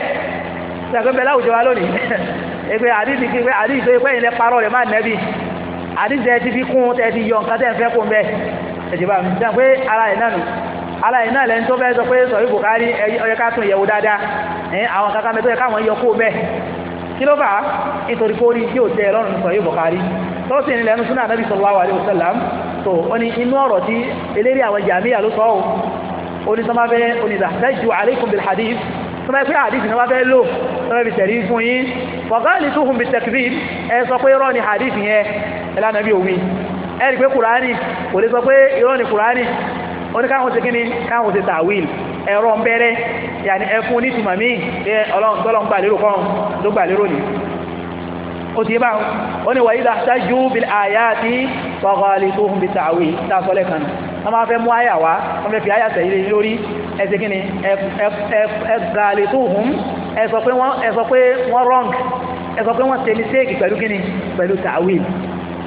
sẹ́kẹ́ bẹ́ẹ̀ láwùjọ wa lónìí ẹgbẹ́ hadith kí pé hadith tó yẹ pé parọ́ rẹ̀ má nẹ́bi hadith tẹ́ ti fi kún tẹ́ ti yọ nǹkan tẹ́ aláìní náà lẹ́ni tó bẹ́ẹ̀ sọ pé sọ̀rí Bukhari ọyẹ ká tún yẹ̀wò dáadáa ẹ̀ àwọn kankan mẹ́tọ́ yẹ káwọn yọ kó bẹ́ẹ̀ kí ló fà á nítorí kó rí yóò tẹ ẹ̀rọ nínú sọ̀rí Bukhari tọ́lọ́ sí ìrìnlẹ̀ ẹnu súnà Nabi sallallahu alaihi wasallam tó ó ní inú ọ̀rọ̀ tí eléré àwọn jàmíyà ló sọ ọ́ ó ní sọ́mọ́ fẹ́ onídàájú alaykum bil hadith sọ́mọ́ pé hadith ni wọ́n fẹ́ lò sọ́mọ́ fi tẹ̀rí fún yín wọ̀gá ní túhùn bí tẹ̀kìrí ẹ sọ pé irọ́ ni hadith yẹn ẹlànà bí òwe ẹ rí pé kùránì kò lè sọ pé irọ́ ni kùránì ó ní káwọn ṣe kíni káwọn ṣe tàwíl ẹ̀rọ ń bẹ̀rẹ̀ yàní ẹkún onítùmọ̀ mí ọlọ́run gbà lérò kọ́run ló gbà lérò ní ó ti bá ó ní wàyí dáṣájú bí àyà àti wàhálì tó hùn bí tàwí tàṣọlẹ̀ kan wọ́n máa fẹ́ mú àyà wá wọ́n fẹ́ fi àyà tẹ̀lé lórí ẹsẹ̀ kíni ẹgbàlè tó hùn ẹ sọ pé wọ́n wrong ẹ sọ pé wọ́n ṣe mistake pẹ̀lú kíni pẹ̀lú tàwí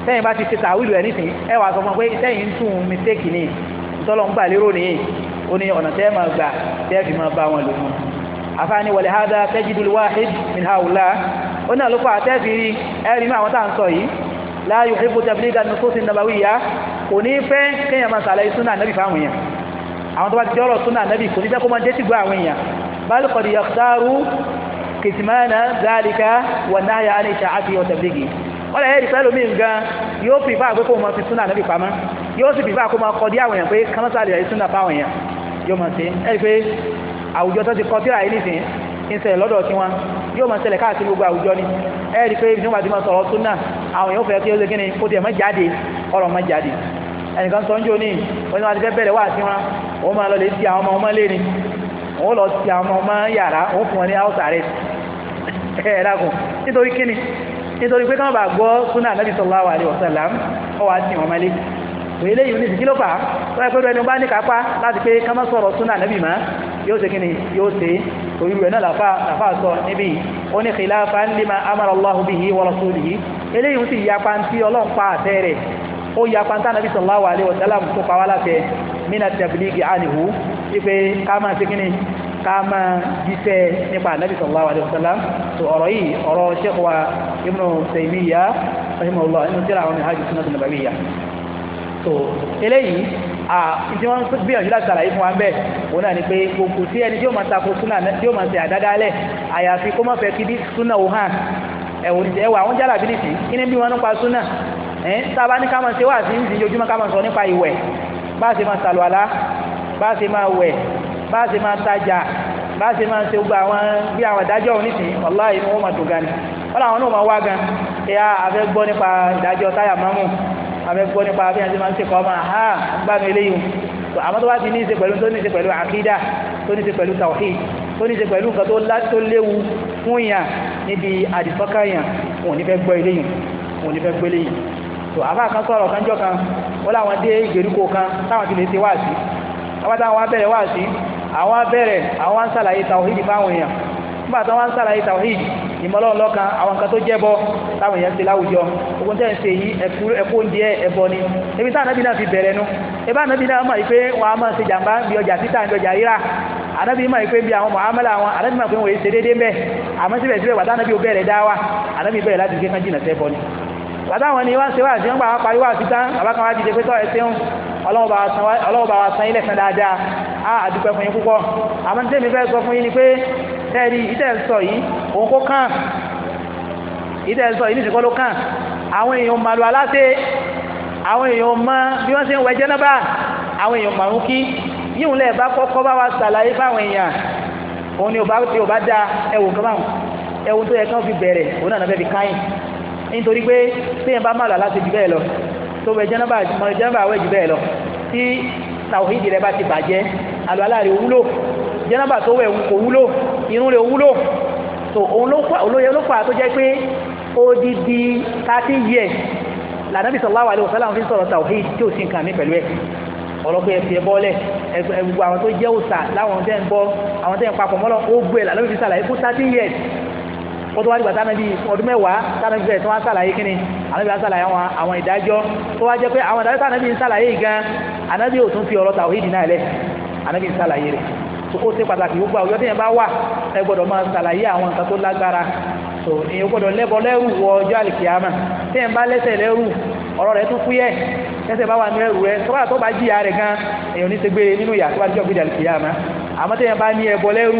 sẹ́yìn bá ti ṣe tàwí lù ẹ̀ nísìn ẹ wà sọ fún pé sẹ́yìn ń tún mistake ni tọ́lọ̀ ń gbà lérò nìyí ó ní ọ̀nà tẹ́ máa gbà tẹ́ fi máa bá wọn lò fún àfáàní wọlé hádà tajidul wahid min haula ó náà ló fà tẹ́ fi rí ẹ̀rí mú àwọn tá à ń sọ yìí la yuhibbu tabliga nusus nabawiyya kò ní fẹ́ kéèyàn máa sàlàyé súnà nàbì fáwọn èèyàn àwọn tó bá ti jọ́rọ̀ súnà nàbì kò ní fẹ́ kó máa jẹ́ tìgbọ́ àwọn èèyàn bal qad yakhtaru kìtìmánà zálìkà wà náà yà á ní ìṣà àti ọ̀tẹ̀blígì wọ́n lè rí pẹ́lú mi gan yóò fi fáwọn àgbẹ̀kọ́ wọn fi súnà nàbì pamọ́ yóò sì bíbá kó máa kọ dí àwọn èèyàn pé kámọ́sàlì àyè súnà bá àwọn èèyàn yóò máa ṣe ẹ pé àwùjọ tó ti kọ tíra yìí nìsín ń ṣẹlẹ̀ lọ́dọ̀ tí wọn yóò máa ṣẹlẹ̀ káàkiri gbogbo àwùjọ ni ẹ rí i pé ibi tí wọn bá ti máa sọ̀rọ̀ súnà àwọn èèyàn fẹ́ kí ó ṣe kí ni kó tiẹ̀ má jáde ọ̀rọ̀ má jáde ẹnìkan sọ ń jò ní wọn ni wọn ti fẹ́ bẹ̀rẹ̀ wá sí wọn òun máa lọ lè ti àwọn ọmọ ọmọ lé ni òun lọ ti àwọn ọmọ yàrá òun fún wọn ní house arrest ẹ lágùn nítorí kíni nítorí pé káwọn bá gbọ́ súnà pé eléyìí ní ìsìnkí ló fà á wọ́n pẹ́rú ẹni bá ní kápá láti pé ká má sọ̀rọ̀ súnà nẹ́bì mọ́ yóò ṣe kíni yóò ṣe orí rẹ̀ náà làfà sọ níbí ó ní khilafan lima amara Allahu bihi wa rasulihi eléyìí sì yapa tí ọlọ́run pa àtẹ rẹ̀ ó yapa tí anabi sallallahu alaihi wa sallam tó pa wá láfẹ́ mina tabligi anihu ipe ká máa ṣe kíni ká máa jíṣẹ́ nípa anabi sallallahu alaihi wa sallam tó ọ̀rọ̀ yìí ọ̀rọ̀ sheikh wa ibnu Taymiyyah rahimahullah inú tírà àwọn ìhàjú sunnah nabawiyya so eléyìí tí wọ́n gbìyànjú láti ṣàlàyé fún wa ń bẹ̀ òun náà ni pé kò sí ẹni tí ó máa tako súnà tí ó máa ṣe àdádálẹ̀ àyàfi kó má fẹ́ kí bí súnà ò hàn ẹ̀wọ̀n ẹ̀wọ̀ àwọn jálà bí nìsí kí ni bí wọ́n nípa súnà ẹ̀ sábà ní ká máa ṣe wá sí ní ìjọjúmọ́ ká máa sọ nípa ìwẹ̀ bá a ṣe máa ṣàlùwàlá bá a ṣe máa wẹ̀ bá a ṣe máa tajà bá a ṣe máa ṣe gbogbo àwọn bí àwọn ìdájọ́ òní sí ọ̀la inú wọn máa dùn gan ni wọn làwọn náà máa wá gan ẹ̀ á nípa ìdájọ́ táyà mámù abẹ́gbọ́ nípa bí àti máa ń ṣe kọ́ máa ha gbá mi léyìn àmọ́ tó bá ti ní í ṣe pẹ̀lú tó ní í ṣe pẹ̀lú àkídà tó ní í ṣe pẹ̀lú tawhid tó ní í ṣe pẹ̀lú nǹkan tó lá tó léwu fún yàn níbi àdìsọ́kàyàn òun ní fẹ́ gbọ́ eléyìn òun ní fẹ́ gbé léyìn tó àbá kan sọ̀rọ̀ kan jọ kan ó láwọn dé ìgbèríko kan táwọn ti lè ṣe wáàsí àwọn táwọn wá bẹ̀rẹ̀ wáàsí àwọn bẹ̀rẹ̀ àwọn wá ń ṣàlàyé tawhid nígbà tó wá ń sàlàyé tawhid ìmọ̀lọ́run lọ́kan àwọn nǹkan tó jẹ́bọ táwọn èèyàn ṣe láwùjọ ogun tẹ́ ń ṣe yìí ẹ̀kú oúnjẹ ẹ̀bọ ni ebi tá ànábì náà fi bẹ̀rẹ̀ nu ebi ànábì náà mọ̀ pé wọ́n á máa ṣe jàǹbá bí ọjà títà ń dọjà rírà ànábì mọ̀ pé bí àwọn mọ̀hámẹ́lá àwọn ànábì mọ̀ pé wọ́n ṣe déédéé mẹ́ àmọ́ síbẹ̀síbẹ̀ wà tá ànábì ó bẹ̀rẹ̀ dá wa ànábì bẹ̀rẹ̀ láti gé kan jìnà ni bàtà àwọn ni wá ń ṣe wáàsí wọn gbà wá parí wáàsí tán bàbá kan wá dìde pé tọ́ ẹ ṣeun ọlọ́wọ́ bá wa san ilẹ̀ san dáadáa a àdúpẹ́ fún yín púpọ̀ àmọ́ ní tèmi fẹ́ sọ fún yín ni pé tẹ́ẹ̀rí ìtẹ́ sọ yìí òun kó kàn ìtẹ́ sọ yìí nìṣẹ́kọ́ ló kàn àwọn èèyàn màlú aláṣẹ àwọn èèyàn mọ bí wọ́n ṣe ń wẹ jẹ́nàbà àwọn èèyàn màrún kí yíhun lẹ̀ bá kọ́kọ́ bá wa ṣàlàyé fáwọn èèyàn òun ni ò nítorí pé téèyàn bá má làlá ti jù bẹ́ẹ̀ lọ tó wẹ jẹ́nàbà mọ jẹ́nàbà wẹ̀ jù bẹ́ẹ̀ lọ tí tàwíìdì rẹ bá ti bàjẹ́ àlùwàlá rẹ wúlò jẹ́nàbà tó wẹ̀ kò wúlò irun rẹ wúlò tó olóyè olófà tó jẹ́ pé odidi thirty years lànàbì sallallahu alaihi wasallam fi sọ̀rọ̀ tàwíìdì tí ò sí nǹkan mi pẹ̀lú ẹ̀ ọ̀rọ̀ pé ẹ̀fì ẹ̀bọ́lẹ̀ ẹ̀gbogbo àwọn tó jẹ́ òòsà láwọn tẹ́ ń bọ́ àwọn tẹ́ ń papọ̀ mọ́lọ́ ó gbé ẹ̀ lálẹ́ fi sàlàyé fún thirty years ó tó wá dìgbà tánàbí ọdún mẹ́wàá tánàbí bẹ̀rẹ̀ tí wọ́n sàlàyé kíni ànábì á sàlàyé àwọn ìdájọ́ tó wá jẹ́ pé àwọn ìdájọ́ tánàbí ń sàlàyé gan ànábì ò tún fi ọ̀rọ̀ tàwíìdì náà lẹ̀ ànábì ń sàlàyé rẹ̀ so ó ṣe pàtàkì gbogbo àwùjọ tí yẹn bá wà ẹ gbọ́dọ̀ máa sàlàyé àwọn nǹkan tó lágbára so èyàn gbọ́dọ̀ lẹ́bọ lẹ́rù wọ ọjọ́ àlìkìyàmà tí yẹn bá lẹ́sẹ̀ lẹ́rù ọ̀rọ̀ rẹ̀ tún fúyẹ́ lẹ́sẹ̀ bá wà ní ẹrù rẹ̀ tó bá tó bá jìyà rẹ̀ gan èyàn ní ṣe gbére nínú ìyà tó bá jọ́ gbé àlìkìyàmà àmọ́ tẹ́yàn bá ní ẹbọ lẹ́rù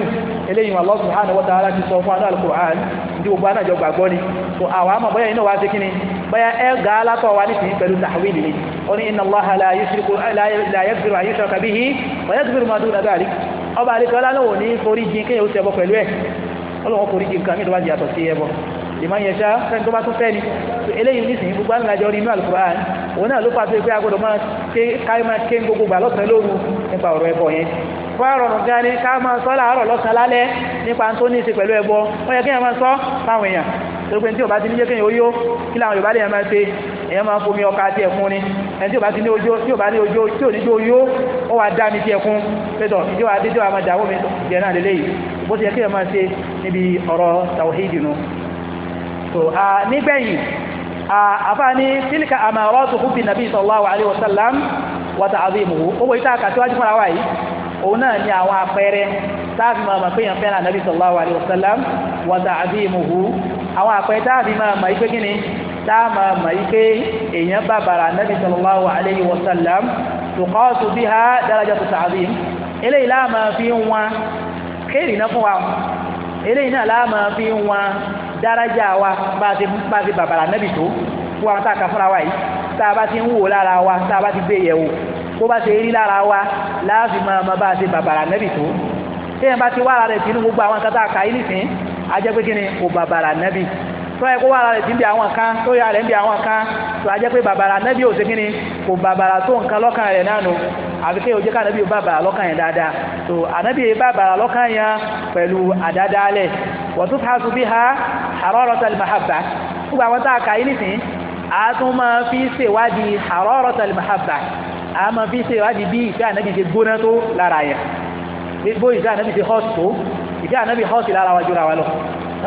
eléyìí Allah subhanahu wa ta'ala ti sọ fún anáàlù Qur'an ní gbogbo anájọ gbàgbọ́ ni so àwọn àmọ́ bóyá iná wa ṣe kíni bóyá ẹ gà á látọ̀ wa ní tìyí pẹ̀lú tahwil ni ó ní inna Allah la yushriku la yaghfiru an yushraka bihi wa yaghfiru ma duna dhalik ọba àlekọ́ lánà ò ní forí jin kéèyàn ó ṣẹbọ pẹ̀lú ẹ̀ ọlọ́wọ́ forí jin nípa ọ̀rọ̀ ẹbọ yẹn wọ́n á rọrùn gan ni ká máa sọ láàárọ̀ lọ́sàn-án lálẹ́ nípa tó ní í ṣe pẹ̀lú ẹbọ wọ́n yẹ kéèyàn máa sọ fáwọn èèyàn tó tí o bá ti ní jẹ́ kéèyàn kí làwọn Yorùbá lè yàn máa ṣe èèyàn máa fomi ọkà àti ẹ̀fun ni ẹni tí o bá ti ní ojó tí o bá ní ojó tí o ní jó yó ó wàá dá mi ti ẹ̀fun pẹ̀tọ̀ ìjọ adé tí dàwọ́ mi jẹ́ náà lélẹ́yìí bó ti yẹ kéèyàn máa ṣe níbi ọ̀rọ̀ tàwíìdì nu. nígbẹ̀yìn àfáàní tílíkà àmàrọ́ tó kú bí nàbí sallallahu alaihi wasallam wa ta'zimuhu owó ìta àkàtúwájú fúnra wáyìí òun náà ní àwọn àpẹẹrẹ táàfin máa mọ̀ pé èèyàn fẹ́ràn ànábì sallallahu alayhi wa sallam wa ta'dhimuhu àwọn àpẹẹrẹ táàfin máa mọ̀ ipé kíni táà mọ̀ ipé èèyàn bàbàrà ànábì sallallahu alayhi wa sallam tuqasu biha darajatu ta'dhim eléyìí láàmà fi ń wọn kéèrì náà fún wa eléyìí náà láàmà fi ń wọn daraja wa bá ti bàbàrà ànábì tó fún wa táà tó bá ṣe rí lára wa láàfin máa ma bá a ṣe bàbàrà nẹ́bì tó téèyàn bá ti wá ara rẹ̀ sínú gbogbo àwọn kan tá a kà í nìsín a jẹ́ pé kí ni kò bàbàrà nẹ́bì tó yẹ kó wá ara rẹ̀ sí ń bi àwọn kan tó yà rẹ̀ ń bi àwọn kan tó a jẹ́ pé bàbàrà nẹ́bì ò ṣe kí ni kò bàbàrà tó nǹkan lọ́kàn rẹ̀ náà nù àfi kéèyàn jẹ́ káànábì ó bàbàrà lọ́kàn yẹn dáadáa tó ànábì yẹn bàbàrà lọ́kàn yẹn pẹ̀lú àdádálẹ̀ wa tufhasu biha hararatal mahabba gbogbo a máa fi ṣe ìwádìí bí ìfẹ́ ànábì ṣe gbóná tó lára yẹn gbogbo ìfẹ́ ànábì ṣe hot tó ìfẹ́ ànábì hot lára wa jura wa lọ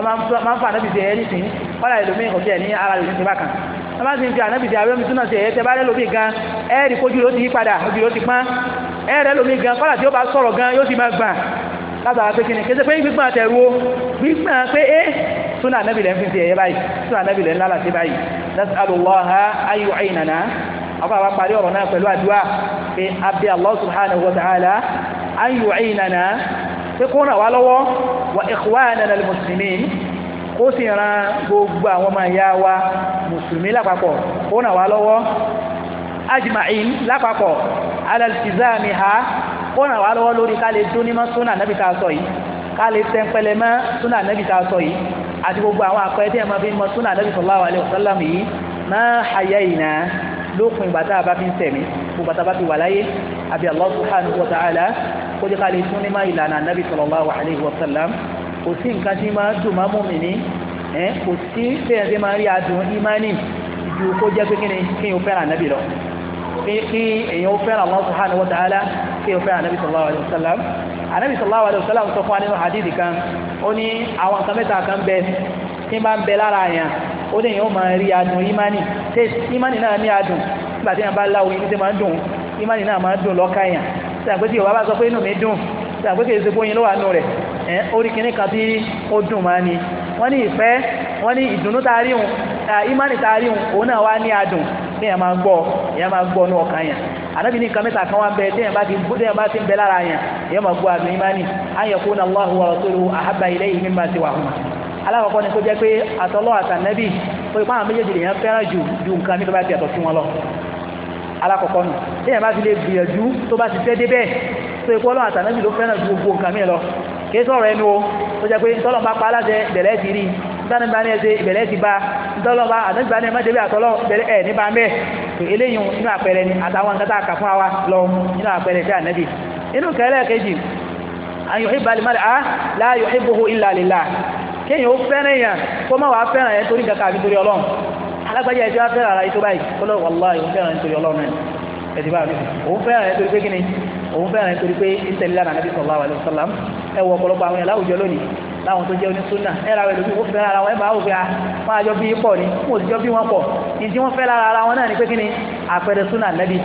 máa ń fa ànábì ṣe ẹni sìn kọ́lá ìlòmíì kò tiẹ̀ ní ara rẹ̀ ní ti bákan wọ́n bá ti ń fi ànábì ṣe àwẹ́mi túnà ṣe ẹ̀ẹ́tẹ́ bá rẹ̀ lómi gan ẹ̀ẹ́rì kojú ló ti yí padà ojú ló ti pọ́n ẹ̀ẹ́rẹ́ lómi gan kọ́lá tí ó bá sọ̀rọ̀ gan yóò ti máa gbà látara pé kíni kéde pé gbígbọ́n àtẹ̀rù o gbígbọ́n pé é túnà ànábì ń fi ṣe ẹ̀yẹ báyìí túnà ànábì ń lálàsí báyìí ọkọ̀ àbá parí ọ̀rọ̀ náà pẹ̀lú àdúrà pé abẹ́ Allah subhanahu wa ta'ala an yu'inana pé kó ràn wá lọ́wọ́ wa ikhwanana al-muslimin kó sì ran gbogbo àwọn ọmọ ìyá wa mùsùlùmí lápapọ̀ kó ràn wá lọ́wọ́ ajma'in lápapọ̀ ala iltizamiha kó ràn wá lọ́wọ́ lórí ká lè dún ní mọ́ súnà àti gbogbo àwọn àpẹẹrẹ tí ẹ̀ máa súnà nábì sallallahu alaihi wasallam yìí máa hayayna lókun ìgbà tá a bá fi ń tẹ̀mí gbogbo tá a bá fi wà láyé àbí Allah subhanahu wa ta'ala kó jẹ́ ká lè tún ní máa ìlànà anabi sallallahu alayhi wa sallam kò sí nǹkan tí máa dùn máa mú mi ní ẹ kò sí bẹ́ẹ̀ ṣe máa rí adùn ìmánì ju kó jẹ́ pé kí ni kí n fẹ́ràn anabi lọ kí èèyàn ó fẹ́ràn Allah subhanahu wa ta'ala kí n fẹ́ràn anabi sallallahu anabi sallallahu alayhi wa sallam sọ fún wa nínú hadith kan ó ní àwọn nǹkan mẹ́ta kan bẹ tí máa ń bẹ lára àyàn ó lè yàn ó máa rí adùn imani taste imani náà ní adùn nígbà tí yàn bá láwo inú tí ma ń dùn imani náà ma ń dùn lọ́ka yàn sàgbé tí yorùbá bá sọ pé inú mi dùn sàgbé kì ezigbo ṣe bóyin wa nù rẹ̀ ẹ̀ orí kìíní kan tí ó dùn máa ni wọ́n ní ìfẹ́ wọ́n ní ìdùnnú rí imani tá a rí hun òun náà wá ní adùn máa gbọ́ máa gbọ́ yàn ní kan wá bá ti bá ti ń bẹ lára imani náà wa alákọ̀ọ́kọ́ ni kó jẹ́ pé àtọ́lọ́ àtànẹ́bì ó ipá àwọn méjèèjì lèyàn fẹ́ràn jù ju nǹkan ní tó bá ti wọn lọ alákọ̀ọ́kọ́ nù lèyàn bá lè gbìyànjú tó bá ti fẹ́ tó ipá ọlọ́ àtànẹ́bì gbogbo nǹkan mi lọ kì í sọ̀rọ̀ o tó jẹ́ pé tọ́lọ́ bá pa aláṣẹ ìbẹ̀lẹ́ ti rí tọ́lọ́ bá àtànẹ́bì bá ní kéèyàn ó fẹ́ràn èèyàn kó má wàá fẹ́ràn ẹ̀ torí kankan àbí torí ọlọ́run alágbájá ẹ̀ tí wàá fẹ́ràn ara yìí tó báyìí kó lọ́wọ́ wàláhì òun fẹ́ràn ẹ̀ torí ọlọ́run ẹ̀ ẹ̀ ti bá mi òun fẹ́ràn ẹ̀ torí pé kíni òun fẹ́ràn ẹ̀ torí pé ìtẹ̀lélá nàbí sallallahu alaihi wasallam ẹ̀ wọ ọ̀pọ̀lọpọ̀ àwọn yàrá àwùjọ lónìí láwọn tó jẹ́ onísúnà ẹ̀rọ àwọn ẹlòmíì wọ́n fẹ́ lára wọn ẹ̀ máa wò pé ah, wọ́n àjọ bí pọ̀ ni wọ́n sì jọ bí wọ́n pọ̀ ní tí fẹ́ lára ara wọn náà ni pé kí àpẹẹrẹ súnà nẹ́bí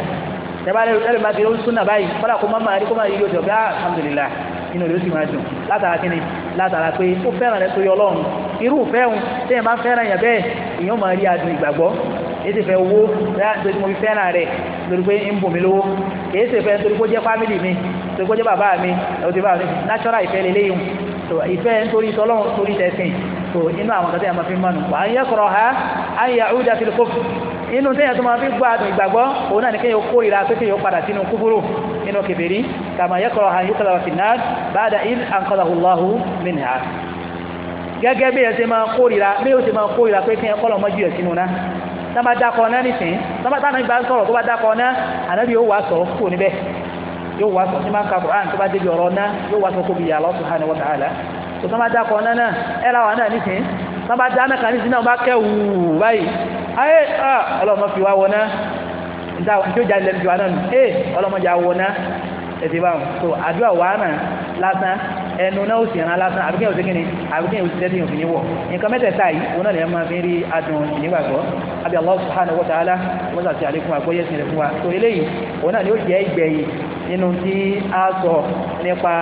tẹ́bá lẹ́rù lẹ́rù máa ti rí súnà báyìí kọ́lá kó má máa rí kó má rí yóò jọ bí ah, alhamdulillah inú rẹ̀ ó sì máa dùn látara kí ni látara pé ó fẹ́ràn rẹ̀ torí ọlọ́run irú fẹ́hùn téèyàn bá fẹ́ràn yàn bẹ́ẹ̀ èèyàn máa rí adùn ìgbàgbọ́ èyí sì fẹ́ owó torí mo fi fẹ́ràn rẹ̀ torí pé ń bò mí lówó èyí sì fẹ́ torí pé ó jẹ́ fámìlì mi torí pé jẹ́ bàbá mi ẹ̀rọ ti bá mi natural ìfẹ́ lélẹ́yìn ìfẹ́ nítorí tọ́lọ́run torí tẹ̀sìn so inú àwọn kẹtẹ́ àmà fi mọ́nu wà á yẹ kọ̀rọ̀ ha á yẹ àwùjá fi kófù inú tẹ́yà tó máa fi gbọ́ àdùn ìgbàgbọ́ òun náà ní kéèyàn kó ìra pé kéèyàn padà sínú kúfúrú nínú kèfèrí kàmá yẹ́kọ̀ọ́ hàn yóò kọ́lá fi náà ba'da idh anqadhahu Allahu minha gẹ́gẹ́ bí ẹ ṣe máa kórìíra bí ó ṣe máa kórìíra pé kí ẹ kọ́ lọ́mọ jù ẹ̀ sínú náà tọ́ba dákọ̀ náà nìsín tọ́ba táwọn ìgbà ń sọ̀rọ̀ tó bá dákọ̀ náà ànábì yóò wá sọ kúrò níbẹ̀ yóò wá sọ ní máa ń ka Qur'an tó bá débi ọ̀rọ̀ náà yóò wá sọ kóbi Allah subhanahu wa ta'ala tó tọ́ba dákọ̀ náà náà ẹ̀ làwọn náà nìsín tí ó jáde lẹ́nu tiwa náà ẹ ọlọ́mọdé àwọ̀ náà ẹ̀sìn bá wọn so àdúrà wàhánà lásán ẹnu náà ó sì rán lásán àbíkẹ́ òsì kìíní àbíkẹ́ òsì tẹ́tí òfin ní wọ̀ nǹkan mẹ́tẹ̀ẹ̀ta yìí òun náà lè máa fi rí adùn ìnígbàgbọ́ àbí Allah subhanahu wa ta'ala wọ́n sàti àlékún àgbọ́yé sí rẹ̀ fún wa so eléyìí òun náà ni ó jẹ́ ìgbẹ̀yìn nínú tí a sọ nípa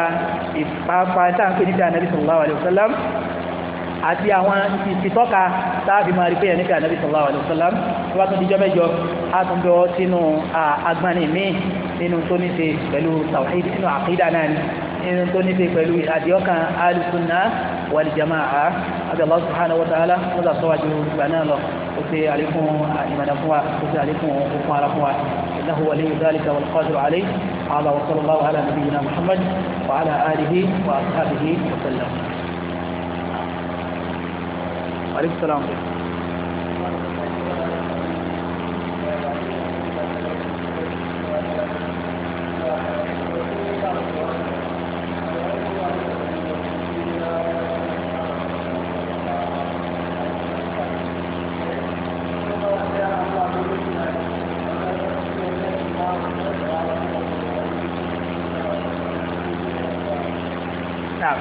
ìpápá táǹkì níta Ànábì sallallahu alaihi wasallam àti àwọn ìtọ́ka táàbí máa rí pé ẹni pé ànábì sallallahu alaihi wasallam tó bá tún díjọ́ mẹ́jọ á tún bọ́ sínú agbani míì nínú tó ní ṣe pẹ̀lú tawhid nínú àkídà náà ni nínú tó ní ṣe pẹ̀lú àdìọ́kan alùsùnà wal jama'a àbí Allah subhanahu wa wọ́n dà sọ́wájú ìgbà náà lọ ó ṣe àlékún ìmọ̀nà fún wa ó ṣe àlékún òkun ara fún wa innahu waliyyu dhalika wal qadiru alayhi ala wa sallallahu ala nabiyyina muhammad wa ala alihi عليه السلام نعم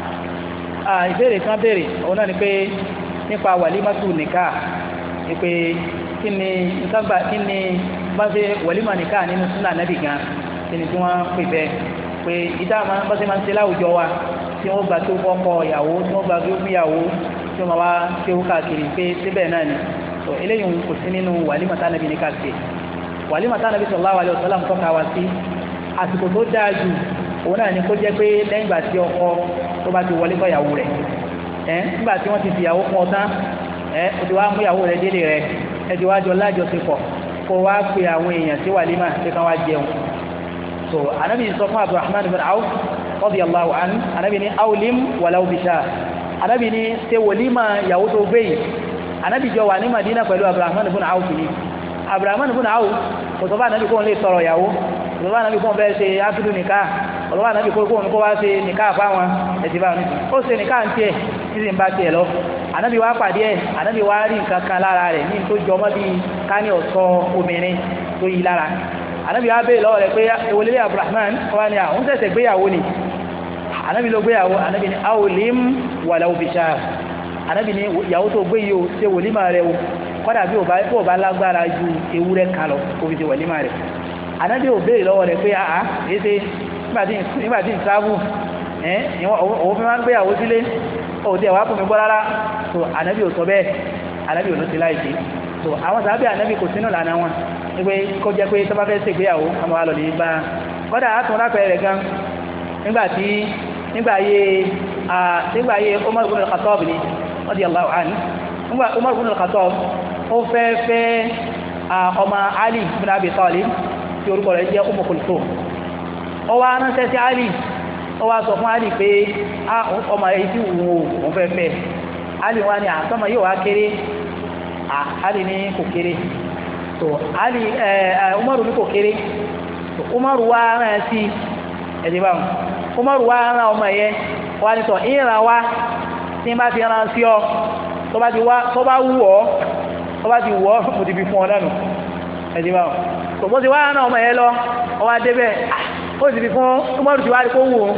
آه بيري كان بيري هنا نبي nípa wàlímàtù nìkà pé kí ni nǹkan gbà kí ni bá ṣe wàlímà nìkà nínú súnà nàbì gan kí ni tí wọ́n pè bẹ́ẹ̀ pé ìdá máa bá ṣe máa ń ṣe láwùjọ wa tí wọ́n gba tó fọ́kọ ìyàwó tí wọ́n gba tó fún ìyàwó tí wọ́n máa wá kéwú káàkiri pé síbẹ̀ náà ni tó eléyìí kò sí nínú wàlímà tánàbì nìkà sí wàlímà tánàbì sallallahu alaihi wasallam tọ́ka wa sí àsìkò tó dáa jù òun náà ni kó jẹ́ pé lẹ́yìn ìgbà tí ọkọ tó bá ti wọlé fọ́yàwó rẹ̀ ẹ̀ nígbà tí wọ́n ti fìyàwó pọ̀ tán ẹ̀ o ti wá mú ìyàwó rẹ̀ délé rẹ̀ ẹ̀ ti wá jọ lájọṣepọ̀ kó wá pe àwọn èèyàn sí wàlímà pé kán wá jẹun so anabi sọ fún abdulrahman bin awf radiyallahu anhu anabi ni awlim walaw bisha anabi ni ṣe wàlímà ìyàwó tó gbé yìí anabi jọ wà ní madina pẹ̀lú abdulrahman bin awf ni abdulrahman bin awf kò sọ fún anabi kóun lè sọ̀rọ̀ ìyàwó kò sọ fún anabi kóun bẹ́ẹ̀ ṣe ákídù nìkan ọlọ́wọ́ ànábì kó kóun kó wá ṣe nìka àfáwọn ẹ̀sìn báwọn ó ṣe nìka ń tiẹ̀ tí sì ń bá tiẹ̀ lọ ànábì wá pàdé ẹ̀ ànábì wá rí nǹkan kan lára rẹ̀ ní tó jọ mọ́ bíi kání ọ̀tọ̀ obìnrin tó yí lára ànábì wá béè lọ́wọ́ rẹ̀ pé ewolele Abdulrahman wá ní àwọn ṣẹ̀ṣẹ̀ gbéyàwó ni ànábì ló gbéyàwó ànábì ní aolim wàlàó bìṣà ànábì ní ìyàwó tó gbé yìí ó ṣe wòlímà rẹ̀ o kọ́dà bí ò bá lágbára ju ewúrẹ́ kan lọ kó fi ṣe wòlímà rẹ̀ ànábì ò béè lọ́wọ́ rẹ̀ pé àá èsè nígbà tí ń sáàbù òun fi máa ń gbéyàwó sílé òun ti ẹ̀wà kùn mí gbọ́ rárá so ànábì ò sọ bẹ́ẹ̀ ànábì ò ló ti láìsí so àwọn sábẹ́ ànábì kò sínú lànà wọn wípé kó jẹ́ pé tọ́ba fẹ́ ṣègbéyàwó ọmọ wa lọ́lẹ̀ bá kọ́dà á tún rápẹ́ rẹ̀ gan nígbà tí nígbà yé nígbà yé Umar ibn al-Khattab ni radiyallahu anhu nígbà Umar ibn al-Khattab ó fẹ́ fẹ́ ọmọ Ali ibn Abi Talib tí orúkọ rẹ̀ jẹ́ Umm Kulthum ó wá ránṣẹ́ sí Ali ó wá sọ fún Ali pé ọmọ èyí tí wù ú òun fẹ́ fẹ́ Ali wá ní àtọ́mọ yóò wá kéré Ali ni kò kéré so Ali Umaru ni kò kéré Umaru wa rán sí ẹ̀dí báwọn Umaru wa rán ọmọ yẹn wá ni sọ ìran wa tí bá ti rán sí ọ tó bá ti wá tó bá wù ọ tó bá ti wù ọ mo ti fi fún ọ dànù ẹ̀dí báwọn tòbó ti wá rán ọmọ yẹn lọ ọwọ́ adébẹ̀ ó sì fi fún umaru ti wá rí kó wù ó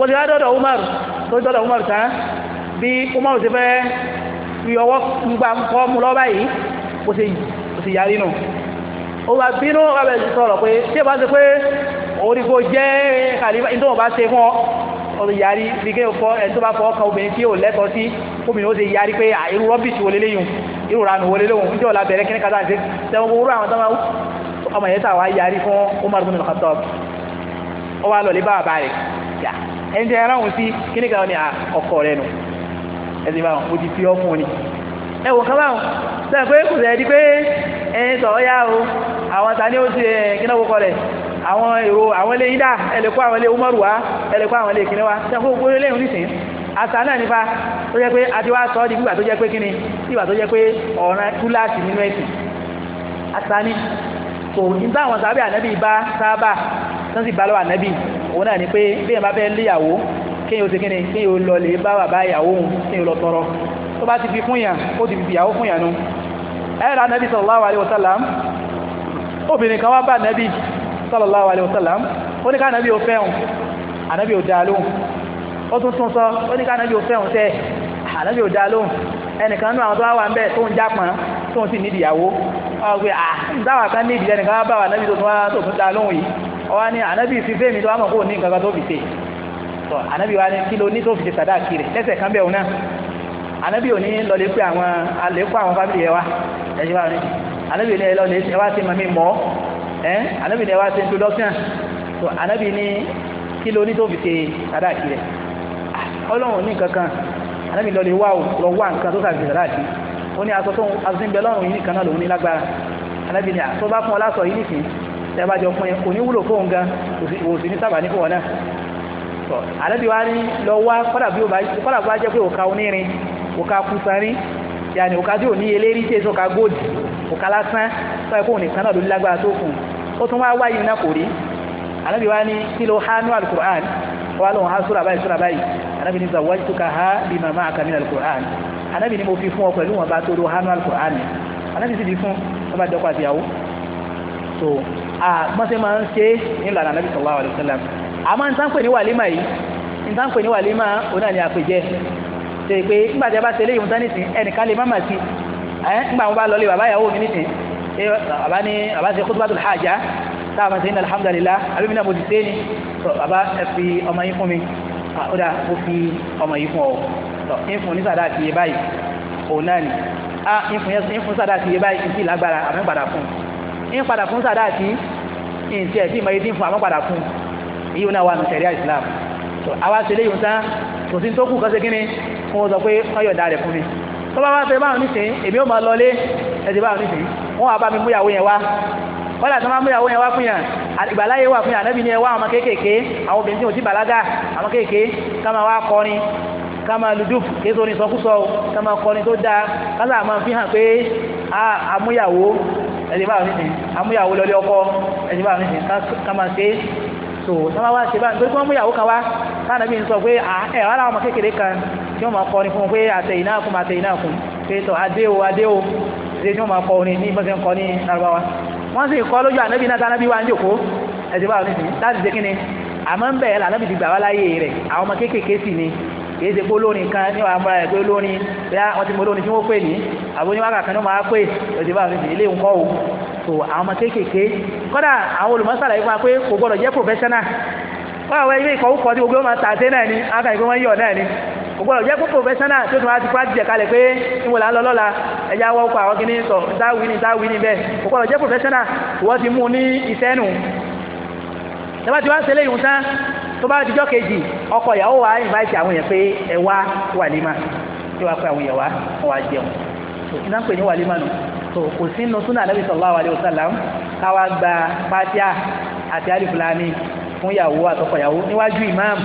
ó ti wá dọ́dọ̀ umaru tó dọ́dọ̀ umaru tán bí umaru ti fẹ́ fi ọwọ́ gba kọ́ mu lọ́ báyìí kò sì yarí nù ó bá bínú ọbẹ̀ sọ̀rọ̀ pé tí ẹ bá ti pé orí kò jẹ́ kàlífà ní tó wọn bá ṣe fún ọ ọdún yarí bí kí ọkọ ẹni tó bá fọ ọkàn obìnrin tí yóò lẹ́tọ̀ọ́ sí obìnrin ó ṣe yarí pé irú rọ́bìṣì wọlé léyìn irú ranù wọlé lóhun níjọ́ la bẹ̀rẹ̀ kíní kátà ṣe tẹ́wọ́n gbogbo àwọn tó máa ọmọ yẹn tà wá yarí fún Umar bin Khattab ó wá lọlé bá bàbá rẹ̀ ẹni tẹ ẹran òun sí kíní kan ní ọkọ rẹ̀ nù ẹsẹ̀ báwọn mo ti fi ọkùn ni ẹ wò kán báwọn sẹ́yìn pé kò sẹ́yìn di pé ẹni sọ̀rọ̀ yá o àwọn ta ni ó ti kíná wọ́kọ rẹ̀ àwọn èrò àwọn ilé yín dà ẹ lè kó àwọn ilé umaru wa ẹ lè kó àwọn ilé kíní wa sẹ́yìn pé gbogbo ilé yìí nísìnyí àṣà náà nípa tó jẹ́ pé a wá sọ ọ́ di ìgbà tó jẹ́ pé kíni ìgbà tó jẹ́ pé ọ̀ràn túláàsì nínú ẹ̀sìn àṣà ni kò ní bá àwọn sábẹ́ ànábì bá sábà tán sì bá lọ́wọ́ ànábì òun náà ni pé bí ẹ̀ bá fẹ́ léyàwó kéèyàn ó ṣe kíni kéèyàn ó lọ lè bá bàbá ìyàwó òun kéèyàn lọ tọrọ tó bá ti fi fún yàn ó ti fi ìyàwó fún yàn nu ẹ̀rọ ànábì sallallahu alaihi wasallam o obìnrin kan wá bá nabi sallallahu alaihi wasallam ó ní ká o ó fẹ́hùn ànábì ó dá o ó tún tún sọ ó ní ká ànábì ó fẹ́hùn tẹ́ o ó dá lóhùn ẹnìkan nínú àwọn tó wá wà ń bẹ̀ tó ń jápọn tó ń sì nídìí ìyàwó ọgbẹ́ à ń dáwà kan nídìí ẹnìkan wá bá wà ànábì tó tún wá tó tún dá lóhùn yìí ọwá ní ànábì fi fẹ́mi tó àmọ̀ kó ní nǹkan kan tó fi ṣe tọ́ ànábì wa ní kí ló ní tó fi ṣe sàdáàkì rẹ̀ lẹ́sẹ̀ kan bẹ̀rù náà ànábì ò ní lọlé pé àwọn àlékún àwọn fámìlì ẹ wa ẹ̀yìn wa ní ànábì ní ẹ lọlé ẹ wá sí mami mọ́ ẹ ànábì ní ẹ wá sí introduction tọ́ ànábì ní kí ló ní tó fi ṣe sàdáàkì rẹ̀ ah, ọlọ́run ní nǹkan kan ànábì lọlé wá lọ wá nǹkan tó sàfi sàdáàkì ó ní aṣọ tó aṣọ tó ń bẹ lọ́rùn yìí nìkan náà lòún ní lágbára ànábì ní àtọ́ bá fún ọ lásọ yìí nìkan tẹ́bàjọ fún yẹn kò ní wúlò fóun gan kò sì ní sábà ní fún wọn náà sọ àdébí wa ní lọ wá kọ́dà bí ó bá jẹ́ pé òka onírin òka kùsànrín yàní òka tí ò ní eléri tí èso òka góòdì òka lásán sọ ẹ̀kọ́ òní kanáà ló lágbára tó fún un ó tún wá wáyé iná kò rí àdébí wa ní kí ló hánú alukur'an wà lóun há sóra báyìí sóra báyìí àdébí ní zawajtuka ha bí màmá àkàmì alukur'an àdébí ní mo fi fún ọ pẹ̀lú wọn bá tó ló hánú alukur'an àdébí sì fi fún ọ dọ́kọ̀ àtìyàwó so àgbọ́nsẹ́ máa ń ṣe nílànà nàbí sallallahu alaihi wasallam àmọ́ nǹkan pè ní wàlímà yìí nǹkan pè ní wàlímà òun náà ni ṣe pé nígbà tí a bá ṣe eléyìí tán nìsín ẹnìkan lè má mà sí nígbà wọn bá lọ lé bàbá ìyàwó mi nìsín ṣé bàbá ní bàbá ṣe khutbatul haja táwọn ṣe ní alhamdulillah àbí mi náà mo ti ṣe é ni bàbá ẹ fi ọmọ yín fún mi ó dáa ó fi ọmọ yìí fún ọ tọ ìfún ní sàdá àti iye báyìí òun náà ni a ìfún yẹn ń padà fún sàdá àti ìǹtí ẹ̀ tí ìmọ̀ yìí fún àmọ́ padà fún èyí náà wà nù sẹ̀ríà islam tó àwa ṣe léyìn tán kò sí tó kù kọ́sẹ́ kínní fún wọn sọ pé wọ́n yọ̀ǹda rẹ̀ fún mi tó bá wá fẹ́ báwọn nísìn èmi ò máa lọlé ẹ̀sìn báwọn nísìn wọ́n wá bá mi múyàwó yẹn wá kọ́lá tó máa múyàwó yẹn wá fún yàn ìgbàláyé wà fún yàn ànábì ni ẹ wá àwọn kéékèèké àwọn obìnrin tí mo ti bàlágà àwọn kéékèèké ká máa wá kọrin ká máa lu dúfù kí sórin sọkúsọ o ká máa kọrin tó dáa kásà máa fi hàn pé àmúyàwó ẹ̀sìn báwọn nìsín àmúyàwó lọlé ọkọ ẹ̀sìn báwọn nìsín ká máa ṣe so sábà wá ṣe báyìí nítorí wọn múyàwó kan wá sáànà bí n sọ pé ẹ wà láwọn ọmọ kékeré kan tí wọn máa kọrin fún un pé àtẹ̀yìn náà kún àtẹ̀yìn náà kún pé tọ adé o adé o ṣe tí wọn máa kọ orin ní bọ́sẹ̀ ń kọ ní Lárúbáwá wọ́n sì kọ́ lójú ànábì náà tánábì wá ń jòkó ẹ̀sìn báwọn nìsín láti ṣe kí ni àmọ́ ń bẹ̀rẹ̀ lànábì ti gbà wá láyé rẹ̀ àwọn ọmọ kékeré sì ni kì í ṣe pé olórin kan ní wàá múra rẹ̀ pé olórin bóyá wọ́n ti mọ olórin tí wọ́n pè ní àbó ní wákàtí kan ní wọ́n máa pè lọ́sí bá fi ilé ń kọ́ o tó àwọn ọmọ kéékèèké kọ́dà àwọn olùmọ̀sálà yìí wá pé kò gbọ́dọ̀ jẹ́ professional wọ́n àwọn ilé ìkọ̀wé kọ́ tí gbogbo wọn máa tàṣe náà ni àwọn kan ìgbé wọn yọ̀ náà ni kò gbọ́dọ̀ jẹ́ pé professional tó tún wá ti pàdé kalẹ̀ pé níwò là ń tó bá dijọ́ kejì ọkọ ìyàwó wa invite àwọn èèyàn pé ẹ wá wàlímà yóò wá pé àwọn èèyàn wá wọ́n wá jẹun tó iná ń pè ní wàlímà nù tó kò sí nínú súnà Ànábì sallallahu alaihi wasallam káwá gba pátíà àti alifulani fún ìyàwó àtọkọ ìyàwó níwájú imam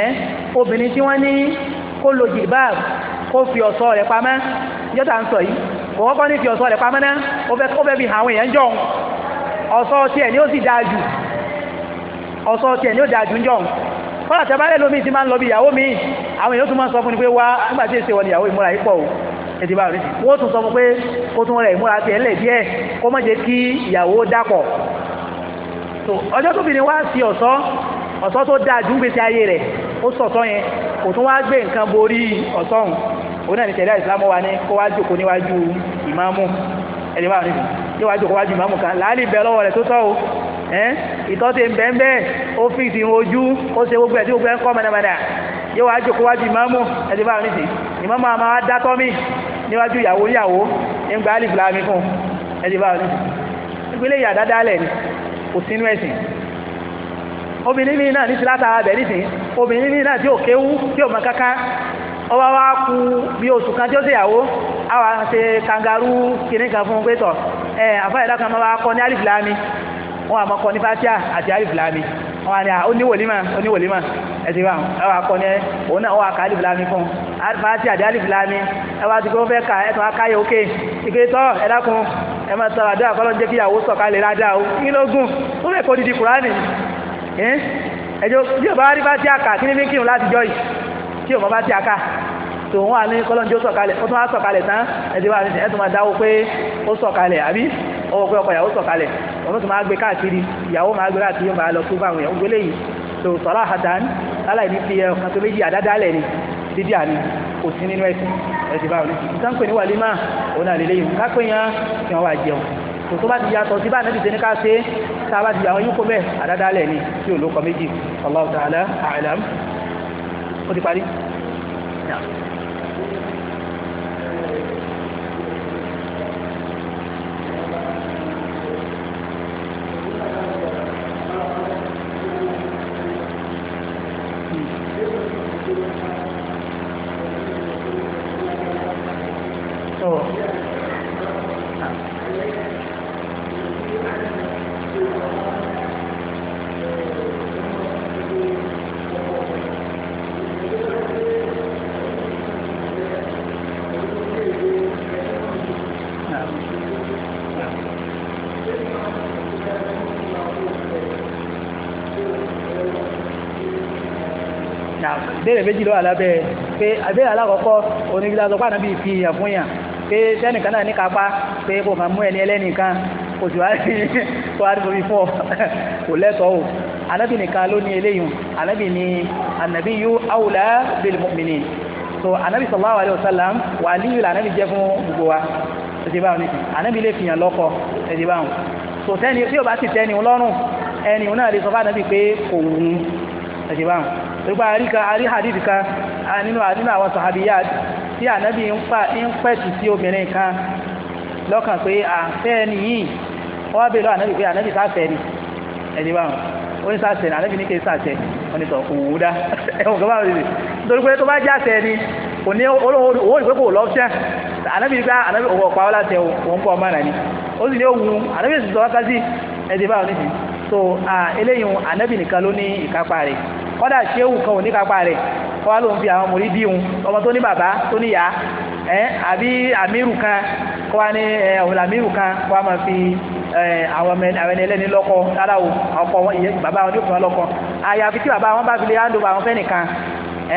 ẹ obìnrin tí wọ́n ní kó lo jìbáàb kó fi ọ̀ṣọ́ rẹ̀ pamọ́ yọ́tà ń sọ yìí kò wọ́pọ̀ ní fi ọ̀ṣọ́ rẹ̀ pamọ́ náà ó fẹ́ fi àwọn èèyàn jọ̀ọ́ ọ̀ṣọ́ tiẹ̀ ni ó sì dáa jù ọ̀sọ́ tiẹ̀ ni ó dáa jù ń jọ̀hún kọ́lá tẹ́ bá rẹ̀ lómi ti máa ń lọ bí ìyàwó mi àwọn èèyàn tún máa ń sọ fún ni pé wá nígbà èsè wọn ìyàwó ìmúra yìí pọ̀ o ẹ̀dì bá rí wọ́n tún sọ fún pé kó tún rẹ̀ ìmúra tiẹ̀ ńlẹ̀ díẹ̀ kó má jẹ́ kí ìyàwó dàpọ̀ tó ọjọ́ tóbi ni wá sí ọ̀sọ́ ọ̀sọ́ tó dáa jù ń gbèsè ayé rẹ̀ ó sọ̀tọ́ yẹn kò tún wá gbé nǹkan borí ọ̀sọ́ òun òun náà ní tẹ̀lé àìsílámù wa ní kó wá jòkó níwájú ìmáàmù ẹ̀dì bá rí yóò wá jòkó wájú ìmáàmù kan láàlì bẹ̀ lọ́wọ́ rẹ̀ tó tọ́ o ìtọ́sẹ̀ ń bẹ́ẹ̀ bẹ́ẹ̀ ó fi ìsìn ojú ó ṣe gbogbo ẹ̀ gbogbo ẹ̀ ń kọ́ wá jòkó wájú àmà níwájú ìyàwó yàwó ń gba alif lami fún ẹ̀sìn báwọn nìsín ìpínlẹ̀ ìyà ni kò sínú ẹ̀sìn obìnrin mi náà ní ti látara bẹ̀ obìnrin mi náà tí ò kéwú tí ò mọ ọba wa ku bí oṣù kan tí ó ṣe àwa ṣe kangaroo kìnnìkan fún ẹ máa wá kọ ní wọn àmọ́ kọ́ ní fatia àti alifilami wọn àni oníwòlímà oníwòlímà ẹ̀sìn wa ẹwà kọ́ ní òun náà wà ká alifilami fún fatia àti alifilami ẹwà tí wọ́n fẹ́ ka ẹ̀tàn akáyọ̀ òkè ìgbé tọ́ ẹ dákun ẹ máa sọ àdá àkọ́lọ́ jẹ́ kíyàwó sọ̀kalẹ̀ ládàá o kí ló gùn ó fẹ́ kó didi kùránì ẹjọ́ bí o bá rí fatia kà kí ni mí kírun láti jọ yìí tí o bá fatia kà tó wọn wà ní kọ́lọ́njì ó sọ̀kalẹ̀ ó tún wá sọ̀kalẹ̀ tán ẹ̀dí wà nísìnyí ẹ̀tún máa dáwó pé ó sọ̀kalẹ̀ àbí ọwọ́ pé ọkọ ìyàwó sọ̀kalẹ̀ òun tún máa gbé káàkiri ìyàwó máa gbé káàkiri ó máa lọ fún báwọn èèyàn gbélé yìí tó sọ̀rọ̀ àdán láláì ní fi ẹ̀kan tó méjì àdádálẹ̀ ni dídí àní kò sí nínú ẹ̀sìn ẹ̀sìn báwọn ní ìtàn pè ní wàlímà òun náà lélẹ́yìn kápẹ́ yẹn kí wọ́n wá jẹun kò tó Thank you. béèrè méjì lọ́wọ́ alábẹ́ pé àbẹ́ alákọ̀ọ́kọ́ onígbìlá sọ pàdánù bíi fi yàn fún yàn pé sẹ́nìkan náà ní kápá pé kò máa mú ẹni ẹlẹ́nìkan kò jù á sí kó á tóbi fún ọ kò lẹ́tọ̀ọ́ o anábì nìkan ló ní eléyìí anábì ní anábì yú awùlá bil mu'minin so anábì sallallahu alaihi wasallam wà níyù lànàbì jẹ́ fún gbogbo wa ẹ̀dìbà òní anábì lè fìyàn lọ́kọ ẹ̀dìbà òní so tẹ́ni tí ò bá sì tẹ́ni lọ́rùn ẹni òun náà lè sọ fún anábì pé kò wù ú ẹ̀dìbà òní ìgbà àrí hadith kan nínú àwọn sahabiyat tí ànábì ń pẹ̀tù sí obìnrin kan lọ́kàn pé à ń fẹ́ ni yìí wọ́n bèèrè ànábì pé ànábì sáfẹ́ ni ẹni báwọn ó ní sáfẹ́ ni ànábì ní kí sáfẹ́ wọ́n ní sọ òwú ẹ̀wọ̀n kan rèé nítorí pé tó bá jáfẹ́ ni kò ní owó ìpé kò ànábì ní ànábì ọ̀pá tẹ òun ó sì ní òwú ànábì sì sọ wákàtí ẹni so eléyìí ànábì kọ́dà ṣéwù kan ò ní kápá rẹ̀ kọ́wá ló ń fi àwọn mòrí díhun ọmọ tó ní bàbá tó ní yá ẹ àbí àmírù kan kọ́wá ní ẹ òun làmírù kan kọ́wá máa fi àwọn ẹni ẹlẹ́ni lọ́kọ rárá o ọkọ bàbá wọn ní òfin wọn lọ́kọ àyàfi tí bàbá wọn bá fi lè hand over àwọn fẹ́nìkan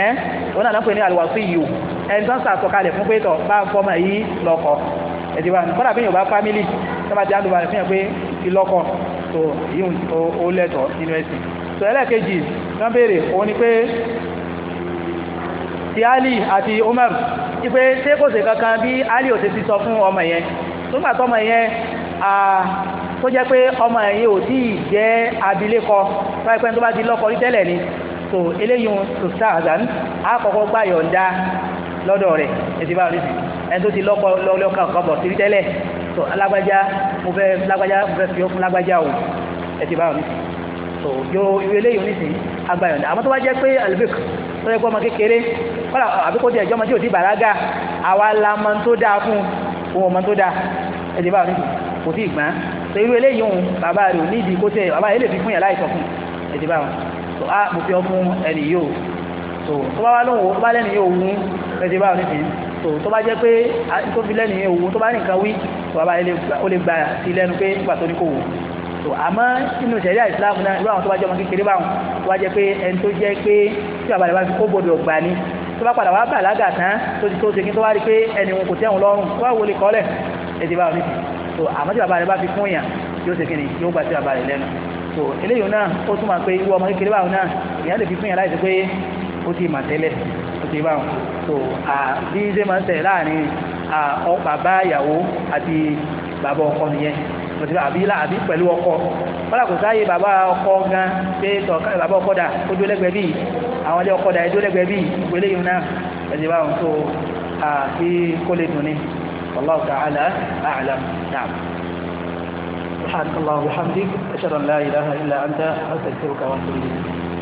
ẹ òun náà lọ́pọ̀ ní àlùwàsí yìí o ẹni tó ń sàtọ̀kalẹ̀ fún pé tọ̀ bá ń fọmọ yìí lọ́kọ ẹ̀dìwà kọ́dà bí yorùbá fámìlì tó bá ti hand over rẹ̀ fi hàn pé ìlọ́kọ tó yìí ó lẹ́tọ̀ọ́ nínú ẹ̀sìn tó ẹlẹ́ẹ̀kejì náà béèrè òun ni pé ti Ali àti Umar ti pé ṣé kò sí kankan bí Ali ò ṣe ti sọ fún ọmọ yẹn tó gbà tọmọ yẹn tó jẹ́ pé ọmọ yẹn ò tí ì jẹ́ abilékọ báyìí pé tó bá ti lọ́kọ rí tẹ́lẹ̀ ni so eléyìí tó sáàzán á kọ́kọ́ gbà yọ̀ǹda lọ́dọ̀ rẹ̀ ètí bá rí sí ẹni tó ti lọ́kọ lọ́lọ́kọ kan bọ̀ sí rí tẹ́lẹ̀ so alágbájá mo fẹ́ lágbájá mo fẹ́ fi ó fún lágbájá o ètí bá rí so yóò irú eléyìí oníṣìí agbáyọ̀ndà àmọ́ tó bá jẹ́ pé albik tó yẹ kó ọmọ kékeré kọ́lá àbíkó tiẹ̀ jọ́mọ tí ò ti bàlágà àwa la mọ tó dáa fún òun ọmọ tó dáa ẹ̀dẹ̀ bá oníṣìí kò tí ì gbọ́n so irú eléyìí bàbá rẹ̀ ò nídìí kó tẹ̀ bàbá yẹn lè fi fún yà láìsọ fún ẹ̀dẹ̀ bá wọn a mo fi ọmú ẹni yóò so tó bá wà lóhùn tó bá lẹ́nu yóò wú ẹ̀dẹ̀ bá oníṣìí so fi lẹ́nu yóò so àmọ́ inú sẹ̀rí àìsílámù náà irú àwọn tó bá jẹ́ ọmọ kékeré báwọn tó bá jẹ́ pé ẹni tó jẹ́ pé tí bàbá rẹ̀ bá fi kó gbọdọ̀ gbà ni tó bá padà wá bàlágà tán tó ti tó ṣe tó wá rí pé ẹni òun kò tẹ́wọ̀n lọ́rùn tó bá wọlé kọ́lẹ̀ ẹ̀dí báwọn nìkan so àmọ́ tí bàbá rẹ̀ bá fi fún yàn yóò ṣe ni yóò gbà tí bàbá rẹ̀ lẹ́nu so eléyìí náà ó tún máa pé irú ọmọ kékeré báwọn náà èèyàn lè fi fún yàn láì ṣe pé ó ti mà tẹ́lẹ̀ ó ti báwọn so bí ṣe máa ń tẹ̀ láàrin kò sí àbí àbí pẹ̀lú ọkọ kọ́lá kò sáyé bàbá ọkọ gan pé tọ̀ bàbá ọkọ dà ó dúró lẹ́gbẹ̀ẹ́ bíi àwọn ilé ọkọ dà ó dúró lẹ́gbẹ̀ẹ́ bíi ìpele yìí náà ẹ̀sìn báwọn tó àti kó lè dùn ní wallahu ta'ala a'lam na'am. سبحانك اللهم وبحمدك أشهد أن لا إله إلا أنت أستغفرك وأتوب إليك